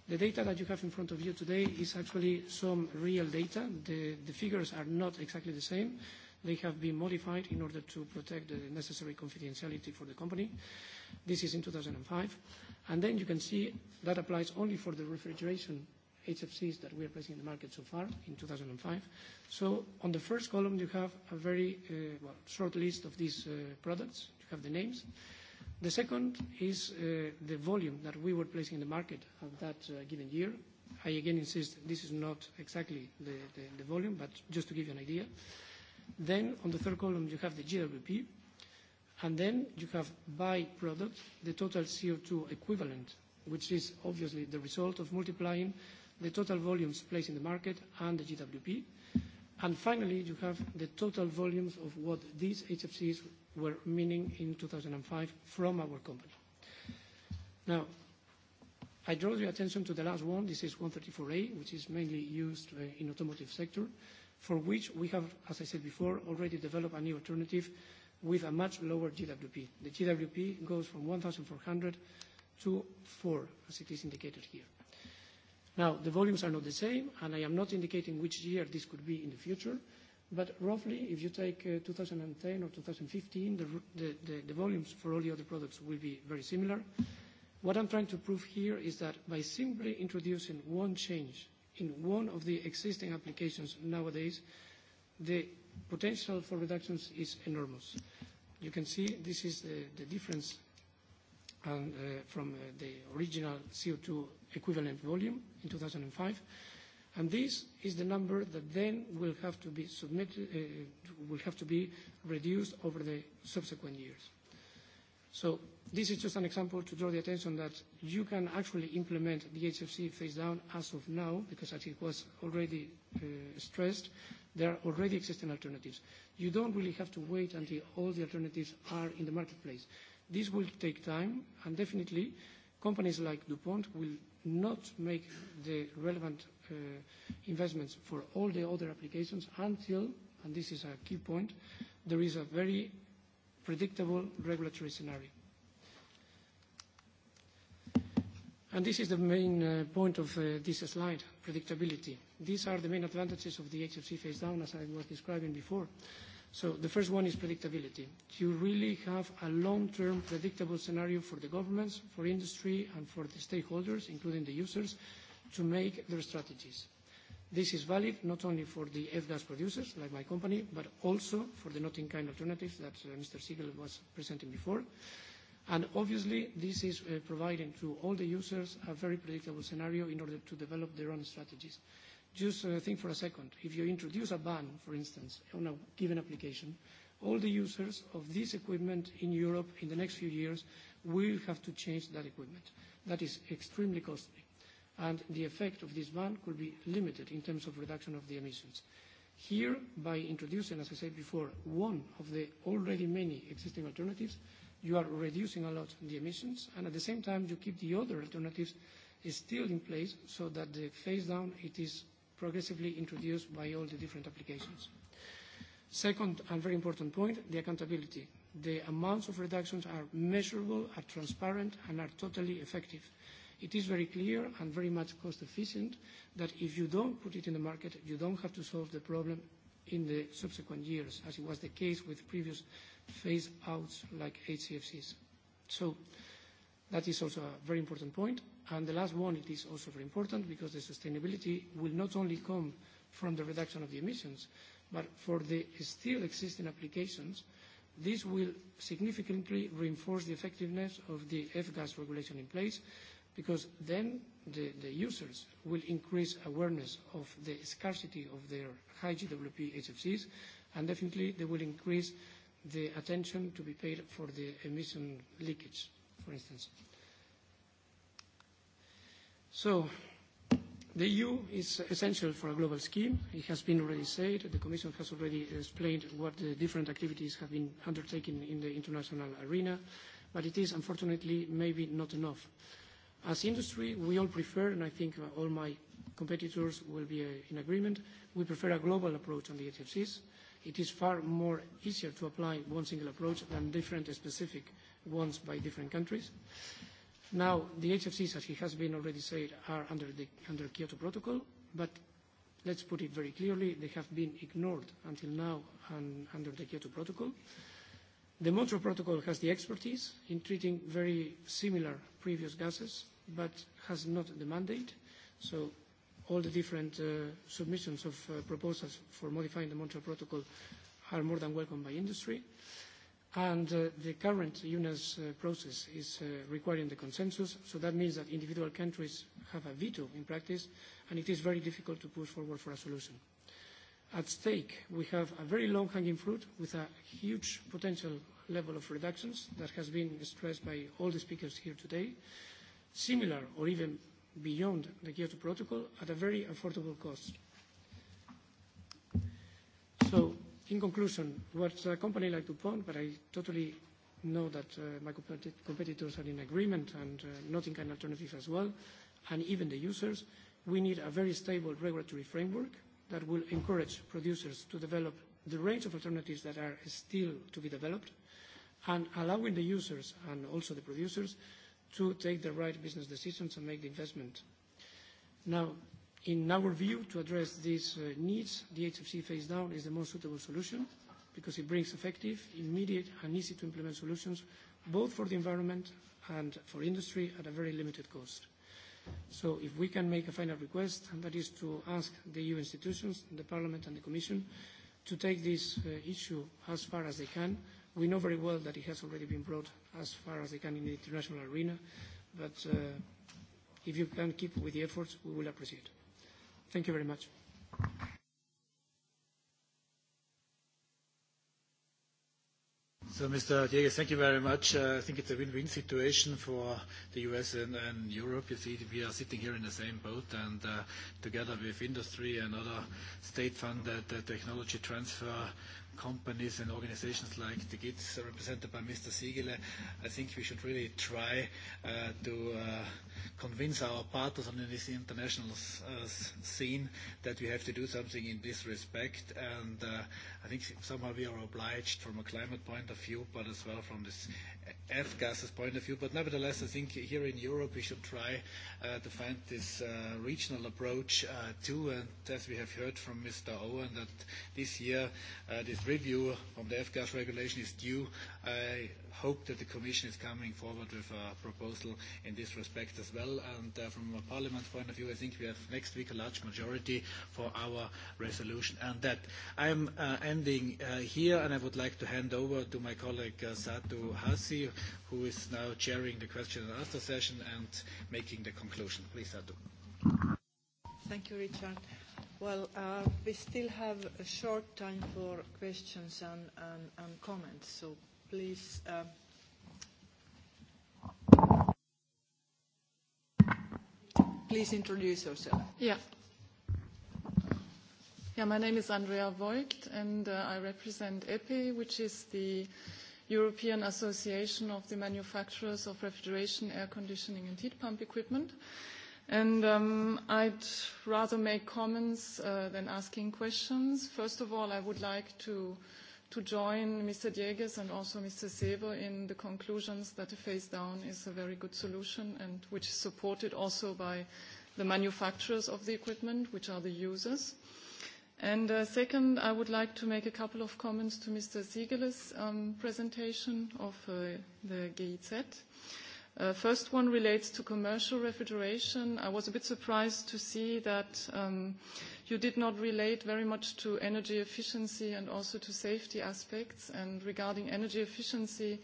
The data that you have in front of you today is actually some real data. The, the figures are not exactly the same. They have been modified in order to protect the necessary confidentiality for the company. This is in 2005. And then you can see that applies only for the refrigeration HFCs that we are placing in the market so far in 2005. So on the first column, you have a very uh, well, short list of these uh, products. You have the names. The second is uh, the volume that we were placing in the market at that uh, given year. I again insist this is not exactly the, the, the volume, but just to give you an idea. Then on the third column, you have the GWP, and then you have by product, the total CO2 equivalent, which is obviously the result of multiplying the total volumes placed in the market and the GWP. And finally, you have the total volumes of what these HFCs were meaning in 2005 from our company. Now, I draw your attention to the last one. This is 134a, which is mainly used uh, in automotive sector, for which we have, as I said before, already developed a new alternative with a much lower GWP. The GWP goes from 1,400 to 4, as it is indicated here. Now, the volumes are not the same, and I am not indicating which year this could be in the future, but roughly, if you take uh, 2010 or 2015, the, the, the, the volumes for all the other products will be very similar. What I'm trying to prove here is that by simply introducing one change in one of the existing applications nowadays, the potential for reductions is enormous. You can see this is the difference and, uh, from uh, the original CO2 equivalent volume in 2005, and this is the number that then will have to be submitted, uh, will have to be reduced over the subsequent years. So this is just an example to draw the attention that you can actually implement the HFC phase down as of now, because as it was already uh, stressed, there are already existing alternatives. You don't really have to wait until all the alternatives are in the marketplace. This will take time, and definitely companies like DuPont will not make the relevant uh, investments for all the other applications until, and this is a key point, there is a very predictable regulatory scenario. And this is the main uh, point of uh, this slide, predictability. These are the main advantages of the HFC phase down, as I was describing before. Uh, So the first one is predictability. You really have a long-term predictable scenario for the governments, for industry, and for the stakeholders, including the users, to make their strategies. This is valid not only for the F-gas producers, like my company, but also for the not-in-kind alternatives that uh, Mr. Siegel was presenting before. And obviously, this is uh, providing to all the users a very predictable scenario in order to develop their own strategies. Uh, Just uh, think for a second. If you introduce a ban, for instance, on a given application, all the users of this equipment in Europe in the next few years will have to change that equipment. That is extremely costly, and the effect of this ban could be limited in terms of reduction of the emissions. Here, by introducing, as I said before, one of the already many existing alternatives, you are reducing a lot the emissions, and at the same time, you keep the other alternatives is still in place so that the phase down, it is progressively introduced by all the different applications. Second, and very important point, the accountability. The amounts of reductions are measurable, are transparent, and are totally effective. It is very clear and very much cost efficient that if you don't put it in the market, you don't have to solve the problem in the subsequent years, as it was the case with previous phase outs like HCFCs. So that is also a very important point. And the last one, it is also very important because the sustainability will not only come from the reduction of the emissions, but for the still existing applications, this will significantly reinforce the effectiveness of the F-gas regulation in place, because then the, the users will increase awareness of the scarcity of their high GWP HFCs, and definitely they will increase the attention to be paid for the emission leakage, for instance. Uh, So, the EU is essential for a global scheme. It has been already said. The Commission has already explained what the different activities have been undertaken in the international arena, but it is unfortunately maybe not enough. As industry, we all prefer, and I think uh, all my competitors will be uh, in agreement, we prefer a global approach on the HFCs. It is far more easier to apply one single approach than different specific ones by different countries. Uh, Now, the HFCs, as he has been already said, are under the under Kyoto Protocol, but let's put it very clearly, they have been ignored until now and under the Kyoto Protocol. The Montreal Protocol has the expertise in treating very similar previous gases, but has not the mandate. So all the different uh, submissions of uh, proposals for modifying the Montreal Protocol are more than welcome by industry. Uh, and uh, the current UNAS e uh, process is uh, requiring the consensus, so that means that individual countries have a veto in practice, and it is very difficult to push forward for a solution. At stake, we have a very long-hanging fruit with a huge potential level of reductions that has been stressed by all the speakers here today, similar or even beyond the Kyoto Protocol at a very affordable cost In conclusion, what a company like DuPont, but I totally know that uh, my competitors are in agreement and uh, Nottingham Alternative as well, and even the users, we need a very stable regulatory framework that will encourage producers to develop the range of alternatives that are still to be developed, and allowing the users and also the producers to take the right business decisions and make the investment. Now, In our view, to address these uh, needs, the HFC phase down is the most suitable solution because it brings effective, immediate, and easy-to-implement solutions both for the environment and for industry at a very limited cost. So if we can make a final request, and that is to ask the EU institutions, the Parliament and the Commission, to take this uh, issue as far as they can. We know very well that it has already been brought as far as they can in the international arena, but uh, if you can keep with the efforts, we will appreciate. Thank you very much. So, Mr. Jäger, thank you very much. Uh, I think it's a win-win situation for the U.S. And, and Europe. You see, we are sitting here in the same boat, and uh, together with industry and other state-funded uh, technology transfer companies and organizations like the GITS, represented by Mr. Siegele, I think we should really try uh, to uh, convince our partners on this international uh, scene that we have to do something in this respect. And uh, I think somehow we are obliged from a climate point of view, but as well from this F gases point of view. But nevertheless, I think here in Europe we should try uh, to find this uh, regional approach uh, too. And as we have heard from Mr. Owen, that this year uh, this review from the F gas regulation is due I hope that the Commission is coming forward with a proposal in this respect as well. And uh, from a Parliament point of view, I think we have next week a large majority for our resolution and that. I'm uh, ending uh, here, and I would like to hand over to my colleague uh, Satu Hassi, who is now chairing the question and answer session and making the conclusion. Please, Satu. Thank you, Richard. Well, uh, we still have a short time for questions and, and, and comments, so please. Um, Please introduce yourself. Yeah. Yeah, my name is Andrea Voigt, and uh, I represent EPI, which is the European Association of the Manufacturers of Refrigeration, Air Conditioning, and Heat Pump Equipment. And um, I'd rather make comments uh, than asking questions. First of all, I would like to uh, to join Mr. Diegues and also Mr. Seber in the conclusions that a phase down is a very good solution and which is supported also by the manufacturers of the equipment, which are the users. And uh, second, I would like to make a couple of comments to Mr. Siegel's um, presentation of uh, the GIZ. Uh, first one relates to commercial refrigeration. I was a bit surprised to see that um, uh, You did not relate very much to energy efficiency and also to safety aspects. And regarding energy efficiency,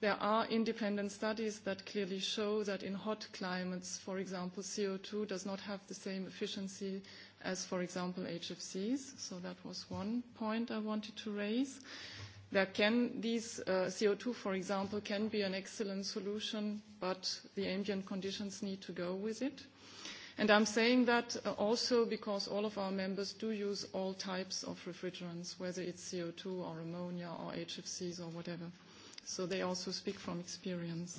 there are independent studies that clearly show that in hot climates, for example, CO2 does not have the same efficiency as, for example, HFCs. So that was one point I wanted to raise. There can, these uh, CO2, for example, can be an excellent solution, but the ambient conditions need to go with it. And I'm saying that uh, also because all of our members do use all types of refrigerants, whether it's CO2 or ammonia or HFCs or whatever. So they also speak from experience.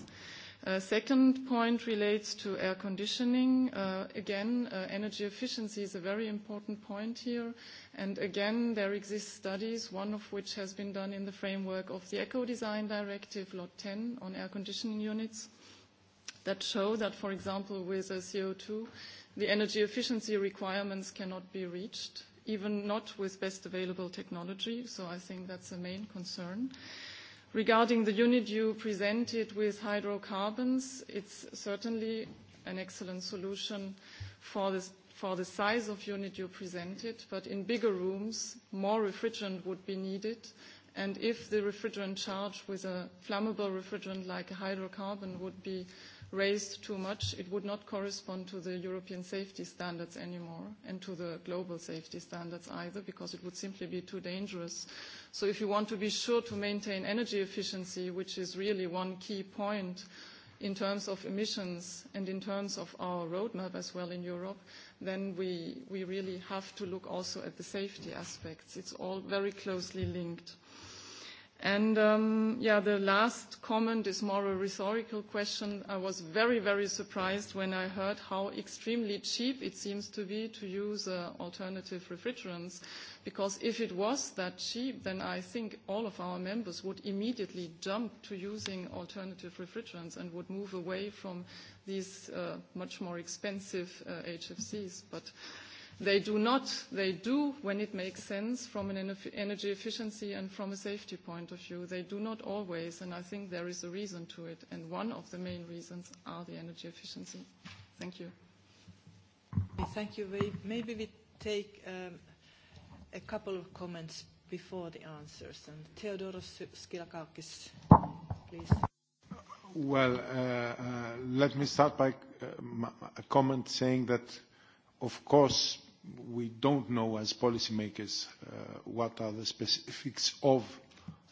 Uh, second point relates to air conditioning. Uh, again, uh, energy efficiency is a very important point here. And again, there exist studies, one of which has been done in the framework of the Eco Design Directive, Lot 10, on air conditioning units that show that, for example, with CO2, the energy efficiency requirements cannot be reached, even not with best available technology. So I think that's the main concern. Regarding the unit you presented with hydrocarbons, it's certainly an excellent solution for, this, for the size of unit you presented, but in bigger rooms, more refrigerant would be needed. And if the refrigerant charge with a flammable refrigerant like a hydrocarbon would be uh, raised too much, it would not correspond to the European safety standards anymore and to the global safety standards either because it would simply be too dangerous. So if you want to be sure to maintain energy efficiency, which is really one key point in terms of emissions and in terms of our roadmap as well in Europe, then we, we really have to look also at the safety aspects. It's all very closely linked. And um, yeah, the last comment is more a rhetorical question. I was very, very surprised when I heard how extremely cheap it seems to be to use uh, alternative refrigerants. Because if it was that cheap, then I think all of our members would immediately jump to using alternative refrigerants and would move away from these uh, much more expensive uh, HFCs. But uh, They do not, they do when it makes sense from an energy efficiency and from a safety point of view. They do not always, and I think there is a reason to it. And one of the main reasons are the energy efficiency. Thank you. Thank you. Maybe we take um, a couple of comments before the answers. And Theodoros Skylakakis, please. Well, uh, uh, let me start by uh, a comment saying that, of course, we don't know as policymakers uh, what are the specifics of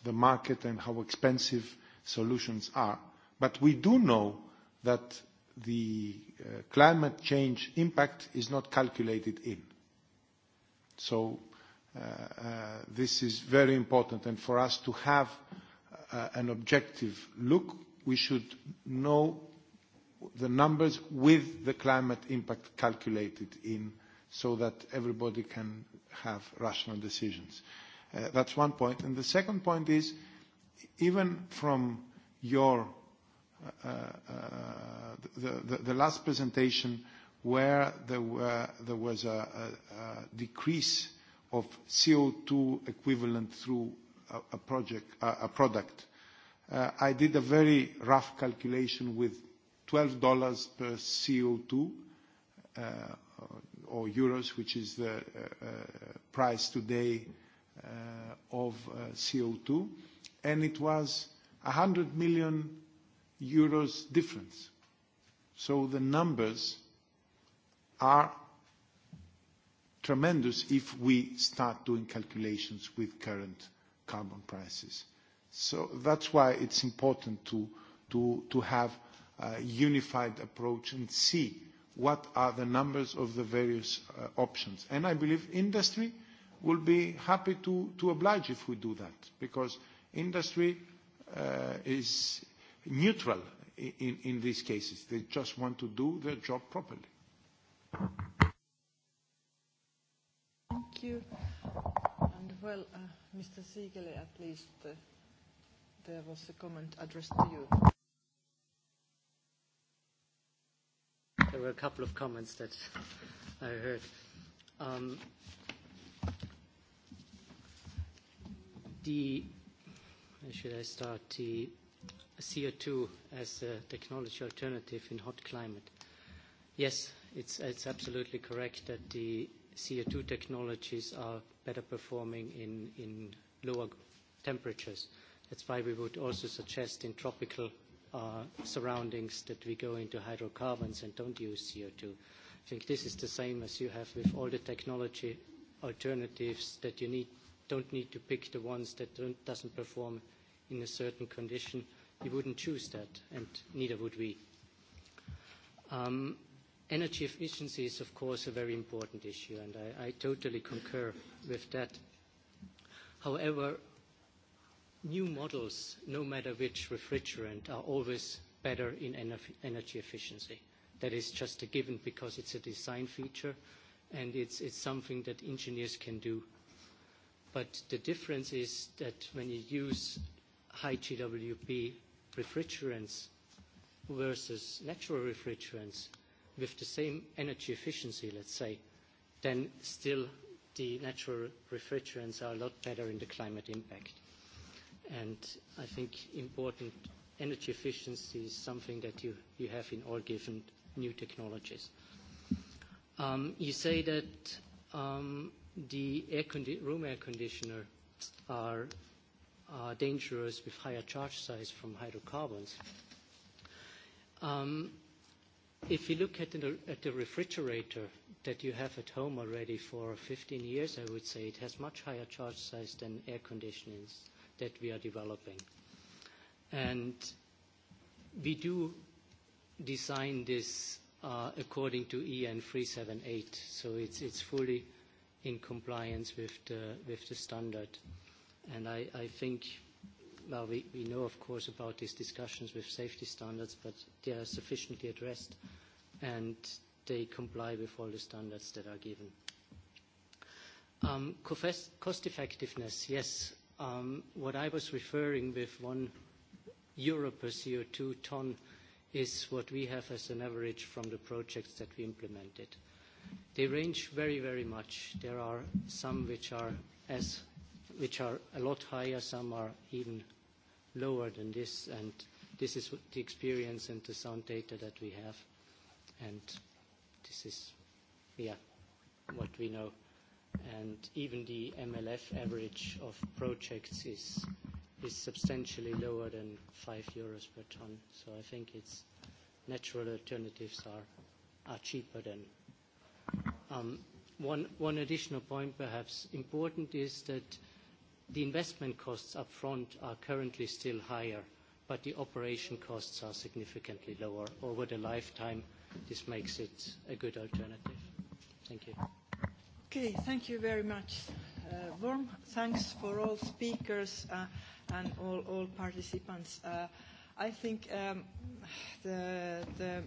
the market and how expensive solutions are. But we do know that the uh, climate change impact is not calculated in. So uh, uh, this is very important. And for us to have uh, an objective look, we should know the numbers with the climate impact calculated in uh, so that everybody can have rational decisions. Uh, that's one point. And the second point is, even from your uh, uh, uh the, the, the last presentation where there, were, there was a, a, a decrease of CO2 equivalent through a, a project, a product, uh, I did a very rough calculation with $12 per CO2 or euros, which is the uh, uh, price today uh, of CO2, and it was 100 million euros difference. So the numbers are tremendous if we start doing calculations with current carbon prices. So that's why it's important to, to, to have a unified approach and see what are the numbers of the various uh, options. And I believe industry will be happy to, to oblige if we do that, because industry uh, is neutral in, in these cases. They just want to do their job properly. Thank you. And well, uh, Mr. Siegele, at least uh, there was a comment addressed to you. There were a couple of comments that I heard. Um, the, where should I start? The CO2 as a technology alternative in hot climate. Yes, it's, it's absolutely correct that the CO2 technologies are better performing in, in lower temperatures. That's why we would also suggest in tropical uh, surroundings that we go into hydrocarbons and don't use CO2. I think this is the same as you have with all the technology alternatives that you need, don't need to pick the ones that don't, doesn't perform in a certain condition. You wouldn't choose that, and neither would we. Um, energy efficiency is, of course, a very important issue, and I, I totally concur with that. However, new models, no matter which refrigerant, are always better in energy efficiency. That is just a given because it's a design feature and it's, it's something that engineers can do. But the difference is that when you use high GWP refrigerants versus natural refrigerants with the same energy efficiency, let's say, then still the natural refrigerants are a lot better in the climate impact. And I think important energy efficiency is something that you, you have in all given new technologies. Um, you say that um, the air condi- room air conditioner are uh, dangerous with higher charge size from hydrocarbons. Um, if you look at the, at the refrigerator that you have at home already for 15 years, I would say it has much higher charge size than air conditioners that we are developing. And we do design this uh, according to e EN 378, so it's, it's fully in compliance with the, with the standard. And I, I think, well, we, we know, of course, about these discussions with safety standards, but they are sufficiently addressed, and they comply with all the standards that are given. Um, cost effectiveness, yes. Um, what I was referring with 1 euro per CO2 ton is what we have as an average from the projects that we implemented. They range very, very much. There are some which are, as, which are a lot higher, some are even lower than this, and this is the experience and the sound data that we have. And this is, yeah, what we know and even the MLF average of projects is is substantially lower than 5 euros per ton. So I think it's natural alternatives are are cheaper than. Um, one, one additional point perhaps important is that the investment costs up front are currently still higher, but the operation costs are significantly lower. Over the lifetime, this makes it a good alternative. Thank you. Okay, thank you very much. Uh, warm thanks for all speakers uh, and all, all participants. Uh, I think um, the, the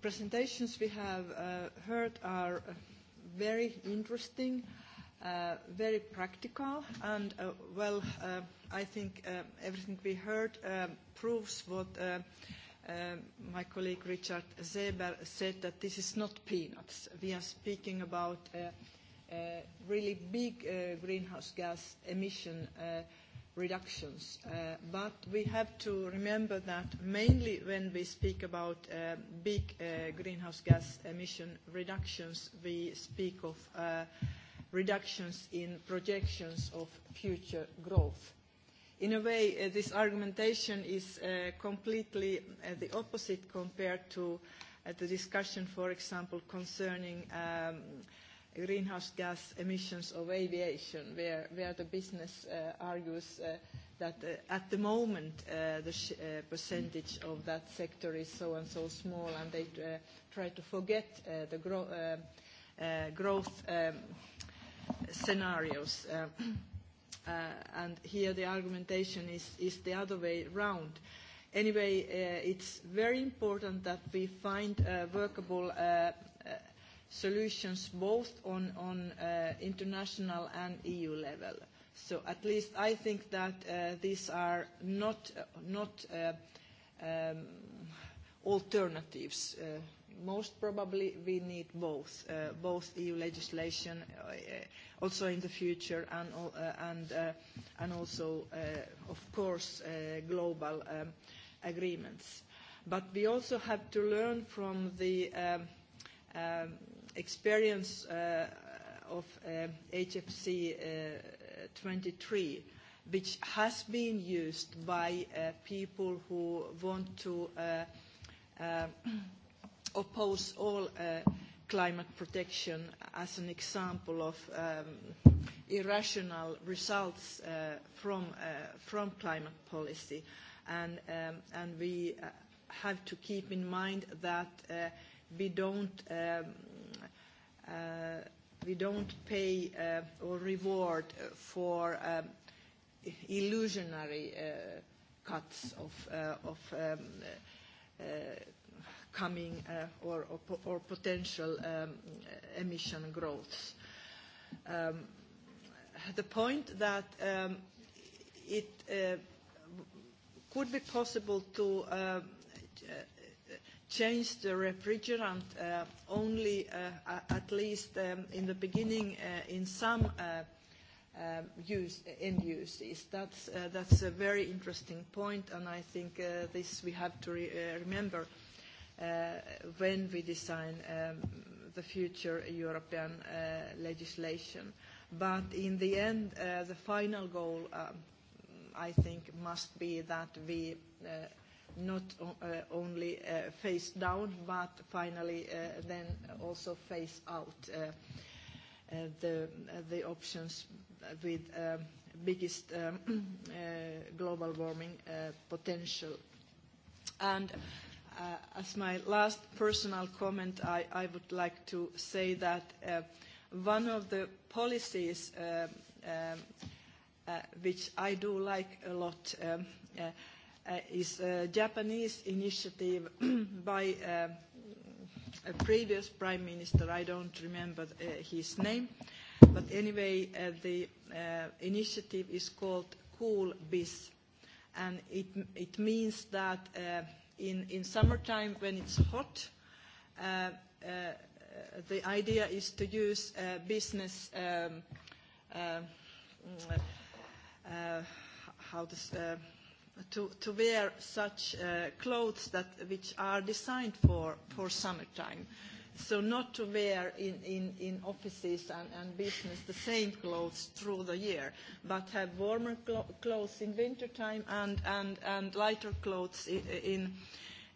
presentations we have uh, heard are very interesting, uh, very practical, and uh, well, uh, I think uh, everything we heard uh, proves what uh, um, my colleague Richard Zeber said that this is not peanuts. We are speaking about uh, uh, really big uh, greenhouse gas emission uh, reductions. Uh, but we have to remember that mainly when we speak about uh, big uh, greenhouse gas emission reductions, we speak of uh, reductions in projections of future growth. Uh, In a way, uh, this argumentation is uh, completely uh, the opposite compared to uh, the discussion, for example, concerning um, greenhouse gas emissions of aviation, where, where the business uh, argues uh, that uh, at the moment uh, the sh uh, percentage of that sector is so and so small, and they uh, try to forget uh, the gro uh, uh, growth um, scenarios. Uh, Uh, and here the argumentation is, is the other way round. Anyway, uh, it's very important that we find uh, workable uh, uh, solutions both on, on uh, international and EU level. So at least I think that uh, these are not, uh, not uh, um, alternatives. Uh, most probably we need both, uh, both EU legislation uh, also in the future and, uh, and, uh, and also, uh, of course, uh, global um, agreements. But we also have to learn from the um, um, experience uh, of uh, HFC uh, 23 which has been used by uh, people who want to uh, uh, oppose all uh, climate protection as an example of um, irrational results uh, from, uh, from climate policy. And, um, and we uh, have to keep in mind that uh, we don't um, uh, we don't pay uh, or reward for um, illusionary uh, cuts of, uh, of um, uh, upcoming uh, or, or, or potential um, emission growths. Um, the point that um, it uh, could be possible to uh, change the refrigerant uh, only uh, at least um, in the beginning uh, in some uh, um, use, end uses. That's, uh, that's a very interesting point, and I think uh, this we have to re uh, remember Uh, when we design um, the future European uh, legislation. But in the end, uh, the final goal, um, I think, must be that we not only phase down, but finally then also phase out Uh, the, uh, the options with uh, biggest um, global warming potential. And uh, as my last personal comment, I, I would like to say that uh, one of the policies uh, um, uh, which I do like a lot um, uh, uh, is a Japanese initiative by uh, a previous prime minister, I don't remember uh, his name, but anyway, uh, the uh, initiative is called Cool Biz, and it, it means that uh, in, in summertime when it's hot, uh, uh, the idea is to use uh, business, um, uh, mm, uh, uh, how to, uh, to, to wear such uh, clothes that, which are designed for, for summertime. Mm-hmm So not to wear in, in, in offices and, and business the same clothes through the year, but have warmer clo- clothes in wintertime and, and, and lighter clothes in, in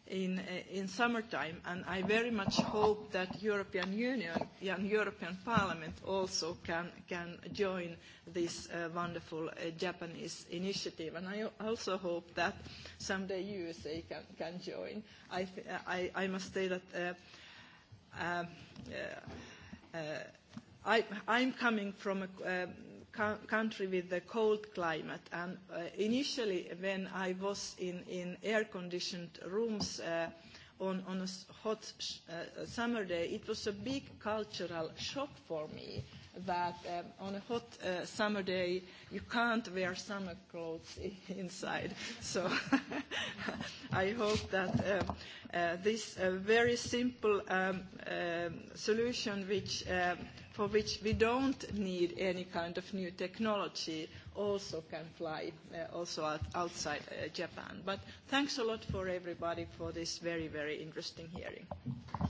in, uh, in summertime, and I very much hope that European Union and European Parliament also can, can join this uh, wonderful uh, Japanese initiative. And I also hope that someday USA can, can join. I, th- I, I must say that uh, uh, uh, uh, I, I'm coming from a uh, country with a cold climate, and uh, initially when I was in, in air-conditioned rooms uh, on, on a hot sh- uh, summer day, it was a big cultural shock for me uh, that um, on a hot uh, summer day you can't wear summer clothes inside. So I hope that um, uh, this uh, very simple um, uh, solution, which, uh, for which we don't need any kind of new technology, also can fly uh, also out, outside uh, Japan. But thanks a lot for everybody for this very, very interesting hearing. Thank you.